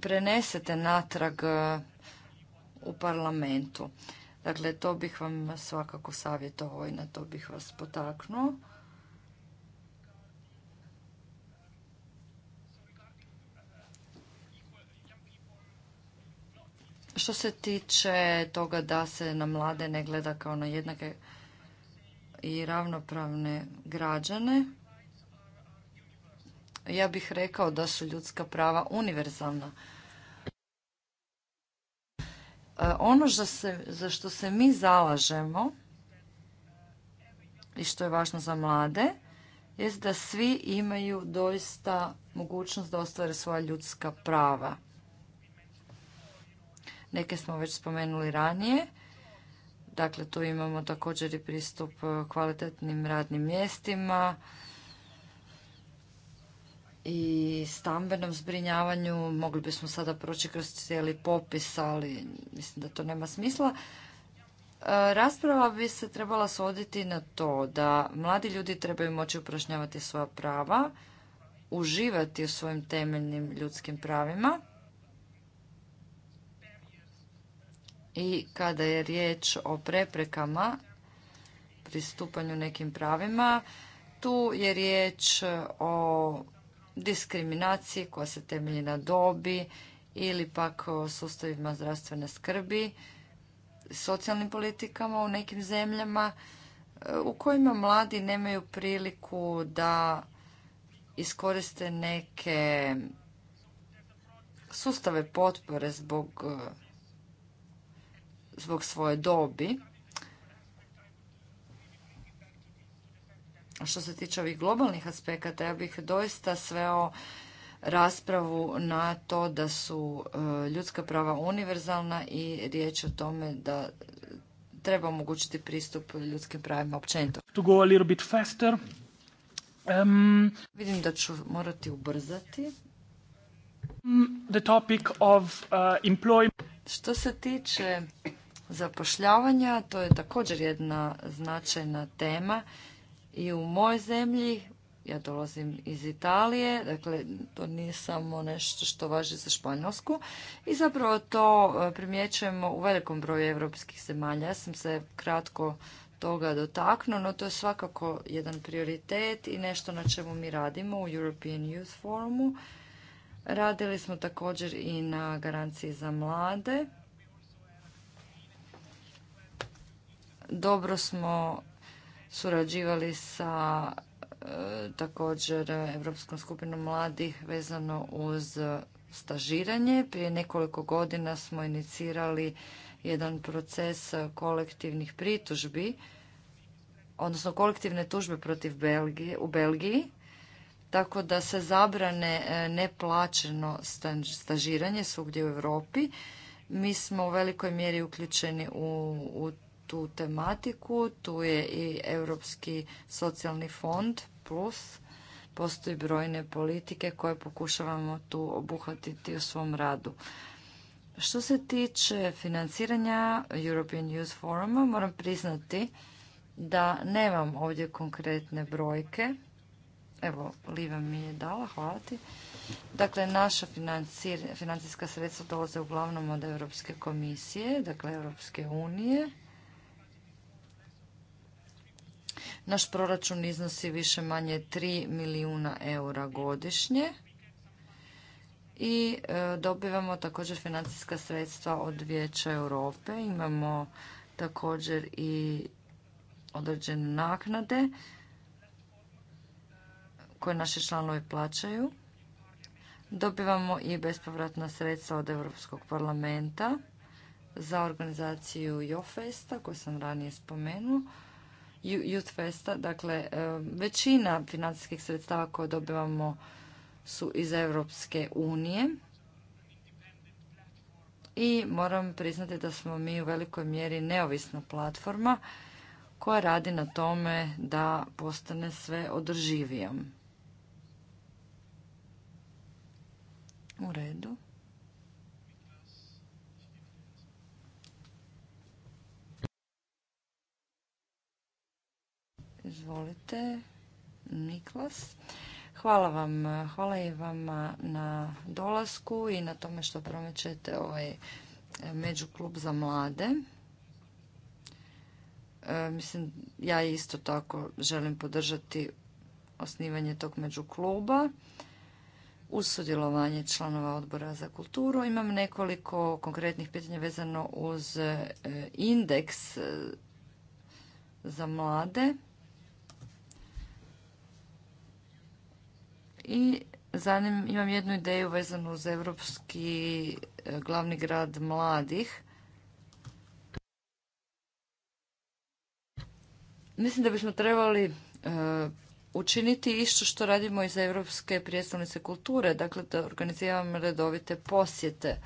prenesete natrag e, u parlamentu. Dakle, to bih vam svakako savjetovao i na to bih vas potaknuo. Što se tiče toga da se na mlade ne gleda kao na jednake i ravnopravne građane, ja bih rekao da su ljudska prava univerzalna. E, ono za, se, za što se mi zalažemo i što je važno za mlade jest da svi imaju doista mogućnost da ostvare svoja ljudska prava. Neke smo već spomenuli ranije. Dakle, tu imamo također i pristup e, kvalitetnim radnim mjestima, i stambenom zbrinjavanju. Mogli bismo sada proći kroz cijeli popis, ali mislim da to nema smisla. E, rasprava bi se trebala svoditi na to da mladi ljudi trebaju moći uprašnjavati svoja prava, uživati u svojim temeljnim ljudskim pravima. I kada je riječ o preprekama pristupanju nekim pravima, tu je riječ o diskriminaciji koja se temelji na dobi ili pak o sustavima zdravstvene skrbi, socijalnim politikama u nekim zemljama e, u kojima mladi nemaju priliku da iskoriste neke sustave potpore zbog, e, zbog svoje dobi Što se tiče ovih globalnih aspekata, ja bih doista sveo raspravu na to da su e, ljudska prava univerzalna i riječ o tome da treba omogućiti pristup ljudskim pravima općenito. To go a bit faster. Um, Vidim da ću morati ubrzati. Um, the topic of uh, employment. Što se tiče zapošljavanja, to je također jedna značajna tema i u mojoj zemlji, ja dolazim iz Italije, dakle to nije samo nešto što važi za Španjolsku i zapravo to e, primjećujemo u velikom broju evropskih zemalja. Ja sam se kratko toga dotaknuo, no to je svakako jedan prioritet i nešto na čemu mi radimo u European Youth Forumu. Radili smo također i na garanciji za mlade. Dobro smo surađivali sa e, također Europskom skupinom mladih vezano uz stažiranje. Prije nekoliko godina smo inicirali jedan proces kolektivnih pritužbi, odnosno kolektivne tužbe protiv Belgije, u Belgiji, tako da se zabrane e, neplaćeno stažiranje svugdje u Europi. Mi smo u velikoj mjeri uključeni u, u tu tematiku. Tu je i Europski socijalni fond plus. Postoji brojne politike koje pokušavamo tu obuhvatiti u svom radu. Što se tiče financiranja European Youth Foruma, moram priznati da nemam ovdje konkretne brojke. Evo, Liva mi je dala, hvala ti. Dakle, naša financijska sredstva dolaze uglavnom od Europske komisije, dakle Europske unije. Naš proračun iznosi više manje 3 milijuna eura godišnje i e, dobivamo također financijska sredstva od Vijeća Europe. Imamo također i određene naknade koje naši članovi plaćaju. Dobivamo i bespovratna sredstva od Europskog parlamenta za organizaciju Jofesta koju sam ranije spomenuo. Youth Festa, dakle e, većina financijskih sredstava koje dobivamo su iz Europske unije i moram priznati da smo mi u velikoj mjeri neovisna platforma koja radi na tome da postane sve održivijom. U redu. Izvolite, Niklas. Hvala vam, hvala i vama na dolasku i na tome što promećete ovaj međuklub za mlade. E, mislim, ja isto tako želim podržati osnivanje tog međukluba uz sudjelovanje članova odbora za kulturu. Imam nekoliko konkretnih pitanja vezano uz e, indeks e, za mlade. I zanim imam jednu ideju vezanu uz Europski e, glavni grad mladih. Mislim da bismo trebali e, učiniti isto što radimo iz Europske prijestolnice kulture, dakle da organiziramo redovite posjete e,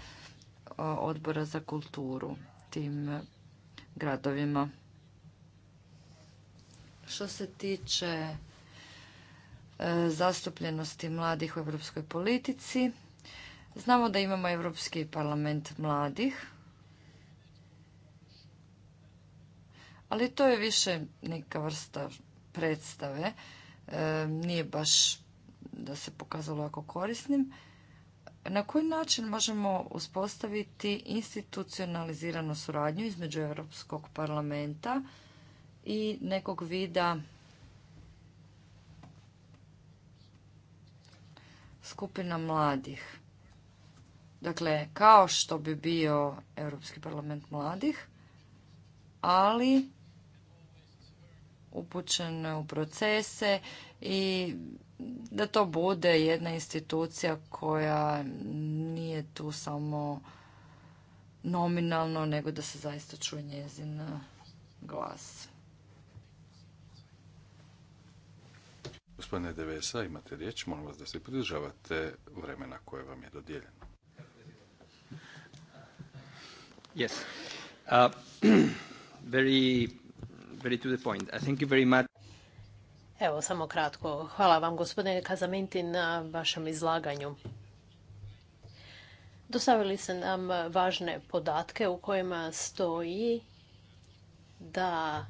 odbora za kulturu tim gradovima. Što se tiče E, zastupljenosti mladih u europskoj politici. Znamo da imamo Europski parlament mladih, ali to je više neka vrsta predstave. E, nije baš da se pokazalo jako korisnim. Na koji način možemo uspostaviti institucionaliziranu suradnju između Europskog parlamenta i nekog vida skupina mladih. Dakle, kao što bi bio Europski parlament mladih, ali upućen u procese i da to bude jedna institucija koja nije tu samo nominalno, nego da se zaista čuje njezin glas. Gospodine Devesa, imate riječ, molim vas da se pridržavate vremena koje vam je dodijeljeno. Yes. Uh, [clears throat] very, very to the point. I thank you very much. Evo, samo kratko. Hvala vam, gospodine Kazaminti, na vašem izlaganju. Dostavili ste nam važne podatke u kojima stoji da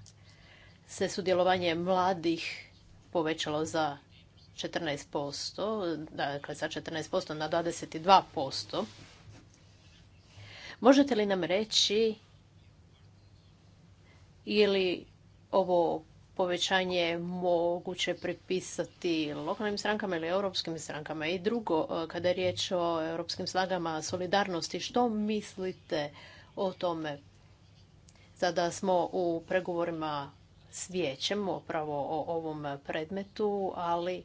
se sudjelovanje mladih povećalo za 14%, dakle sa 14% na 22%. Možete li nam reći ili ovo povećanje moguće pripisati lokalnim strankama ili europskim strankama? I drugo, kada je riječ o europskim snagama solidarnosti, što mislite o tome? Sada smo u pregovorima s vijećem upravo o ovom predmetu, ali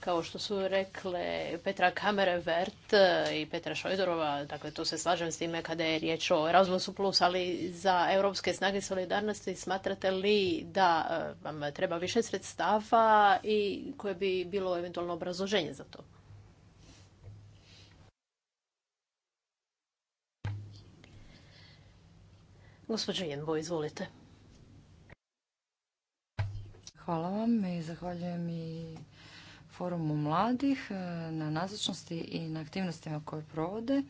kao što su rekle Petra Kamerevert i Petra Šojdorova, dakle to se slažem s time kada je riječ o Erasmusu Plus, ali za Europske snage solidarnosti smatrate li da e, vam treba više sredstava i koje bi bilo eventualno obrazloženje za to? Gospođo Jenbo, izvolite. Hvala vam i zahvaljujem i forumu mladih e, na nazočnosti i na aktivnostima koje provode.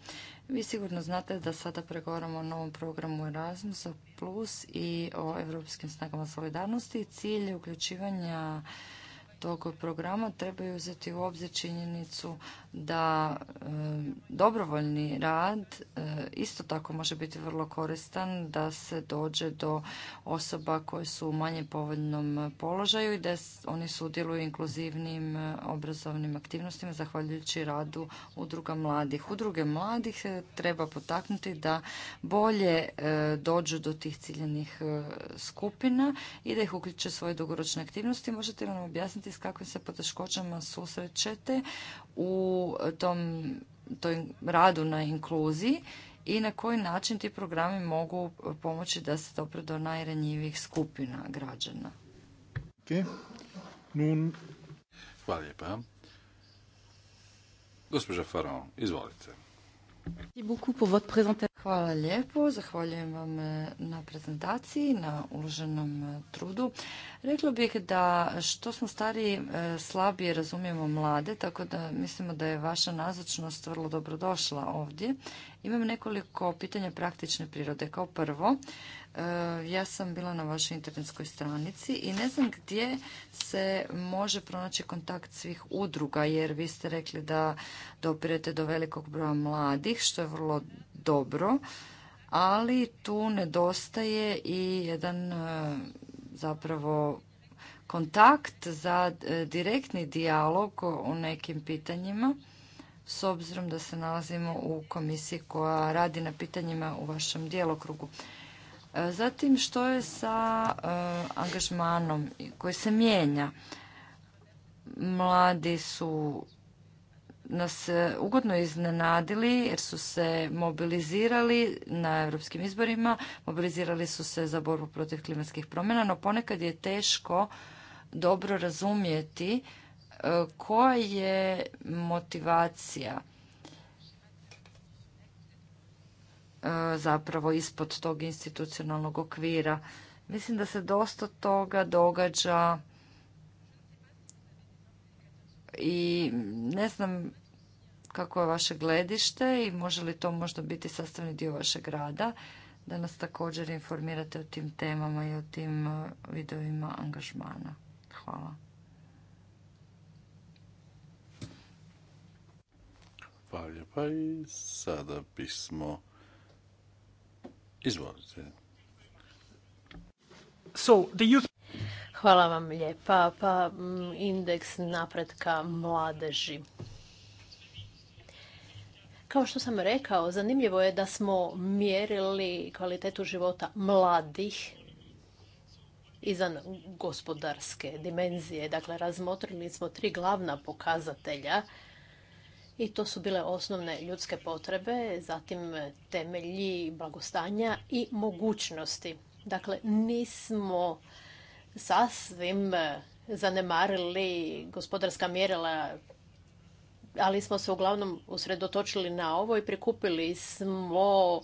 Vi sigurno znate da sada pregovaramo o novom programu erasmus Plus i o Europskim snagama solidarnosti. Cilj je uključivanja tog programa trebaju uzeti u obzir činjenicu da dobrovoljni rad eh, isto tako može biti vrlo koristan da se dođe do osoba koje su u manje povoljnom položaju i da oni sudjeluju u inkluzivnim eh, obrazovnim aktivnostima zahvaljujući radu udruga mladih. Udruge mladih eh, treba potaknuti da bolje dođu do tih ciljenih skupina i da ih uključe svoje dugoročne aktivnosti. Možete li nam objasniti s kakvim se poteškoćama susrećete u tom toj radu na inkluziji i na koji način ti programi mogu pomoći da se dopre do najranjivijih skupina građana. Okay. Nun. Hvala lijepa. Gospođa izvolite. Hvala lijepo, zahvaljujem vam eh, na prezentaciji, na uloženom eh, trudu. Rekla bih da što smo stariji eh, slabije razumijemo mlade, tako da mislimo da je vaša nazočnost vrlo dobrodošla ovdje. Imam nekoliko pitanja praktične prirode. Kao prvo, E, ja sam bila na vašoj internetskoj stranici i ne znam gdje se može pronaći kontakt svih udruga jer vi ste rekli da dopirete do velikog broja mladih što je vrlo dobro, ali tu nedostaje i jedan e, zapravo kontakt za e, direktni dijalog o nekim pitanjima s obzirom da se nalazimo u komisiji koja radi na pitanjima u vašem djelokrugu. E, zatim što je sa e, angažmanom koji se mijenja? Mladi su nas e, ugodno iznenadili jer su se mobilizirali na europskim izborima, mobilizirali su se za borbu protiv klimatskih promjena, no ponekad je teško dobro razumjeti koja je motivacija E, zapravo ispod tog institucionalnog okvira. Mislim da se dosta toga događa i ne znam kako je vaše gledište i može li to možda biti sastavni dio vašeg rada da nas također informirate o tim temama i o tim e, vidovima angažmana. Hvala. Hvala lijepa i sada bismo Hvala vam lijepa. Pa mm, indeks napretka mladeži. Kao što sam rekao, zanimljivo je da smo mjerili kvalitetu života mladih izvan gospodarske dimenzije. Dakle, razmotrili smo tri glavna pokazatelja i to su bile osnovne ljudske potrebe, zatim temelji blagostanja i mogućnosti. Dakle, nismo sasvim zanemarili gospodarska mjerila, ali smo se uglavnom usredotočili na ovo i prikupili smo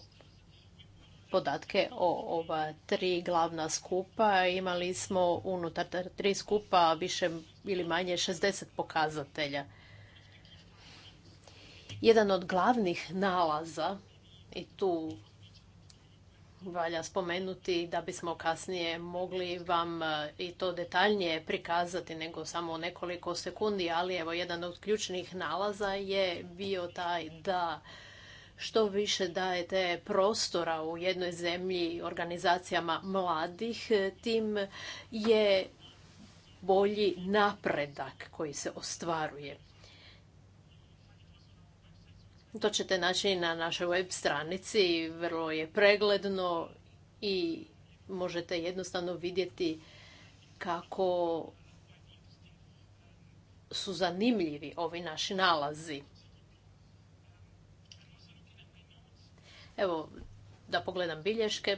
podatke o ova tri glavna skupa. Imali smo unutar tri skupa više ili manje 60 pokazatelja jedan od glavnih nalaza i tu valja spomenuti da bismo kasnije mogli vam e, i to detaljnije prikazati nego samo nekoliko sekundi, ali evo jedan od ključnih nalaza je bio taj da što više dajete prostora u jednoj zemlji organizacijama mladih, e, tim je bolji napredak koji se ostvaruje. To ćete naći na našoj web stranici, vrlo je pregledno i možete jednostavno vidjeti kako su zanimljivi ovi naši nalazi. Evo, da pogledam bilješke.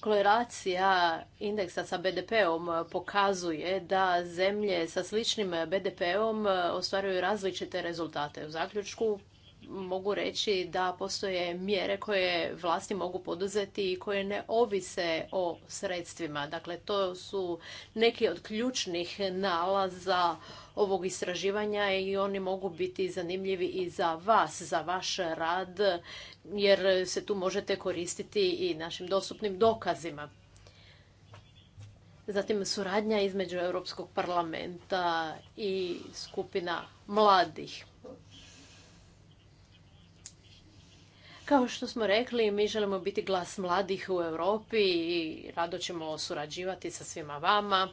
Korelacija indeksa sa BDP-om pokazuje da zemlje sa sličnim BDP-om e, ostvaruju različite rezultate. U zaključku mogu reći da postoje mjere koje vlasti mogu poduzeti i koje ne ovise o sredstvima. Dakle, to su neki od ključnih nalaza ovog istraživanja i oni mogu biti zanimljivi i za vas, za vaš rad, jer se tu možete koristiti i našim dostupnim dokazima. Zatim suradnja između Europskog parlamenta i skupina mladih. Kao što smo rekli, mi želimo biti glas mladih u Europi i rado ćemo surađivati sa svima vama.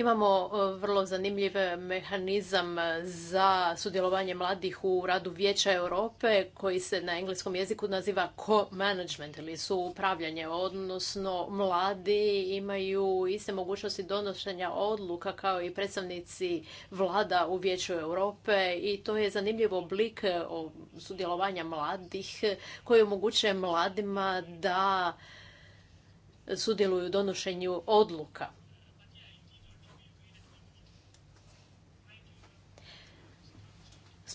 Imamo e, vrlo zanimljiv e, mehanizam e, za sudjelovanje mladih u radu Vijeća Europe koji se na engleskom jeziku naziva co-management ili su upravljanje, odnosno mladi imaju iste mogućnosti donošenja odluka kao i predstavnici vlada u Vijeću Europe i to je zanimljiv oblik sudjelovanja mladih koji omogućuje mladima da sudjeluju u donošenju odluka.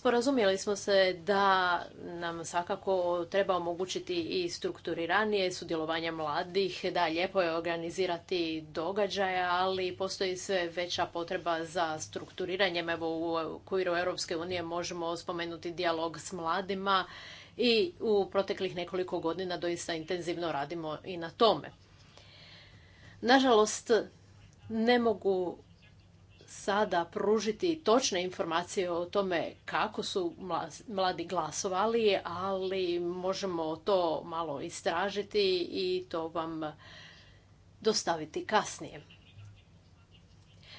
Sporazumjeli smo se da nam svakako treba omogućiti i strukturiranije sudjelovanje mladih, da lijepo je organizirati događaje, ali postoji sve veća potreba za strukturiranjem. Evo u okviru Europske unije možemo spomenuti dijalog s mladima i u proteklih nekoliko godina doista intenzivno radimo i na tome. Nažalost, ne mogu sada pružiti točne informacije o tome kako su mladi glasovali, ali možemo to malo istražiti i to vam dostaviti kasnije.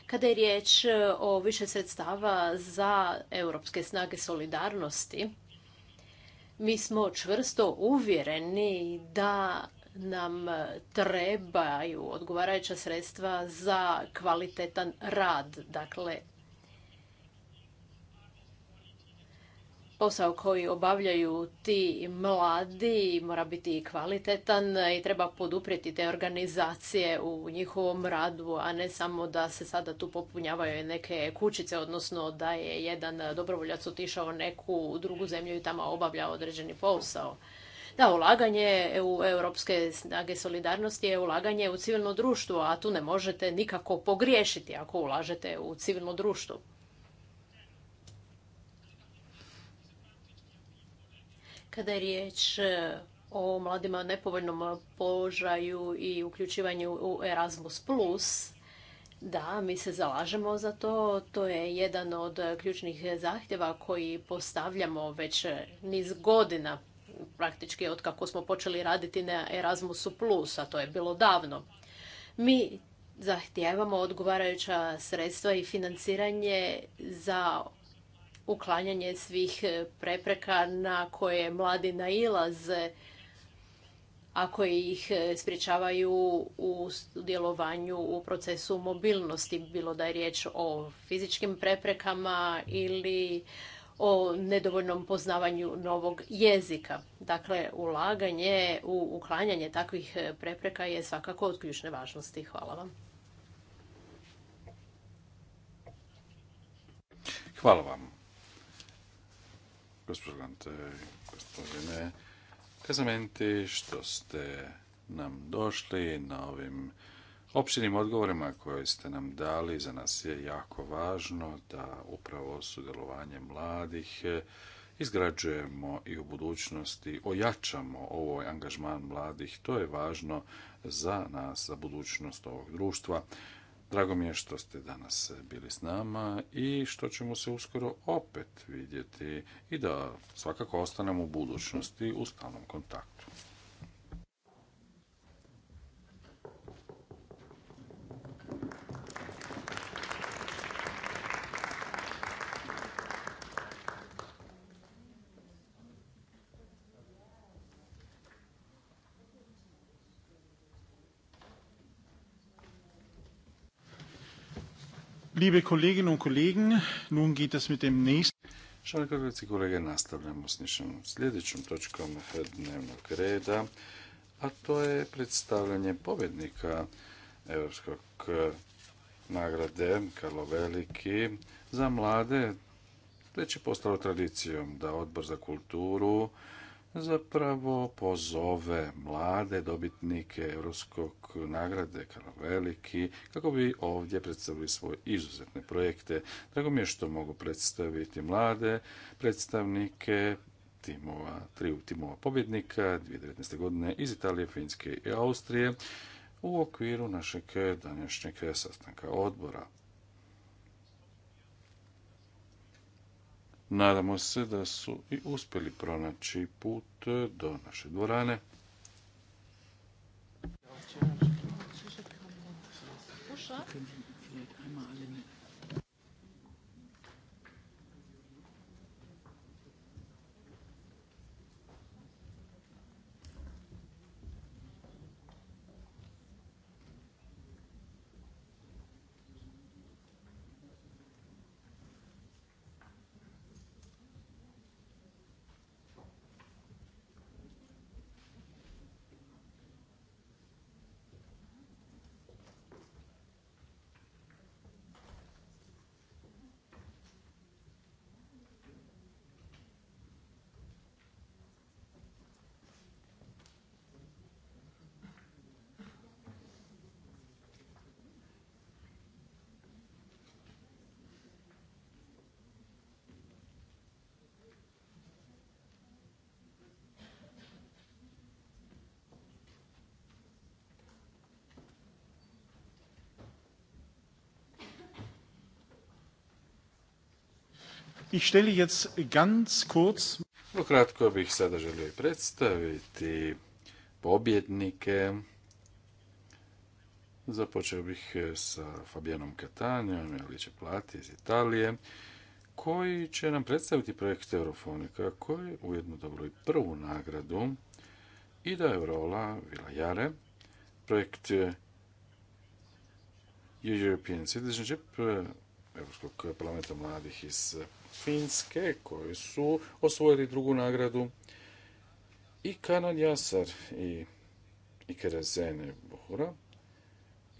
Kada je riječ e, o više sredstava za europske snage solidarnosti, mi smo čvrsto uvjereni da nam e, trebaju odgovarajuća sredstva za kvalitetan rad. Dakle, posao koji obavljaju ti mladi mora biti kvalitetan i treba poduprijeti te organizacije u njihovom radu, a ne samo da se sada tu popunjavaju neke kućice, odnosno da je jedan dobrovoljac otišao u neku drugu zemlju i tamo obavlja određeni posao. Da, ulaganje u europske snage solidarnosti je ulaganje u civilno društvo, a tu ne možete nikako pogriješiti ako ulažete u civilno društvo. Kada je riječ e, o mladima nepovoljnom položaju i uključivanju u Erasmus+, da, mi se zalažemo za to. To je jedan od ključnih zahtjeva koji postavljamo već niz godina praktički od kako smo počeli raditi na Erasmusu+, plus, a to je bilo davno. Mi zahtijevamo odgovarajuća sredstva i financiranje za uklanjanje svih prepreka na koje mladi nailaze ako ih sprječavaju u djelovanju u procesu mobilnosti, bilo da je riječ o fizičkim preprekama ili o nedovoljnom poznavanju novog jezika. Dakle, ulaganje u uklanjanje takvih prepreka je svakako od ključne važnosti. Hvala vam. Hvala vam. gospodine. gospodine Kazamenti, što ste nam došli na ovim općenim odgovorima koje ste nam dali. Za nas je jako važno da upravo sudjelovanje mladih e, izgrađujemo i u budućnosti, ojačamo ovaj angažman mladih. To je važno za nas, za budućnost ovog društva. Drago mi je što ste danas bili s nama i što ćemo se uskoro opet vidjeti i da svakako ostanemo u budućnosti u stalnom kontaktu. Liebe Kolleginnen und Kollegen, nun geht es mit dem nächsten... kolege, nastavljamo s našom sljedećom točkom dnevnog reda, a to je predstavljanje pobjednika Europskog eh, nagrade Karlo Veliki za mlade, već je postalo tradicijom da odbor za kulturu zapravo pozove mlade dobitnike Europskog nagrade Karlo Veliki kako bi ovdje predstavili svoje izuzetne projekte. Drago mi je što mogu predstaviti mlade predstavnike timova, timova pobjednika 2019. godine iz Italije, Finjske i Austrije u okviru našeg današnjeg sastanka odbora. Nadamo se da su i uspjeli pronaći put do naše dvorane. Ich stelle jetzt ganz kurz... Kratko bih sada želio predstaviti pobjednike. Započeo bih e, sa Fabijanom Catanjom, Plati iz Italije, koji će nam predstaviti projekt Eurofonika, koji ujedno dobro i prvu nagradu i da Eurola Jare, projekt e, European Citizenship, e, Europskog parlamenta mladih iz Finske koji su osvojili drugu nagradu i Kanan Jasar i i Buhura, Bohora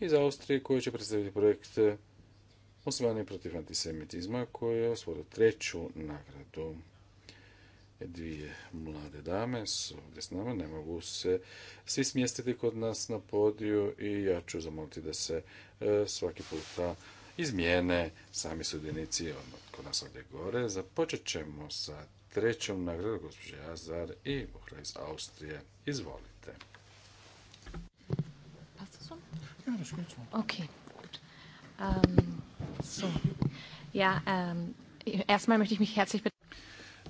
iz Austrije koji će predstaviti projekt Osmanje protiv antisemitizma koji je osvojio treću nagradu. Dvije mlade dame su ovdje s nama, ne mogu se svi smjestiti kod nas na podiju i ja ću zamoliti da se e, svaki puta izmijene sami sudionici ono, kod nas ovdje gore. Započet ćemo sa trećom nagradom gospođe Azar i Bohra iz Austrije. Izvolite. Okay. Um, so. Ja, um, erstmal möchte ich mich herzlich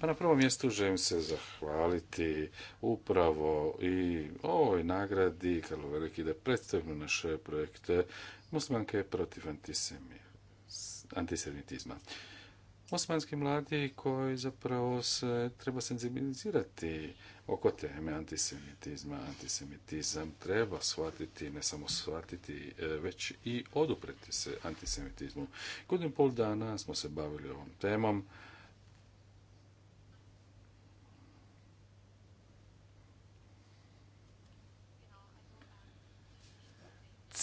pa na prvom mjestu želim se zahvaliti upravo i ovoj nagradi kao Veliki da predstavimo naše projekte Muslimanke protiv antisemitizma. Osmanski mladi koji zapravo se treba senzibilizirati oko teme antisemitizma. Antisemitizam treba shvatiti, ne samo shvatiti, e, već i odupreti se antisemitizmu. Godinu pol dana smo se bavili ovom temom.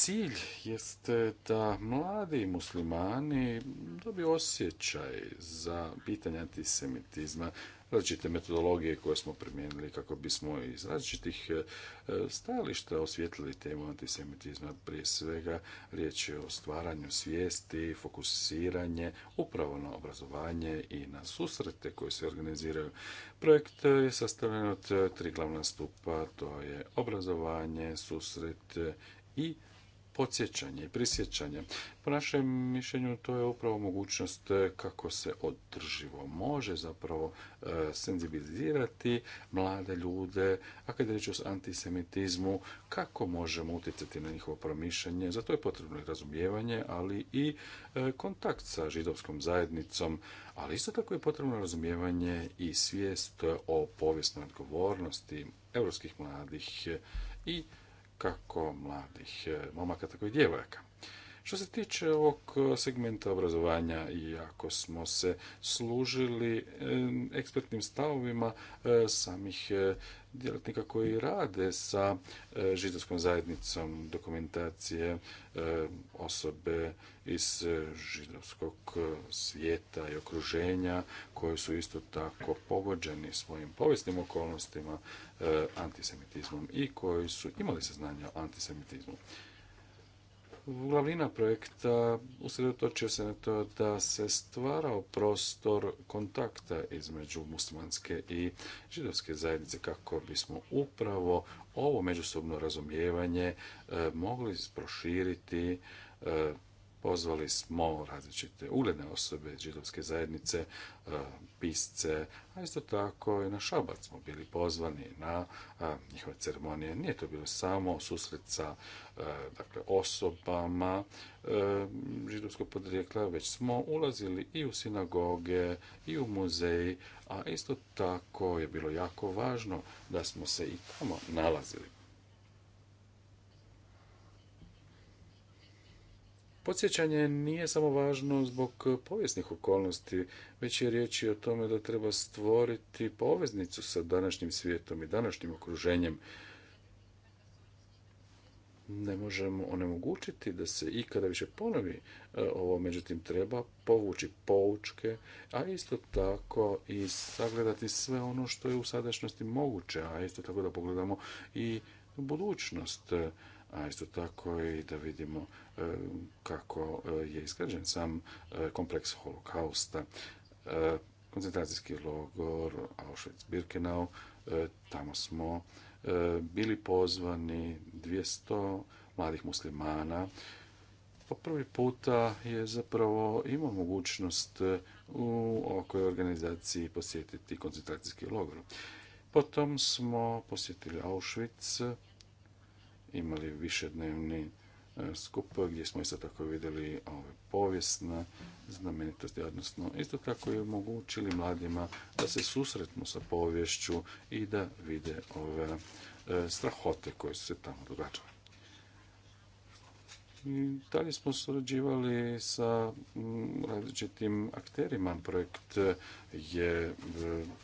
Cilj jeste da mladi muslimani dobiju osjećaj za pitanje antisemitizma, različite metodologije koje smo primijenili kako bismo iz različitih e, stajališta osvijetlili temu antisemitizma. Prije svega riječ je o stvaranju svijesti, fokusiranje upravo na obrazovanje i na susrete koje se organiziraju. Projekt je sastavljen od e, tri glavna stupa, to je obrazovanje, susret i podsjećanje i prisjećanje. Po našem mišljenju to je upravo mogućnost e, kako se održivo može zapravo e, senzibilizirati mlade ljude, a kada je riječ o antisemitizmu, kako možemo utjecati na njihovo promišljanje. Za to je potrebno i razumijevanje, ali i e, kontakt sa židovskom zajednicom, ali isto tako je potrebno razumijevanje i svijest o povijesnoj odgovornosti europskih mladih i kako mladih eh, momaka, tako i djevojaka. Što se tiče ovog e, segmenta obrazovanja, iako smo se služili e, ekspertnim stavovima e, samih djelatnika koji rade sa židovskom zajednicom dokumentacije osobe iz židovskog svijeta i okruženja koji su isto tako pogođeni svojim povijesnim okolnostima antisemitizmom i koji su imali saznanja o antisemitizmu. Glavnina projekta usredotočio se na to da se stvarao prostor kontakta između muslimanske i židovske zajednice kako bismo upravo ovo međusobno razumijevanje eh, mogli proširiti eh, Pozvali smo različite ugledne osobe židovske zajednice, e, pisce, a isto tako i na šabat smo bili pozvani na e, njihove ceremonije. Nije to bilo samo susret sa e, dakle, osobama židovskog podrijekla, već smo ulazili i u sinagoge i u muzeji, a isto tako je bilo jako važno da smo se i tamo nalazili. Podsjećanje nije samo važno zbog povijesnih okolnosti, već je riječ i o tome da treba stvoriti poveznicu sa današnjim svijetom i današnjim okruženjem. Ne možemo onemogućiti da se ikada više ponovi e, ovo, međutim treba povući poučke, a isto tako i sagledati sve ono što je u sadašnjosti moguće, a isto tako da pogledamo i budućnost a isto tako i da vidimo e, kako e, je iskađen sam e, kompleks holokausta, koncentracijski logor Auschwitz-Birkenau, tamo smo bili pozvani 200 mladih muslimana. Po prvi puta je zapravo imao mogućnost u okoj organizaciji posjetiti koncentracijski logor. Potom smo posjetili Auschwitz, imali višednevni e, skup gdje smo isto tako vidjeli ove povijesne znamenitosti, odnosno isto tako i omogućili mladima da se susretnu sa povješću i da vide ove e, strahote koje su se tamo događale. Dalje smo surađivali sa mm, različitim akterima. Projekt je e,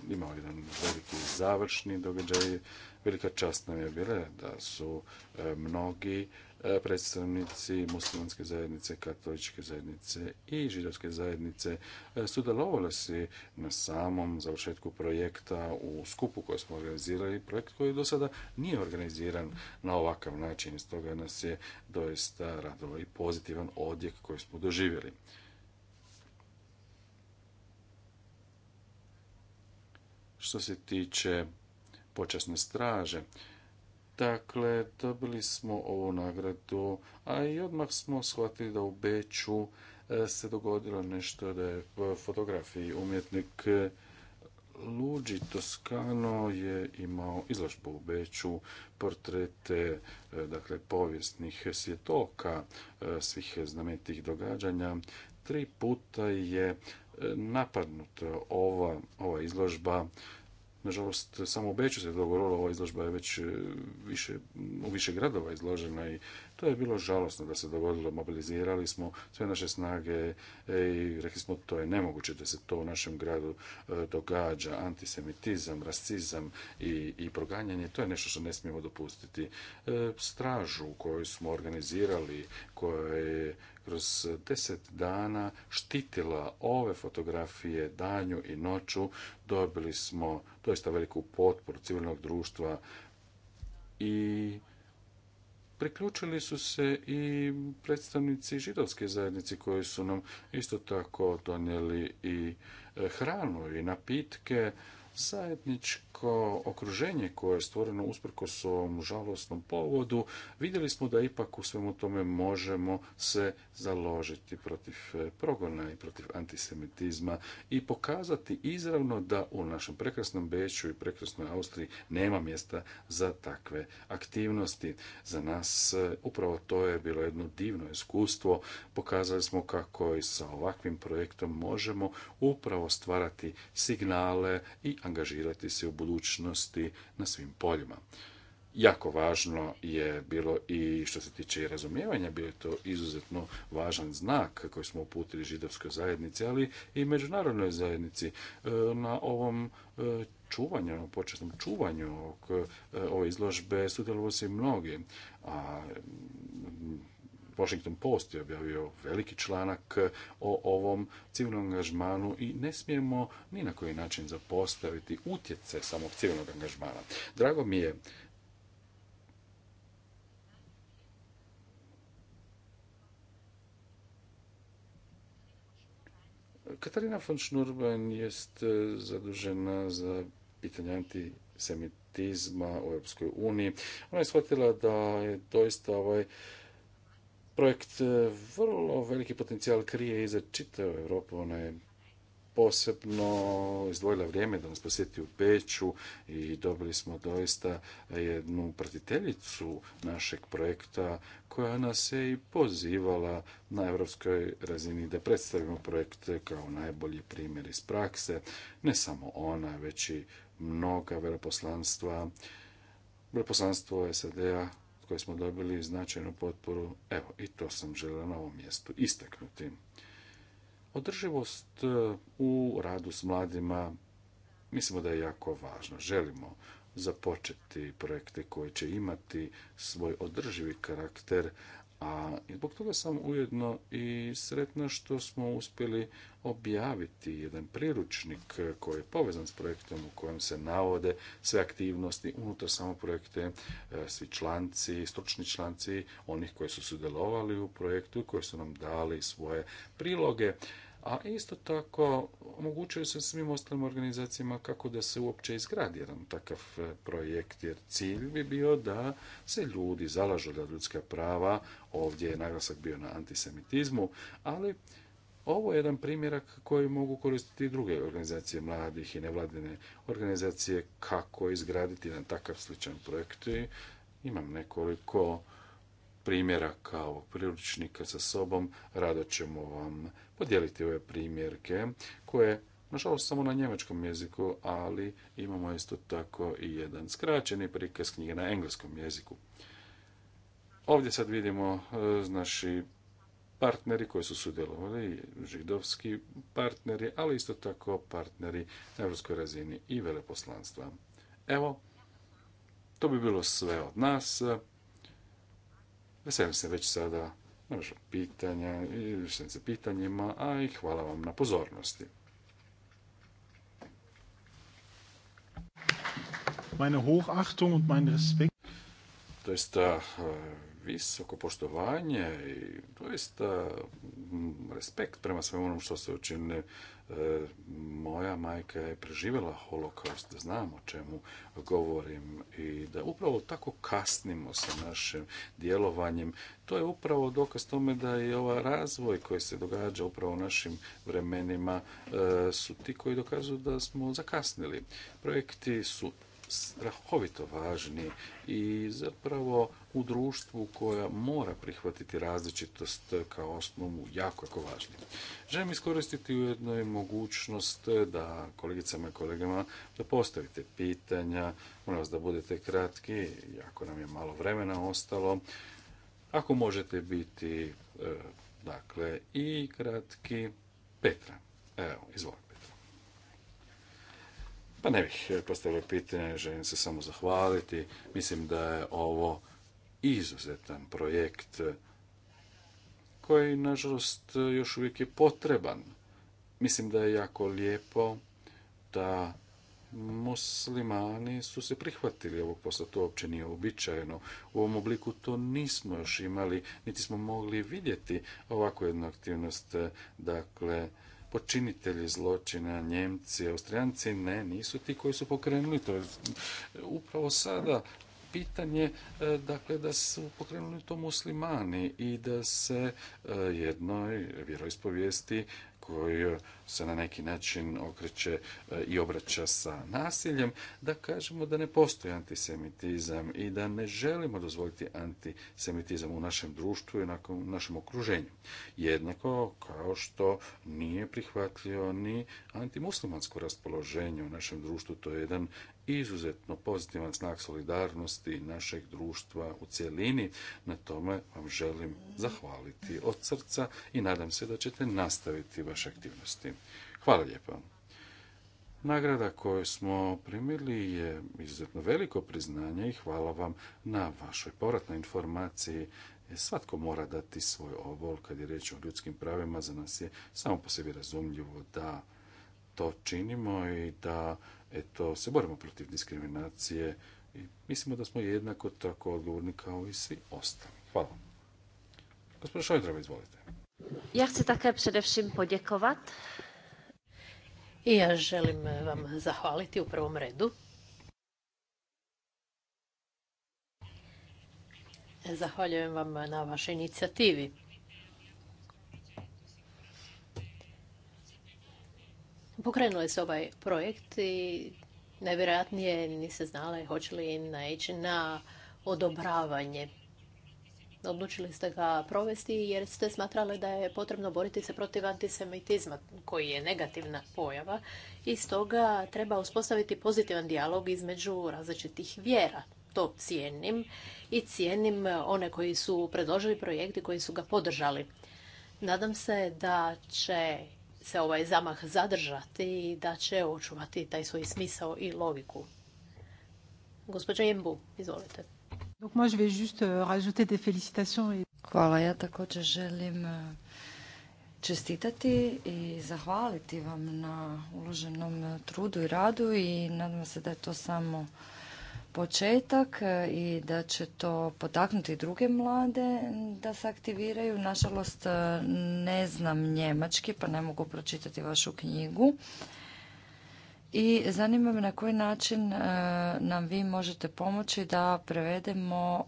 imao jedan veliki završni događaj. Velika čast nam je bila da su e, mnogi E, predstavnici muslimanske zajednice, katoličke zajednice i židovske zajednice e, sudjelovali si na samom završetku projekta u skupu koji smo organizirali, projekt koji do sada nije organiziran na ovakav način, stoga nas je doista radilo i pozitivan odjek koji smo doživjeli. Što se tiče počasne straže, Dakle, dobili smo ovu nagradu, a i odmah smo shvatili da u Beću e, se dogodilo nešto da je e, fotografiji umjetnik e, Luđi Toscano je imao izložbu u Beću, portrete dakle, povijesnih svjetoka svih znamenitih događanja. Tri puta je napadnuta ova, ova izložba Nažalost, samo u Beću se dogodilo, ova izložba je već e, više, u više gradova izložena i to je bilo žalosno da se dogodilo, mobilizirali smo sve naše snage e, i rekli smo to je nemoguće da se to u našem gradu e, događa, antisemitizam, rasizam i, i proganjanje, to je nešto što ne smijemo dopustiti. E, stražu koju smo organizirali, koja je kroz deset dana štitila ove fotografije danju i noću, dobili smo doista veliku potporu civilnog društva i Priključili su se i predstavnici židovske zajednice koji su nam isto tako donijeli i e, hranu i napitke zajednički okruženje koje je stvoreno usprkos ovom žalosnom povodu, vidjeli smo da ipak u svemu tome možemo se založiti protiv e, progona i protiv antisemitizma i pokazati izravno da u našem prekrasnom Beću i prekrasnoj Austriji nema mjesta za takve aktivnosti. Za nas e, upravo to je bilo jedno divno iskustvo. Pokazali smo kako i sa ovakvim projektom možemo upravo stvarati signale i angažirati se u budućnosti budućnosti na svim poljima. Jako važno je bilo i što se tiče razumijevanja, bio je to izuzetno važan znak koji smo uputili židovskoj zajednici, ali i međunarodnoj zajednici e, na ovom e, čuvanju, početnom čuvanju e, ove izložbe sudjelovali se i mnogi. A Washington Post je objavio veliki članak o ovom civilnom angažmanu i ne smijemo ni na koji način zapostaviti utjece samog civilnog angažmana. Drago mi je Katarina von Schnurben jest e, zadužena za pitanje antisemitizma u Europskoj uniji. Ona je shvatila da je doista ovaj Projekt e, vrlo veliki potencijal krije i za čitavu Europu. Ona je posebno izdvojila vrijeme da nas posjeti u Beću i dobili smo doista jednu pratiteljicu našeg projekta koja nas je i pozivala na europskoj razini da predstavimo projekte kao najbolji primjer iz prakse. Ne samo ona, već i mnoga veleposlanstva. Veleposlanstvo SAD-a koje smo dobili značajnu potporu. Evo, i to sam želio na ovom mjestu istaknuti. Održivost e, u radu s mladima mislimo da je jako važno. Želimo započeti projekte koji će imati svoj održivi karakter, a i zbog toga sam ujedno i sretna što smo uspjeli objaviti jedan priručnik koji je povezan s projektom u kojem se navode sve aktivnosti unutar samo projekte, svi članci, stručni članci onih koji su sudjelovali u projektu i koji su nam dali svoje priloge a isto tako omogućuje se svim ostalim organizacijama kako da se uopće izgradi jedan takav e, projekt, jer cilj bi bio da se ljudi zalažu za ljudska prava, ovdje je naglasak bio na antisemitizmu, ali ovo je jedan primjerak koji mogu koristiti i druge organizacije mladih i nevladine organizacije kako izgraditi jedan takav sličan projekt. Imam nekoliko primjera kao priručnika sa sobom. Rado ćemo vam podijeliti ove primjerke koje Nažalost, samo na njemačkom jeziku, ali imamo isto tako i jedan skraćeni prikaz knjige na engleskom jeziku. Ovdje sad vidimo e, naši partneri koji su sudjelovali, židovski partneri, ali isto tako partneri na evropskoj razini i veleposlanstva. Evo, to bi bilo sve od nas. Veselim se već sada na pitanja i veselim se pitanjima, a i hvala vam na pozornosti. Meine Hochachtung und mein Respekt. ist jest eh, visoko poštovanje i doista mm, respekt prema svemu onom što se učine. Moja majka je preživjela holokaust, znam o čemu govorim i da upravo tako kasnimo sa našim djelovanjem. To je upravo dokaz tome da je ovaj razvoj koji se događa upravo u našim vremenima e, su ti koji dokazuju da smo zakasnili. Projekti su strahovito važni i zapravo u društvu koja mora prihvatiti različitost kao osnovu jako, jako važni. Želim iskoristiti ujedno i mogućnost da kolegicama i kolegama da postavite pitanja, molim vas da budete kratki, jako nam je malo vremena ostalo. Ako možete biti, e, dakle, i kratki, Petra. Evo, izvolite. Pa ne bih postavio pitanje, želim se samo zahvaliti. Mislim da je ovo izuzetan projekt koji, nažalost, još uvijek je potreban. Mislim da je jako lijepo da muslimani su se prihvatili ovog posla, to uopće nije uobičajeno. U ovom obliku to nismo još imali, niti smo mogli vidjeti ovakvu jednu aktivnost. Dakle, počinitelji zločina, Njemci, Austrijanci, ne, nisu ti koji su pokrenuli to. Upravo sada pitanje e, dakle, da su pokrenuli to muslimani i da se e, jednoj vjeroispovijesti koju se na neki način okreće e, i obraća sa nasiljem, da kažemo da ne postoji antisemitizam i da ne želimo dozvoliti antisemitizam u našem društvu i u našem okruženju. Jednako kao što nije prihvatljivo ni antimuslimansko raspoloženje u našem društvu, to je jedan izuzetno pozitivan znak solidarnosti našeg društva u cjelini. Na tome vam želim zahvaliti od srca i nadam se da ćete nastaviti vaše aktivnosti. Hvala lijepo. Nagrada koju smo primili je izuzetno veliko priznanje i hvala vam na vašoj povratnoj informaciji. E, svatko mora dati svoj obol kad je reč o ljudskim pravima. Za nas je samo po sebi razumljivo da to činimo i da eto, se borimo protiv diskriminacije. I mislimo da smo jednako tako odgovorni kao i svi ostali. Hvala. Gospodin Šojdrava, izvolite. Ja se také především podjekovat i ja želim eh, vam zahvaliti u prvom redu. Zahvaljujem vam na vašoj inicijativi. Pokrenuo se ovaj projekt i najvjerojatnije nise znala hoće li naići na odobravanje odlučili ste ga provesti jer ste smatrali da je potrebno boriti se protiv antisemitizma koji je negativna pojava i stoga treba uspostaviti pozitivan dijalog između različitih vjera. To cijenim i cijenim one koji su predložili projekt i koji su ga podržali. Nadam se da će se ovaj zamah zadržati i da će očuvati taj svoj smisao i logiku. Gospođa Jembu, izvolite. Hvala, ja također želim e, čestitati i zahvaliti vam na uloženom e, trudu i radu i nadam se da je to samo početak e, i da će to potaknuti druge mlade da se aktiviraju. Nažalost, ne znam njemački pa ne mogu pročitati vašu knjigu i zanima me na koji način e, nam vi možete pomoći da prevedemo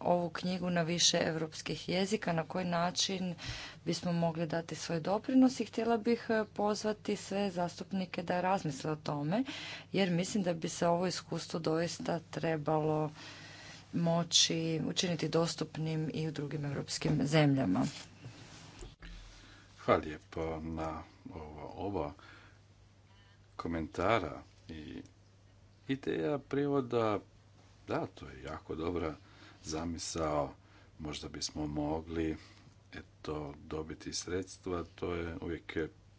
ovu knjigu na više europskih jezika, na koji način bismo mogli dati svoj doprinos i htjela bih e, pozvati sve zastupnike da razmisle o tome, jer mislim da bi se ovo iskustvo doista trebalo moći učiniti dostupnim i u drugim europskim zemljama. Hvala lijepo na ovo komentara i ideja privoda, da, to je jako dobra zamisao, možda bismo mogli eto, dobiti sredstva, to je uvijek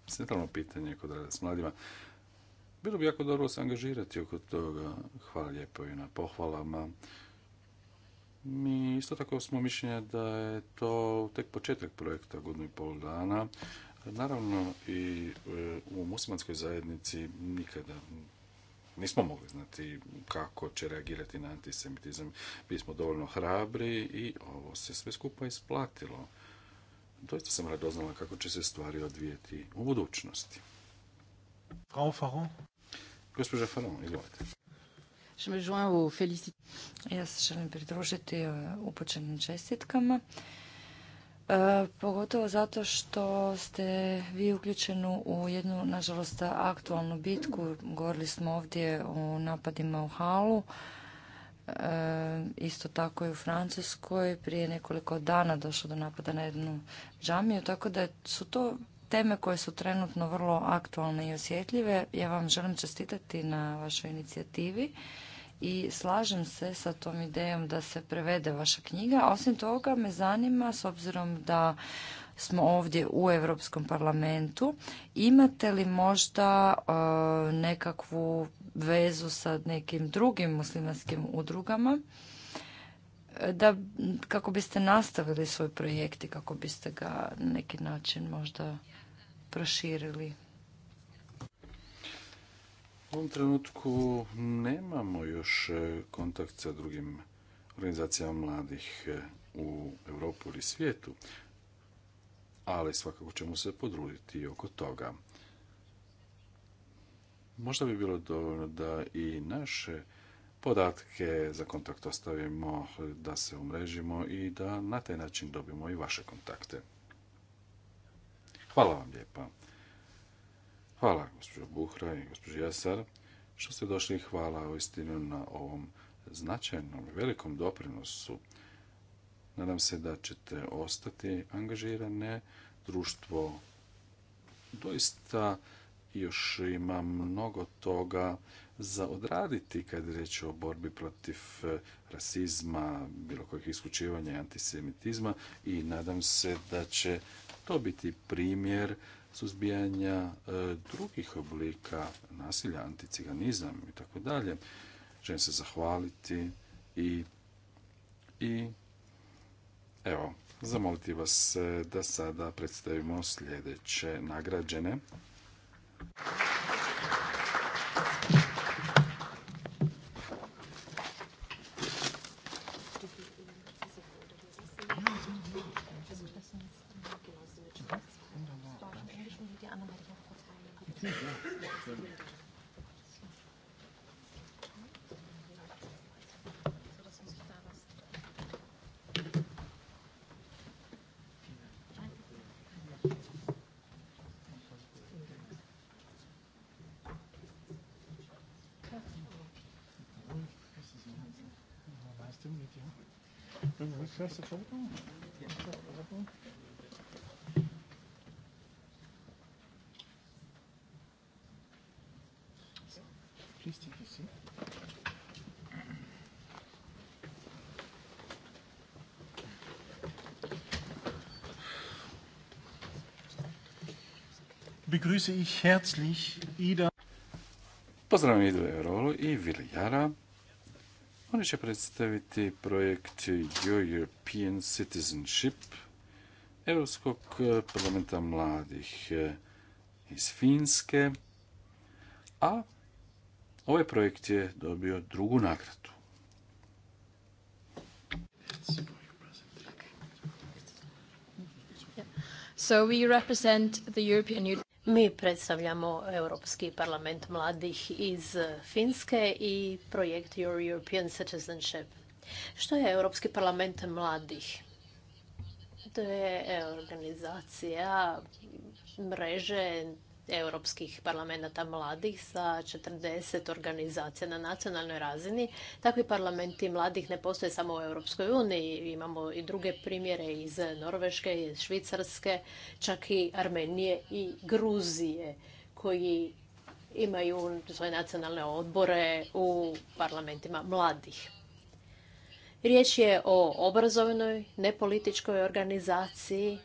centralno pitanje kod rada s mladima. Bilo bi jako dobro se angažirati oko toga. Hvala lijepo i na pohvalama. Mi isto tako smo mišljenja da je to tek početak projekta, godinu i pol dana. Naravno i e, u muslimanskoj zajednici nikada nismo mogli znati kako će reagirati na antisemitizam. Bili smo dovoljno hrabri i ovo se sve skupa isplatilo. Doista sam radoznala kako će se stvari odvijeti u budućnosti. Frau Faron? Gospođa Faron, izvolite. Ja se želim pridružiti e, upočenim čestitkama E, pogotovo zato što ste vi uključeni u jednu, nažalost, aktualnu bitku. Govorili smo ovdje o napadima u Halu, e, isto tako i u Francuskoj. Prije nekoliko dana došlo do napada na jednu džamiju, tako da su to teme koje su trenutno vrlo aktualne i osjetljive. Ja vam želim čestitati na vašoj inicijativi i slažem se sa tom idejom da se prevede vaša knjiga. osim toga me zanima, s obzirom da smo ovdje u Europskom parlamentu, imate li možda e, nekakvu vezu sa nekim drugim muslimanskim udrugama da kako biste nastavili svoj projekt i kako biste ga na neki način možda proširili? U ovom trenutku nemamo još e, kontakt sa drugim organizacijama mladih e, u Europi ili svijetu, ali svakako ćemo se podruditi oko toga. Možda bi bilo dovoljno da i naše podatke za kontakt ostavimo, da se umrežimo i da na taj način dobimo i vaše kontakte. Hvala vam lijepa. Hvala gospođo Buhra i gospođo Jasar što ste došli. i Hvala istinu na ovom značajnom i velikom doprinosu. Nadam se da ćete ostati angažirane. Društvo doista još ima mnogo toga za odraditi kad je reč o borbi protiv e, rasizma, bilo kojih isključivanja i antisemitizma i nadam se da će to biti primjer suzbijanja e, drugih oblika nasilja, anticiganizam i tako dalje. Želim se zahvaliti i, i evo, zamoliti vas e, da sada predstavimo sljedeće nagrađene. Begrüße ich herzlich Ida. Pozdravljam Idu će predstaviti projekt European Citizenship Europskog eh, parlamenta mladih eh, iz Finske, a ovaj projekt je dobio drugu nagradu. So we represent the European mi predstavljamo Europski parlament mladih iz Finske i projekt Your European Citizenship. Što je Europski parlament mladih? To je e, organizacija mreže europskih parlamenta mladih sa 40 organizacija na nacionalnoj razini. Takvi parlamenti mladih ne postoje samo u Europskoj uniji. Imamo i druge primjere iz Norveške, iz Švicarske, čak i Armenije i Gruzije koji imaju svoje nacionalne odbore u parlamentima mladih. Riječ je o obrazovnoj, nepolitičkoj organizaciji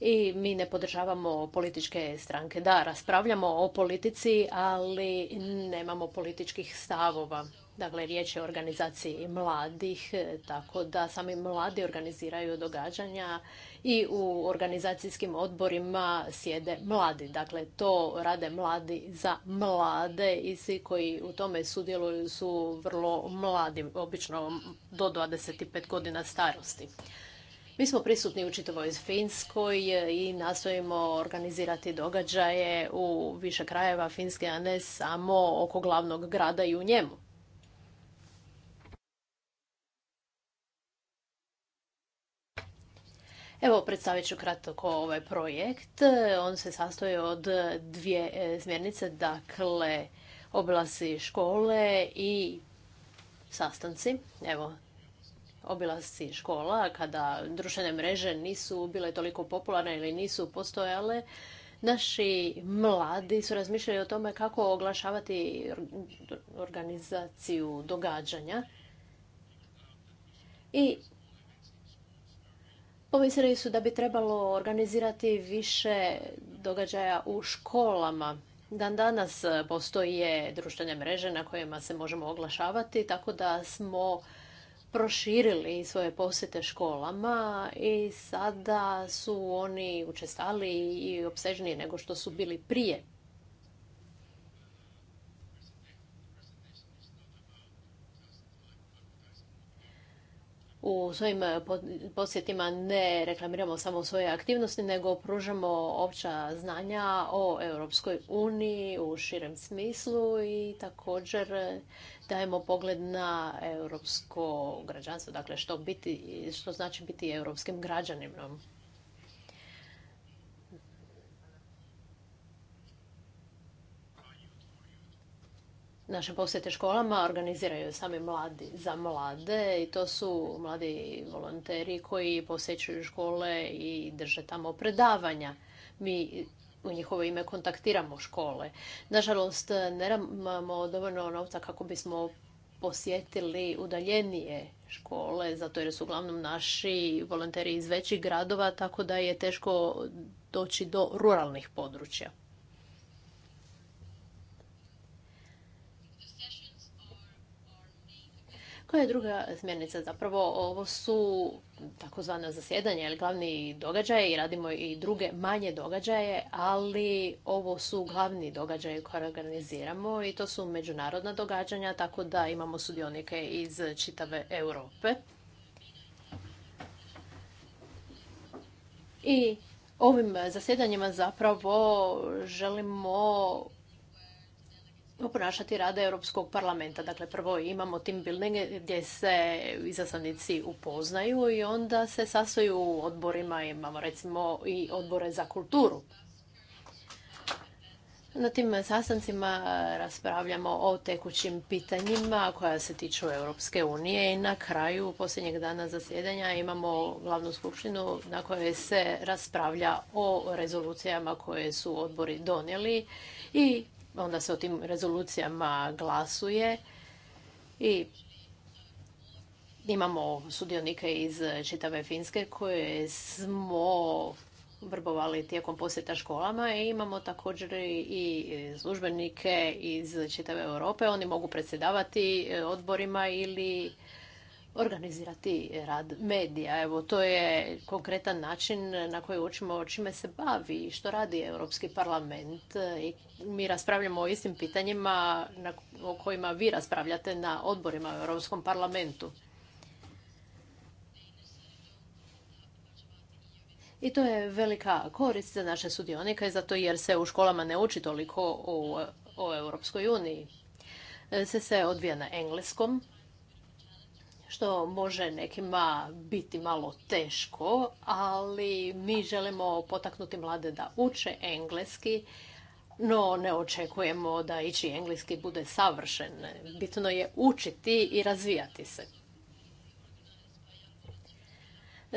i mi ne podržavamo političke stranke. Da, raspravljamo o politici, ali nemamo političkih stavova. Dakle, riječ je o organizaciji mladih, tako da sami mladi organiziraju događanja i u organizacijskim odborima sjede mladi. Dakle, to rade mladi za mlade i svi koji u tome sudjeluju su vrlo mladi, obično do 25 godina starosti. Mi smo prisutni u čitavoj Finskoj i nastojimo organizirati događaje u više krajeva Finske, a ne samo oko glavnog grada i u njemu. Evo, predstavit ću kratko ovaj projekt. On se sastoji od dvije e, smjernice, dakle, oblasi škole i sastanci. Evo, obilasci škola, kada društvene mreže nisu bile toliko popularne ili nisu postojale, naši mladi su razmišljali o tome kako oglašavati organizaciju događanja. I pomislili su da bi trebalo organizirati više događaja u školama. Dan danas postoje društvene mreže na kojima se možemo oglašavati, tako da smo proširili svoje posjete školama i sada su oni učestali i obsežniji nego što su bili prije. u svojim posjetima ne reklamiramo samo svoje aktivnosti, nego pružamo opća znanja o Europskoj uniji u širem smislu i također dajemo pogled na europsko građanstvo, dakle što, biti, što znači biti europskim građaninom. Naše posjete školama organiziraju sami mladi za mlade i to su mladi volonteri koji posjećuju škole i drže tamo predavanja. Mi u njihovo ime kontaktiramo škole. Nažalost, nemamo dovoljno novca kako bismo posjetili udaljenije škole, zato jer su uglavnom naši volonteri iz većih gradova, tako da je teško doći do ruralnih područja. Koja je druga smjernica? Zapravo ovo su takozvana zasjedanja ili glavni događaje i radimo i druge manje događaje, ali ovo su glavni događaje koje organiziramo i to su međunarodna događanja, tako da imamo sudionike iz čitave Europe. I ovim zasjedanjima zapravo želimo oponašati rada Europskog parlamenta. Dakle, prvo imamo team building gdje se izaslanici upoznaju i onda se sastoju u odborima, imamo recimo i odbore za kulturu. Na tim sastancima raspravljamo o tekućim pitanjima koja se tiču Europske unije i na kraju posljednjeg dana zasjedanja imamo glavnu skupštinu na kojoj se raspravlja o rezolucijama koje su odbori donijeli i onda se o tim rezolucijama glasuje i imamo sudionike iz čitave Finske koje smo vrbovali tijekom posjeta školama i imamo također i službenike iz čitave Europe. Oni mogu predsjedavati odborima ili organizirati rad medija. Evo, to je konkretan način na koji učimo čime se bavi i što radi Europski parlament. I mi raspravljamo o istim pitanjima na, o kojima vi raspravljate na odborima u Europskom parlamentu. I to je velika korist za naše sudionike, zato jer se u školama ne uči toliko o, o Europskoj uniji. Se se odvija na engleskom, što može nekima biti malo teško, ali mi želimo potaknuti mlade da uče engleski, no ne očekujemo da ići engleski bude savršen. Bitno je učiti i razvijati se.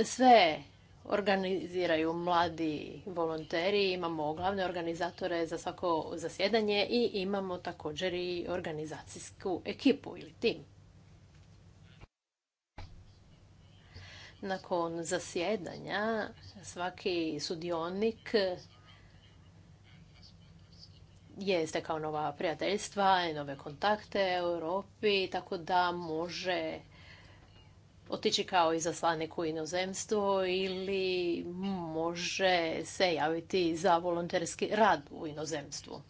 Sve organiziraju mladi volonteri, imamo glavne organizatore za svako zasjedanje i imamo također i organizacijsku ekipu ili tim. Nakon zasjedanja svaki sudionik je stekao nova prijateljstva i nove kontakte u Europi, tako da može otići kao i izaslanik u inozemstvo ili može se javiti za volonterski rad u inozemstvu.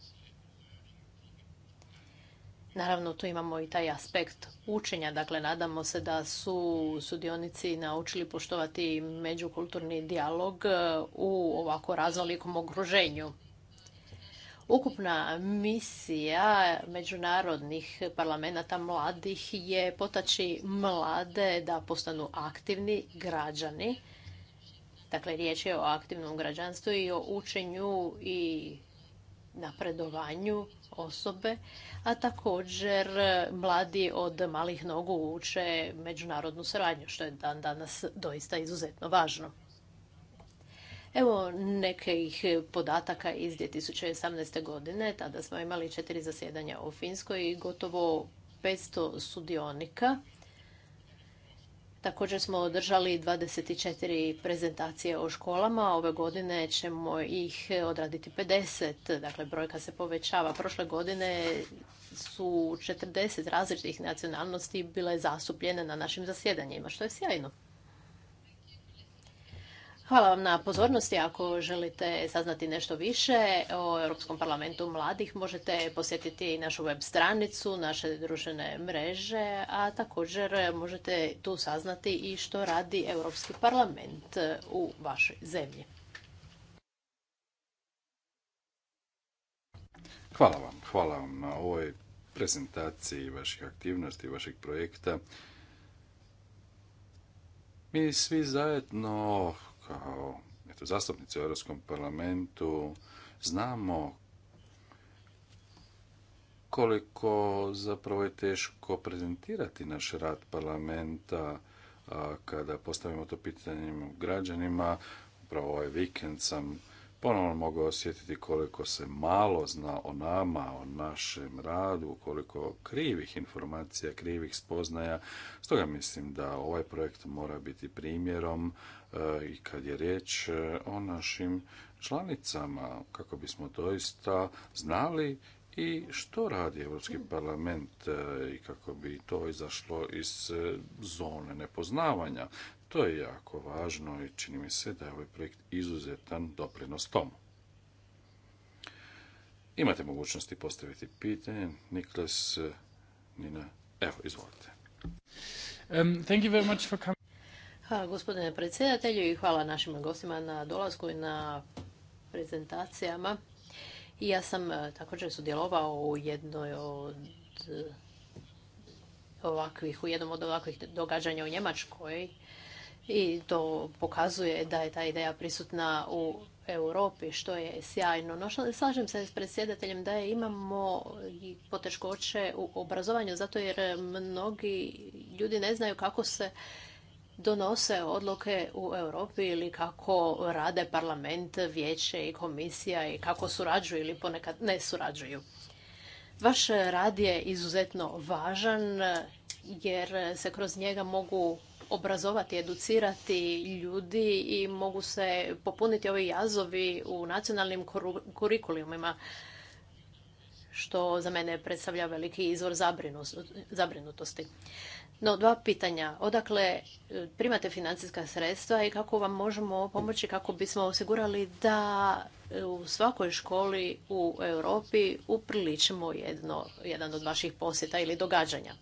Naravno, tu imamo i taj aspekt učenja, dakle nadamo se da su sudionici naučili poštovati međukulturni dijalog e, u ovako raznolikom okruženju. Ukupna misija međunarodnih parlamenta mladih je potaći mlade da postanu aktivni građani. Dakle, riječ je o aktivnom građanstvu i o učenju i napredovanju osobe, a također e, mladi od malih nogu uče međunarodnu suradnju, što je dan danas doista izuzetno važno. Evo nekih podataka iz 2018. godine. Tada smo imali četiri zasjedanja u Finskoj i gotovo 500 sudionika Također smo održali 24 prezentacije o školama. Ove godine ćemo ih odraditi 50, dakle brojka se povećava. Prošle godine su 40 različitih nacionalnosti bile zastupljene na našim zasjedanjima, što je sjajno. Hvala vam na pozornosti. Ako želite saznati nešto više o Europskom parlamentu mladih, možete posjetiti i našu web stranicu, naše družene mreže, a također možete tu saznati i što radi Europski parlament u vašoj zemlji. Hvala vam, hvala vam na ovoj prezentaciji vaših aktivnosti, vašeg projekta. Mi svi zajedno kao eto, zastupnici u Europskom parlamentu znamo koliko zapravo je teško prezentirati naš rad parlamenta kada postavimo to pitanje građanima. Upravo ovaj vikend sam ponovno mogu osjetiti koliko se malo zna o nama, o našem radu, koliko krivih informacija, krivih spoznaja. Stoga mislim da ovaj projekt mora biti primjerom e, i kad je riječ e, o našim članicama, kako bismo doista znali i što radi Europski parlament e, i kako bi to izašlo iz zone nepoznavanja. To je jako važno i čini mi se da je ovaj projekt izuzetan doprinos tomu. Imate mogućnosti postaviti pitanje. Niklas, Nina, evo, izvolite. Um, hvala gospodine predsjedatelju i hvala našim gostima na dolasku i na prezentacijama. I ja sam e, također sudjelovao u jednoj od e, ovakvih, u jednom od ovakvih događanja u Njemačkoj i to pokazuje da je ta ideja prisutna u Europi, što je sjajno. No, slažem se s predsjedateljem da imamo imamo poteškoće u obrazovanju, zato jer mnogi ljudi ne znaju kako se donose odluke u Europi ili kako rade parlament, vijeće i komisija i kako surađuju ili ponekad ne surađuju. Vaš rad je izuzetno važan jer se kroz njega mogu obrazovati, educirati ljudi i mogu se popuniti ovi jazovi u nacionalnim kurikulumima što za mene predstavlja veliki izvor zabrinutosti. No, dva pitanja. Odakle primate financijska sredstva i kako vam možemo pomoći kako bismo osigurali da u svakoj školi u Europi upriličimo jedno, jedan od vaših posjeta ili događanja?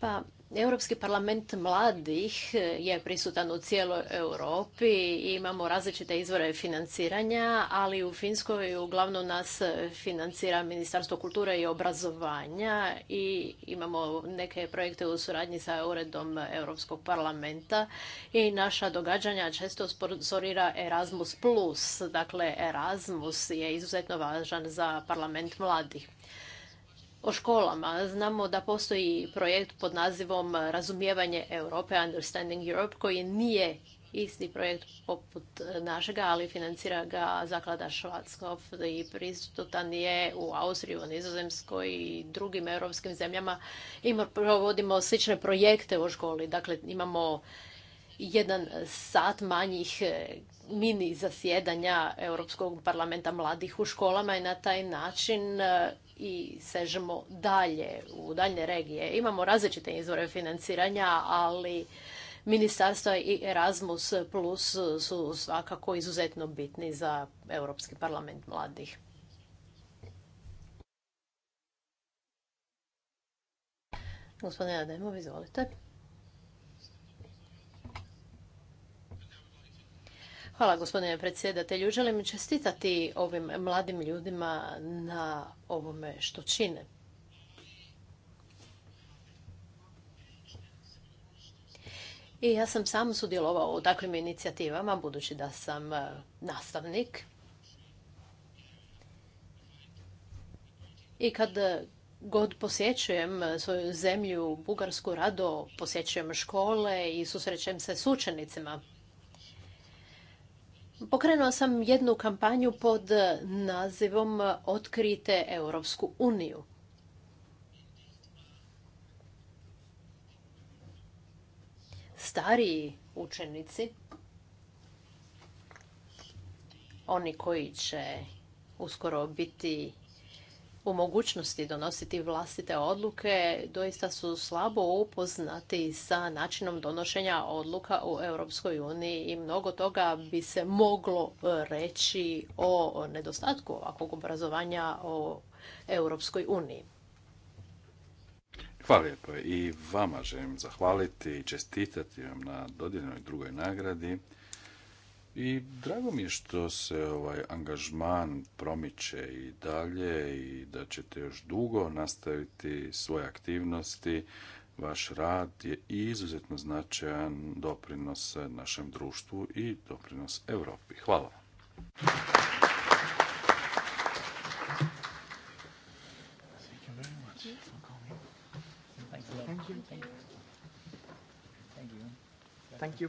Pa, Europski parlament mladih e, je prisutan u cijeloj Europi i imamo različite izvore financiranja, ali u Finskoj uglavnom nas financira Ministarstvo kulture i obrazovanja i imamo neke projekte u suradnji sa Uredom Europskog parlamenta i naša događanja često sponsorira Erasmus+. Dakle, Erasmus je izuzetno važan za parlament mladih o školama. Znamo da postoji projekt pod nazivom Razumijevanje Europe, Understanding Europe, koji nije isti projekt poput našega, ali financira ga zaklada Švatskov i prisutan je u Austriji, u Nizozemskoj i drugim europskim zemljama. I provodimo slične projekte u školi, dakle imamo jedan sat manjih e, mini zasjedanja Europskog parlamenta mladih u školama i na taj način e, i sežemo dalje u daljne regije. Imamo različite izvore financiranja, ali ministarstva i Erasmus Plus su svakako izuzetno bitni za Europski parlament mladih. Gospodine Ademov, izvolite. Hvala gospodine predsjedatelju. Želim čestitati ovim mladim ljudima na ovome što čine. I ja sam sam sudjelovao u takvim inicijativama, budući da sam e, nastavnik. I kad god posjećujem svoju zemlju, Bugarsku, rado posjećujem škole i susrećem se s učenicima. Pokrenuo sam jednu kampanju pod nazivom Otkrite Europsku uniju. Stariji učenici, oni koji će uskoro biti u mogućnosti donositi vlastite odluke doista su slabo upoznati sa načinom donošenja odluka u Europskoj uniji i mnogo toga bi se moglo e, reći o nedostatku ovakvog obrazovanja o Europskoj uniji. Hvala lijepo i vama želim zahvaliti i čestitati vam na dodijeljenoj drugoj nagradi. I drago mi je što se ovaj angažman promiče i dalje i da ćete još dugo nastaviti svoje aktivnosti. Vaš rad je izuzetno značajan doprinos našem društvu i doprinos Europi. Hvala. Thank you. Thank you.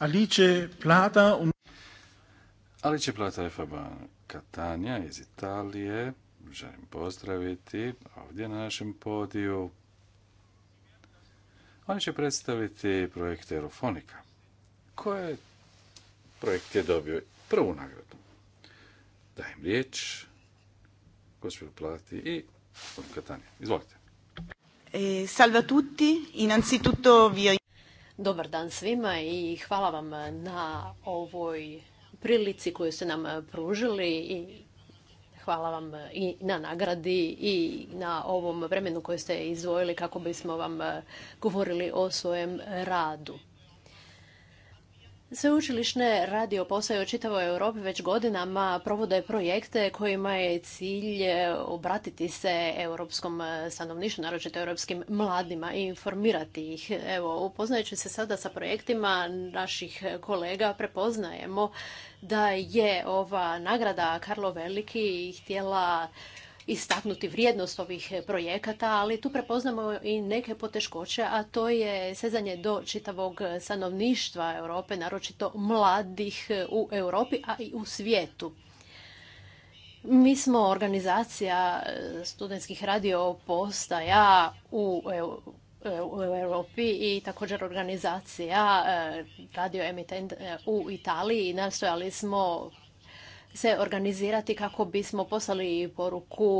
Alice Plata un... Alice Plata Catania iz Italije. Želim pozdraviti ovdje na našem podiju. Oni će predstaviti projekt Eurofonika. Koje projekt je dobio prvu nagradu? Dajem riječ gospođu Plati i Catania. Izvolite. E, salve a tutti, innanzitutto vi Dobar dan svima i hvala vam na ovoj prilici koju ste nam pružili i hvala vam i na nagradi i na ovom vremenu koje ste izdvojili kako bismo vam govorili o svojem radu. Sveučilišne radio postaje u čitavoj Europi već godinama provode projekte kojima je cilj e, obratiti se europskom e, stanovništvu, naročito europskim mladima i informirati ih. Evo, upoznajući se sada sa projektima naših kolega, prepoznajemo da je ova nagrada Karlo Veliki htjela istaknuti vrijednost ovih projekata, ali tu prepoznamo i neke poteškoće, a to je sezanje do čitavog stanovništva Europe, naročito mladih u Europi, a i u svijetu. Mi smo organizacija studentskih radio u Europi i također organizacija eh, radio emitent eh, u Italiji. Nastojali smo se organizirati kako bismo poslali poruku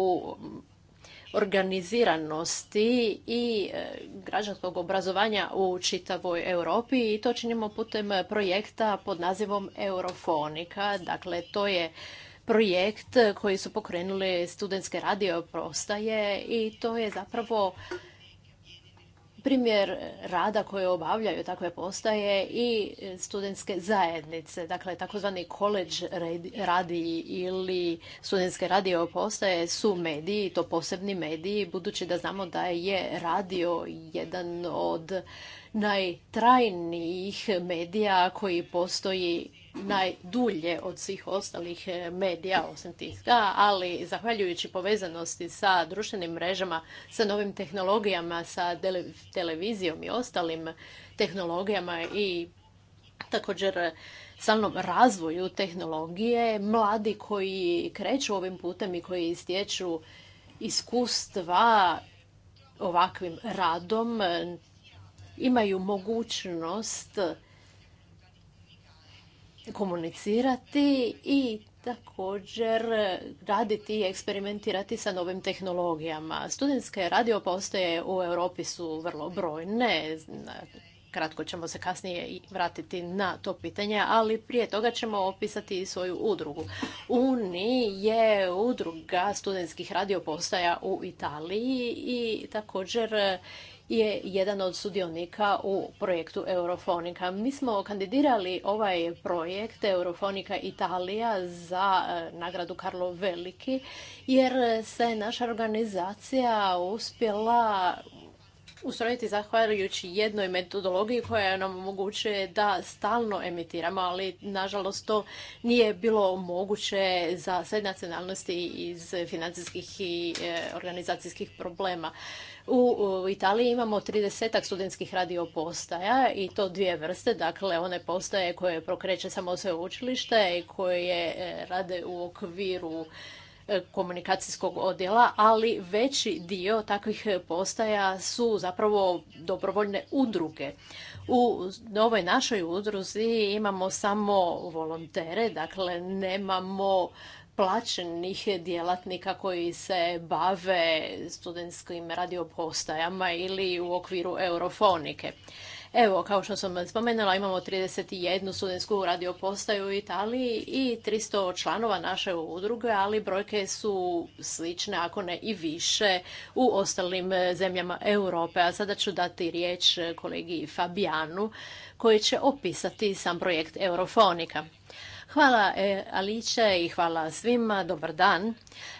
organiziranosti i e, građanskog obrazovanja u čitavoj Europi i to činimo putem projekta pod nazivom Eurofonika. Dakle, to je projekt koji su pokrenuli studentske radio prostaje i to je zapravo primjer rada koje obavljaju takve postaje i studentske zajednice, dakle takozvani college radi ili studentske radio postaje su mediji, to posebni mediji, budući da znamo da je radio jedan od najtrajnijih medija koji postoji najdulje od svih ostalih eh, medija osim da ali zahvaljujući povezanosti sa društvenim mrežama, sa novim tehnologijama, sa televizijom i ostalim tehnologijama i također eh, samom razvoju tehnologije, mladi koji kreću ovim putem i koji istječu iskustva ovakvim radom eh, imaju mogućnost komunicirati i također raditi i eksperimentirati sa novim tehnologijama. Studentske radio u Europi su vrlo brojne, kratko ćemo se kasnije vratiti na to pitanje, ali prije toga ćemo opisati svoju udrugu. Uni je udruga studentskih radiopostaja u Italiji i također je jedan od sudionika u projektu Eurofonika. Mi smo kandidirali ovaj projekt Eurofonika Italija za e, nagradu Karlo Veliki jer se naša organizacija uspjela ustrojiti zahvaljujući jednoj metodologiji koja nam omogućuje da stalno emitiramo, ali nažalost to nije bilo moguće za sve nacionalnosti iz financijskih i e, organizacijskih problema. U Italiji imamo 30 studentskih radio postaja i to dvije vrste, dakle one postaje koje prokreće samo sveučilište i koje e, rade u okviru e, komunikacijskog odjela, ali veći dio takvih postaja su zapravo dobrovoljne udruge. U ovoj našoj udruzi imamo samo volontere, dakle nemamo plaćenih djelatnika koji se bave studentskim radiopostajama ili u okviru eurofonike. Evo, kao što sam spomenula, imamo 31 studentsku radiopostaju u Italiji i 300 članova naše udruge, ali brojke su slične, ako ne i više, u ostalim zemljama Europe. A sada ću dati riječ kolegi Fabianu, koji će opisati sam projekt Eurofonika. Hvala e, Aliče i hvala svima. Dobar dan.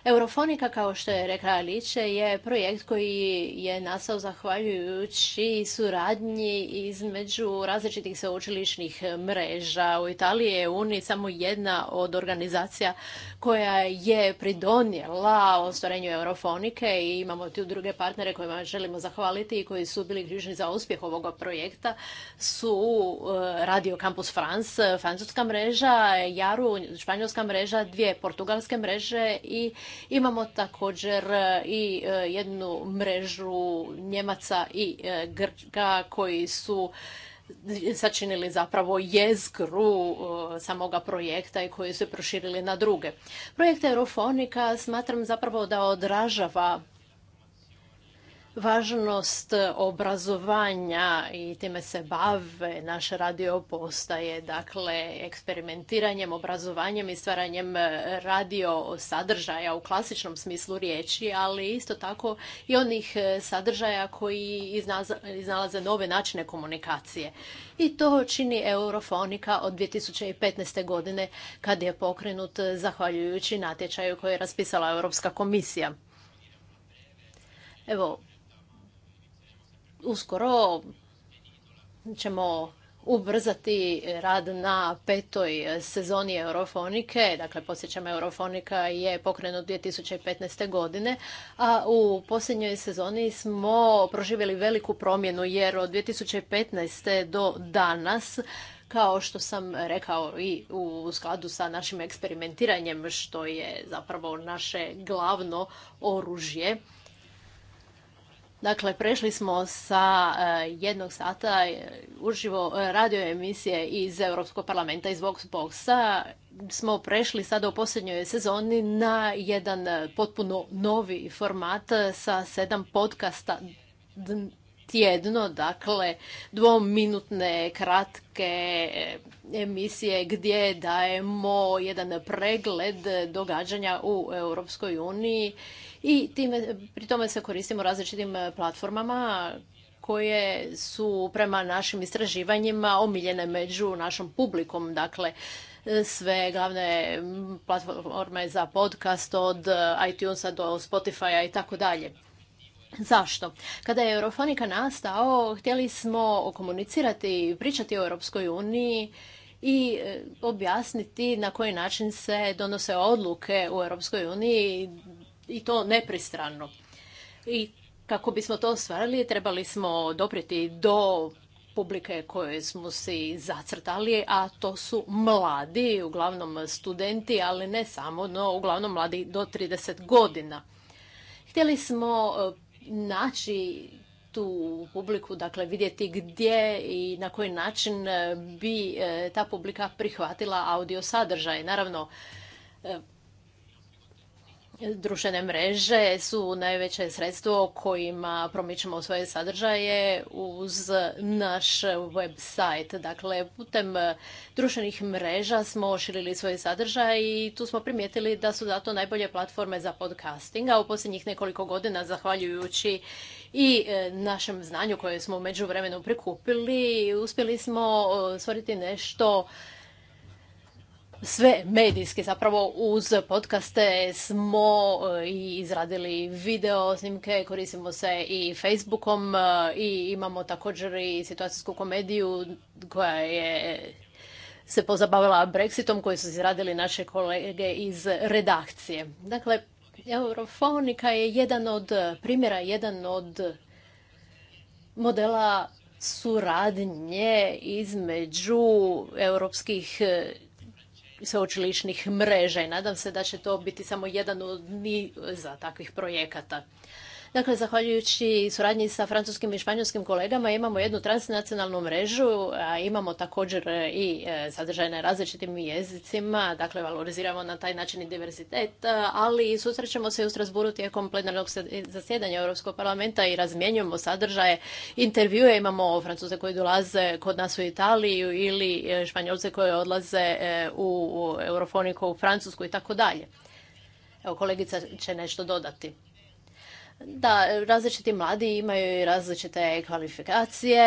Eurofonika, kao što je rekla Aliče, je projekt koji je nastao zahvaljujući suradnji između različitih sveučilišnih mreža. U Italiji je Uni samo jedna od organizacija koja je pridonijela ostvarenju Eurofonike i imamo tu druge partnere kojima želimo zahvaliti i koji su bili ključni za uspjeh ovoga projekta su e, Radio Campus France, francuska mreža, Jaru, španjolska mreža, dvije portugalske mreže i Imamo također e, i e, jednu mrežu Njemaca i e, Grčka koji su sačinili zapravo jezgru samoga projekta i koji su proširili na druge. Projekt Eurofonika smatram zapravo da odražava važnost obrazovanja i time se bave naše radio postaje, dakle eksperimentiranjem, obrazovanjem i stvaranjem radio sadržaja u klasičnom smislu riječi, ali isto tako i onih sadržaja koji iznalaze nove načine komunikacije. I to čini Eurofonika od 2015. godine kad je pokrenut zahvaljujući natječaju koji je raspisala Europska komisija. Evo, uskoro ćemo ubrzati rad na petoj sezoni eurofonike. Dakle, podsjećam, eurofonika je pokrenut 2015. godine, a u posljednjoj sezoni smo proživjeli veliku promjenu, jer od 2015. do danas kao što sam rekao i u skladu sa našim eksperimentiranjem, što je zapravo naše glavno oružje, Dakle, prešli smo sa e, jednog sata e, uživo e, radio emisije iz Europskog parlamenta, iz Voxboxa. Smo prešli sada u posljednjoj sezoni na jedan potpuno novi format sa sedam podcasta tjedno, dakle dvominutne kratke emisije gdje dajemo jedan pregled događanja u Europskoj uniji i pri tome se koristimo različitim e, platformama koje su prema našim istraživanjima omiljene među našom publikom. Dakle, e, sve glavne platforme za podcast od e, iTunesa do spotify i tako dalje. Zašto? Kada je Eurofonika nastao, htjeli smo komunicirati, pričati o Europskoj uniji i objasniti na koji način se donose odluke u Europskoj uniji, i to nepristrano. I kako bismo to ostvarili, trebali smo doprijeti do publike koje smo si zacrtali, a to su mladi, uglavnom studenti, ali ne samo, no uglavnom mladi do 30 godina. Htjeli smo e, naći tu publiku, dakle vidjeti gdje i na koji način e, bi e, ta publika prihvatila audio sadržaj. Naravno, Društvene mreže su najveće sredstvo kojima promičemo svoje sadržaje uz naš website. Dakle, putem društvenih mreža smo širili svoje sadržaje i tu smo primijetili da su zato najbolje platforme za podcasting, a u posljednjih nekoliko godina, zahvaljujući i e, našem znanju koje smo u međuvremenu prikupili, uspjeli smo e, stvoriti nešto sve medijske Zapravo uz podcaste smo e, i izradili video snimke, koristimo se i Facebookom e, i imamo također i situacijsku komediju koja je se pozabavila Brexitom koju su izradili naše kolege iz redakcije. Dakle, Eurofonika je jedan od primjera, jedan od modela suradnje između europskih sveučilišnih mreža i nadam se da će to biti samo jedan od niza takvih projekata. Dakle, zahvaljujući suradnji sa francuskim i španjolskim kolegama imamo jednu transnacionalnu mrežu, a imamo također e, i e, sadržaje na različitim jezicima, dakle valoriziramo na taj način i diversitet, e, ali susrećemo se u Strasburu tijekom plenarnog zasjedanja Europskog parlamenta i razmjenjujemo sadržaje, intervjue imamo Francuze koji dolaze kod nas u Italiju ili Španjolce koji odlaze u Eurofoniku u Francusku i tako dalje. Evo, kolegica će nešto dodati. Da, različiti mladi imaju i različite kvalifikacije,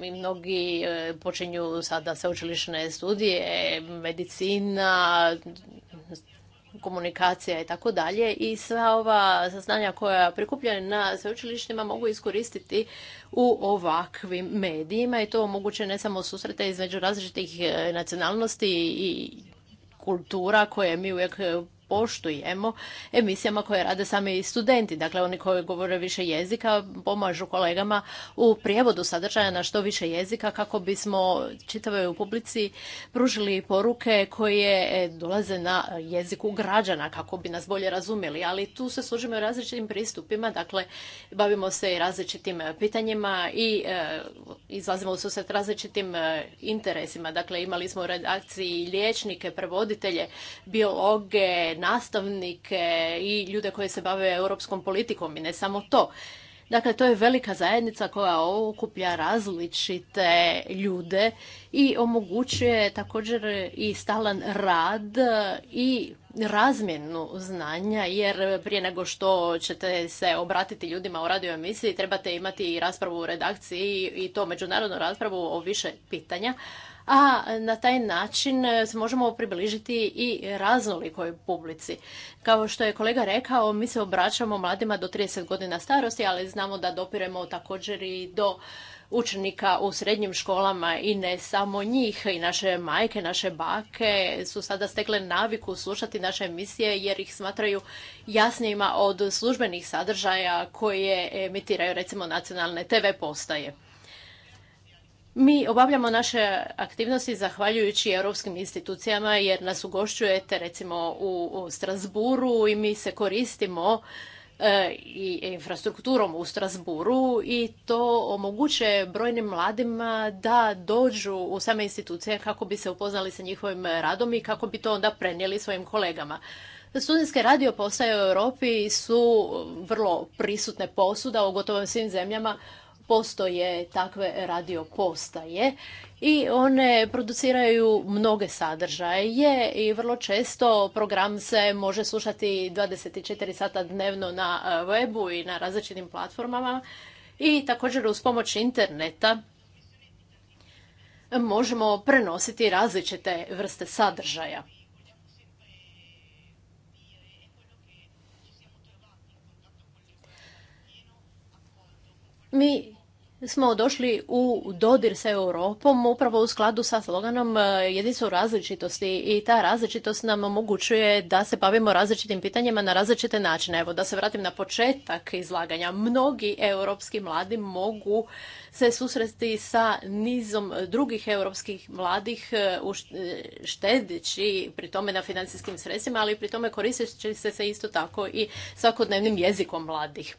mm, mnogi e, počinju sada sveučilišne studije, medicina, komunikacija i tako dalje i sva ova saznanja koja prikupljaju na sveučilištima mogu iskoristiti u ovakvim medijima i to omoguće ne samo susrete između različitih e, nacionalnosti i kultura koje mi uvijek poštujemo emisijama koje rade sami studenti. Dakle, oni koji govore više jezika pomažu kolegama u prijevodu sadržaja na što više jezika kako bismo čitavoj u publici pružili poruke koje e, dolaze na jeziku građana kako bi nas bolje razumjeli. Ali tu se služimo i različitim pristupima, dakle, bavimo se i različitim pitanjima i e, izlazimo u susret različitim e, interesima. Dakle, imali smo u redakciji liječnike, prevoditelje, biologe, nastavnike i ljude koji se bave europskom politikom i ne samo to. Dakle, to je velika zajednica koja okuplja različite ljude i omogućuje također i stalan rad i razmjenu znanja, jer prije nego što ćete se obratiti ljudima u radio emisiji, trebate imati i raspravu u redakciji i to međunarodnu raspravu o više pitanja, a na taj način e, se možemo približiti i raznolikoj publici. Kao što je kolega rekao, mi se obraćamo mladima do 30 godina starosti, ali znamo da dopiremo također i do učenika u srednjim školama i ne samo njih i naše majke, naše bake su sada stekle naviku slušati naše emisije jer ih smatraju jasnijima od službenih sadržaja koje emitiraju recimo nacionalne TV postaje. Mi obavljamo naše aktivnosti zahvaljujući europskim institucijama jer nas ugošćujete recimo u Strasburu i mi se koristimo e, i infrastrukturom u Strasburu i to omogućuje brojnim mladima da dođu u same institucije kako bi se upoznali sa njihovim radom i kako bi to onda prenijeli svojim kolegama. Studentske radio postaje u Europi su vrlo prisutne posuda u gotovo svim zemljama postoje takve radio postaje i one produciraju mnoge sadržaje i vrlo često program se može slušati 24 sata dnevno na e, webu i na različitim platformama i također uz pomoć interneta možemo prenositi različite vrste sadržaja. Mi smo došli u dodir sa Europom upravo u skladu sa sloganom e, jedinstvo različitosti i ta različitost nam omogućuje da se bavimo različitim pitanjima na različite načine. Evo da se vratim na početak izlaganja. Mnogi europski mladi mogu se susresti sa nizom drugih europskih mladih e, e, štedeći pri tome na financijskim sredstvima, ali pri tome koristeći se isto tako i svakodnevnim jezikom mladih.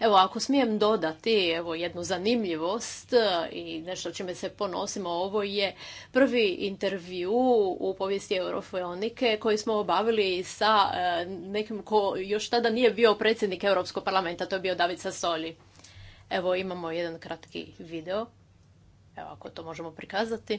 Evo, ako smijem dodati evo, jednu zanimljivost e, i nešto čime se ponosimo, ovo je prvi intervju u povijesti Eurofeonike koji smo obavili sa e, nekim ko još tada nije bio predsjednik Europskog parlamenta, to je bio David Sassoli. Evo, imamo jedan kratki video, evo, ako to možemo prikazati.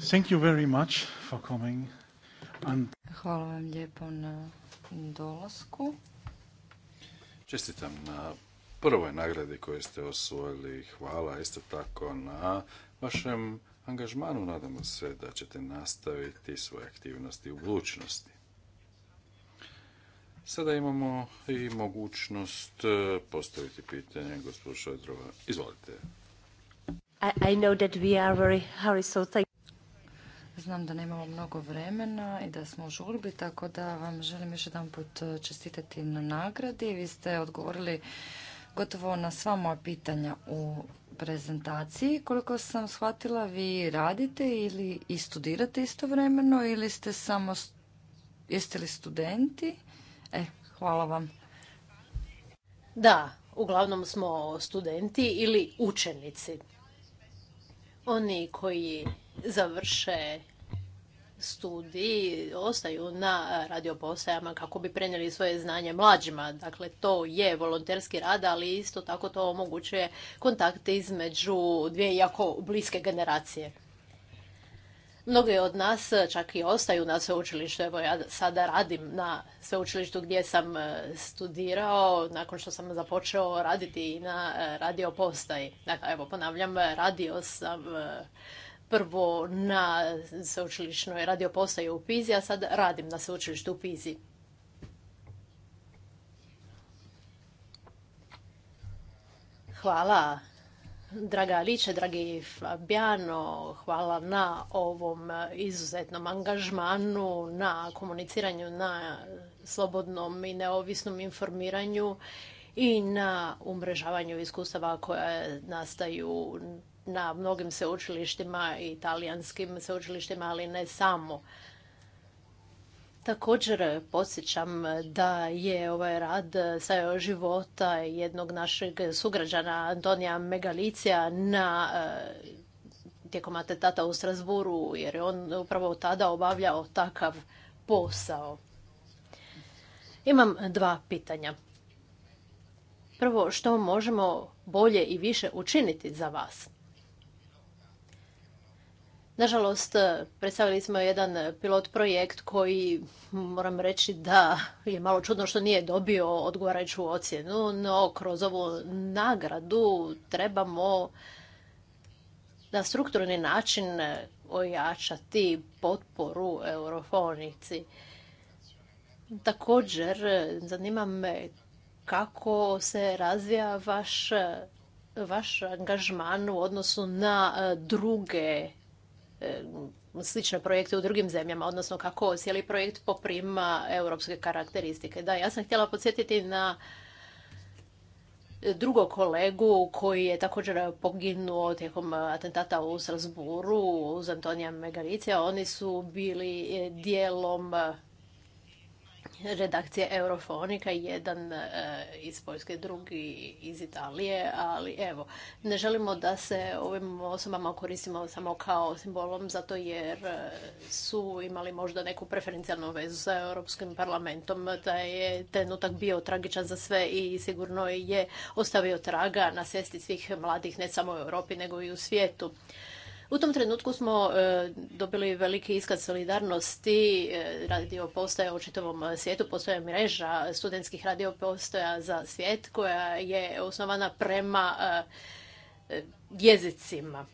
Thank you very much for coming. Hvala vam lijepo na dolasku. Čestitam na prvoj nagradi koju ste osvojili. Hvala isto tako na vašem angažmanu. Nadamo se da ćete nastaviti svoje aktivnosti u budućnosti. Sada imamo i mogućnost e, postaviti pitanje gospođa Šojdrova. Izvolite. I, I know that we are very hurry, so Znam da nemamo mnogo vremena i da smo u žurbi, tako da vam želim još jedan put e, čestitati na nagradi. Vi ste odgovorili gotovo na sva moja pitanja u prezentaciji. Koliko sam shvatila, vi radite ili i studirate istovremeno ili ste samo, jeste li studenti? E, hvala vam. Da, uglavnom smo studenti ili učenici. Oni koji završe studiji ostaju na radiopostajama kako bi prenijeli svoje znanje mlađima. Dakle, to je volonterski rad, ali isto tako to omogućuje kontakte između dvije jako bliske generacije. Mnogi od nas čak i ostaju na sveučilištu. Evo ja sada radim na sveučilištu gdje sam e, studirao nakon što sam započeo raditi i na e, radio postaji. Dakle, evo ponavljam, radio sam e, prvo na sveučilišnoj radio u Pizi, a sad radim na sveučilištu u Pizi. Hvala, draga Aliče, dragi Fabiano, hvala na ovom izuzetnom angažmanu, na komuniciranju, na slobodnom i neovisnom informiranju i na umrežavanju iskustava koje nastaju na mnogim sveučilištima i talijanskim sveučilištima, ali ne samo. Također podsjećam da je ovaj rad sa života jednog našeg sugrađana Antonija Megalicija na eh, tijekom atentata u Strasburu, jer je on upravo tada obavljao takav posao. Imam dva pitanja. Prvo, što možemo bolje i više učiniti za vas? Nažalost, e, predstavili smo jedan e, pilot projekt koji moram reći da je malo čudno što nije dobio odgovarajuću ocjenu, no kroz ovu nagradu trebamo na strukturni način e, ojačati potporu eurofonici. Također, zanima me kako se razvija vaš, angažman u odnosu na druge E, slične projekte u drugim zemljama, odnosno kako cijeli projekt poprima europske karakteristike. Da, ja sam htjela podsjetiti na drugog kolegu koji je također poginuo tijekom atentata u Strasburu uz Antonija Megaricija. Oni su bili e, dijelom redakcije Eurofonika, jedan e, iz Poljske, drugi iz Italije, ali evo, ne želimo da se ovim osobama koristimo samo kao simbolom, zato jer e, su imali možda neku preferencijalnu vezu sa Europskim parlamentom, da je trenutak bio tragičan za sve i sigurno je ostavio traga na svijesti svih mladih, ne samo u Europi, nego i u svijetu. U tom trenutku smo e, dobili veliki iskaz solidarnosti, e, radio postaja u čitavom e, svijetu, postoja mreža studentskih radio postoja za svijet koja je osnovana prema jezicima.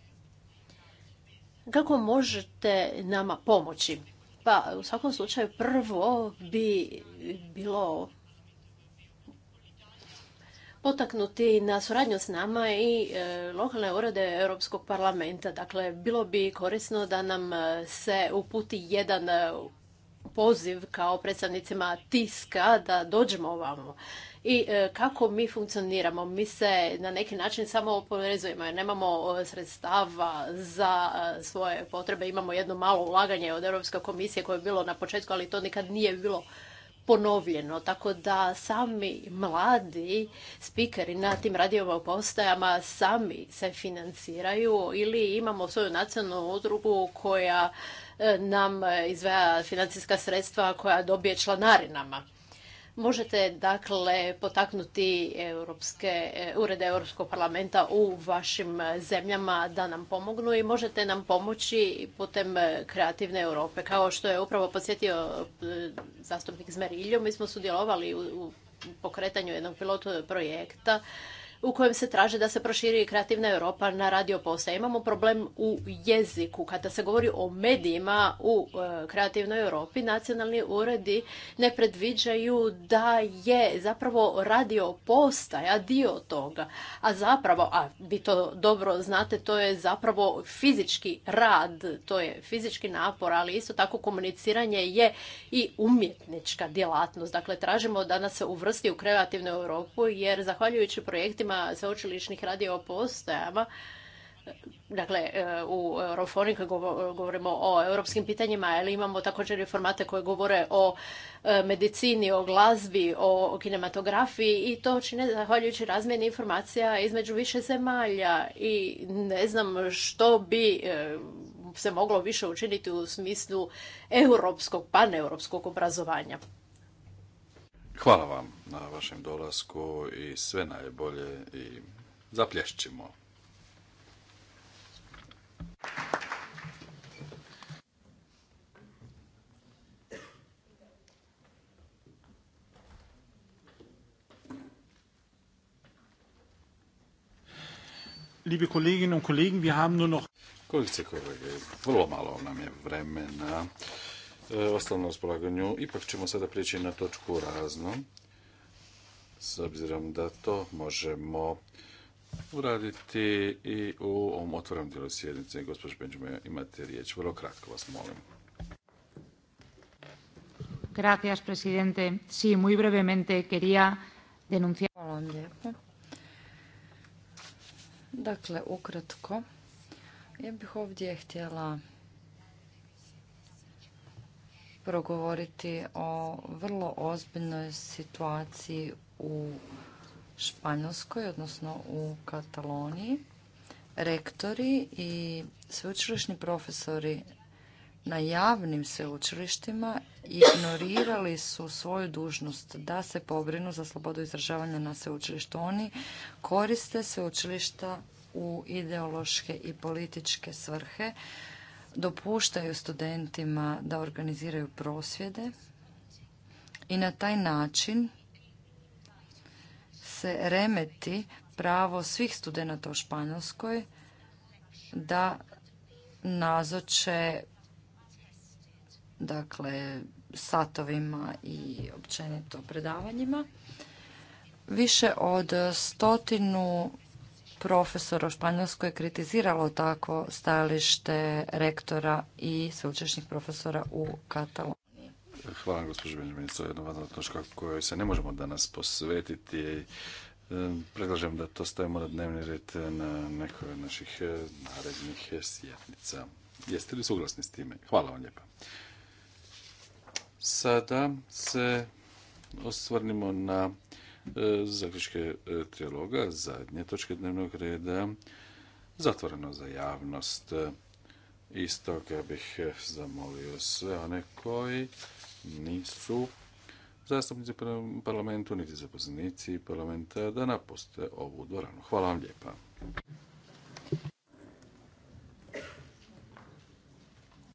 Kako možete nama pomoći? Pa u svakom slučaju prvo bi bilo potaknuti na suradnju s nama i e, lokalne urede Europskog parlamenta. Dakle, bilo bi korisno da nam e, se uputi jedan e, poziv kao predstavnicima tiska da dođemo ovamo. I kako mi funkcioniramo? Mi se na neki način samo oporezujemo jer nemamo sredstava za svoje potrebe. Imamo jedno malo ulaganje od Europske komisije koje je bilo na početku, ali to nikad nije bilo ponovljeno, tako da sami mladi spikeri na tim u postajama sami se financiraju ili imamo svoju nacionalnu udrugu koja e, nam e, izvaja financijska sredstva koja dobije članarinama možete dakle potaknuti europske, e, urede Europskog parlamenta u vašim zemljama da nam pomognu i možete nam pomoći putem kreativne Europe. Kao što je upravo podsjetio e, zastupnik Zmeriljo, mi smo sudjelovali u pokretanju jednog pilot projekta u kojem se traže da se proširi kreativna Europa na radio postaje. Imamo problem u jeziku. Kada se govori o medijima u e, kreativnoj Europi, nacionalni uredi ne predviđaju da je zapravo radio postaja dio toga. A zapravo, a vi to dobro znate, to je zapravo fizički rad, to je fizički napor, ali isto tako komuniciranje je i umjetnička djelatnost. Dakle, tražimo da nas se uvrsti u kreativnu Europu jer zahvaljujući projektima mrežama sveučilišnih radio postajama. Dakle, e, u Eurofoniku govorimo o europskim pitanjima, ali imamo također i formate koje govore o e, medicini, o glazbi, o kinematografiji i to čine zahvaljujući razmjeni informacija između više zemalja i ne znam što bi e, se moglo više učiniti u smislu europskog, paneuropskog obrazovanja. Hvala vam na vašem dolasku i sve najbolje i zaplješćimo. Liebe Kolleginnen und Kollegen, wir haben nur noch Kolegice i kolege, vrlo malo nam je vremena. E, ostalo na raspolaganju. Ipak ćemo sada prijeći na točku razno, s obzirom da to možemo uraditi i u ovom otvorenom dijelu sjednice. Gospođo Benđima, imate riječ. Vrlo kratko vas molim. Gracias, presidente. Sí, muy brevemente quería denunciar... Hvala vam lijepo. Dakle, ukratko, ja bih ovdje htjela progovoriti o vrlo ozbiljnoj situaciji u Španjolskoj, odnosno u Kataloniji. Rektori i sveučilišni profesori na javnim sveučilištima ignorirali su svoju dužnost da se pobrinu za slobodu izražavanja na sveučilištu. Oni koriste sveučilišta u ideološke i političke svrhe dopuštaju studentima da organiziraju prosvjede i na taj način se remeti pravo svih studenata u Španjolskoj da nazoče dakle satovima i općenito predavanjima. Više od stotinu profesora u Španjolskoj kritiziralo tako stajalište rektora i sveučilišnih profesora u Kataloniji. Hvala gospođo ministra, jedna važna točka kojoj se ne možemo danas posvetiti. E, predlažem da to stavimo na dnevni red na nekoj od naših e, narednih sjednica. Jeste li suglasni s time? Hvala vam lijepa. Sada se osvrnimo na E, zaključke e, trijaloga, zadnje točke dnevnog reda, zatvoreno za javnost. E, Isto ga bih zamolio sve one koji nisu zastupnici parlamentu, niti zaposlenici parlamenta da napuste ovu dvoranu. Hvala vam lijepa.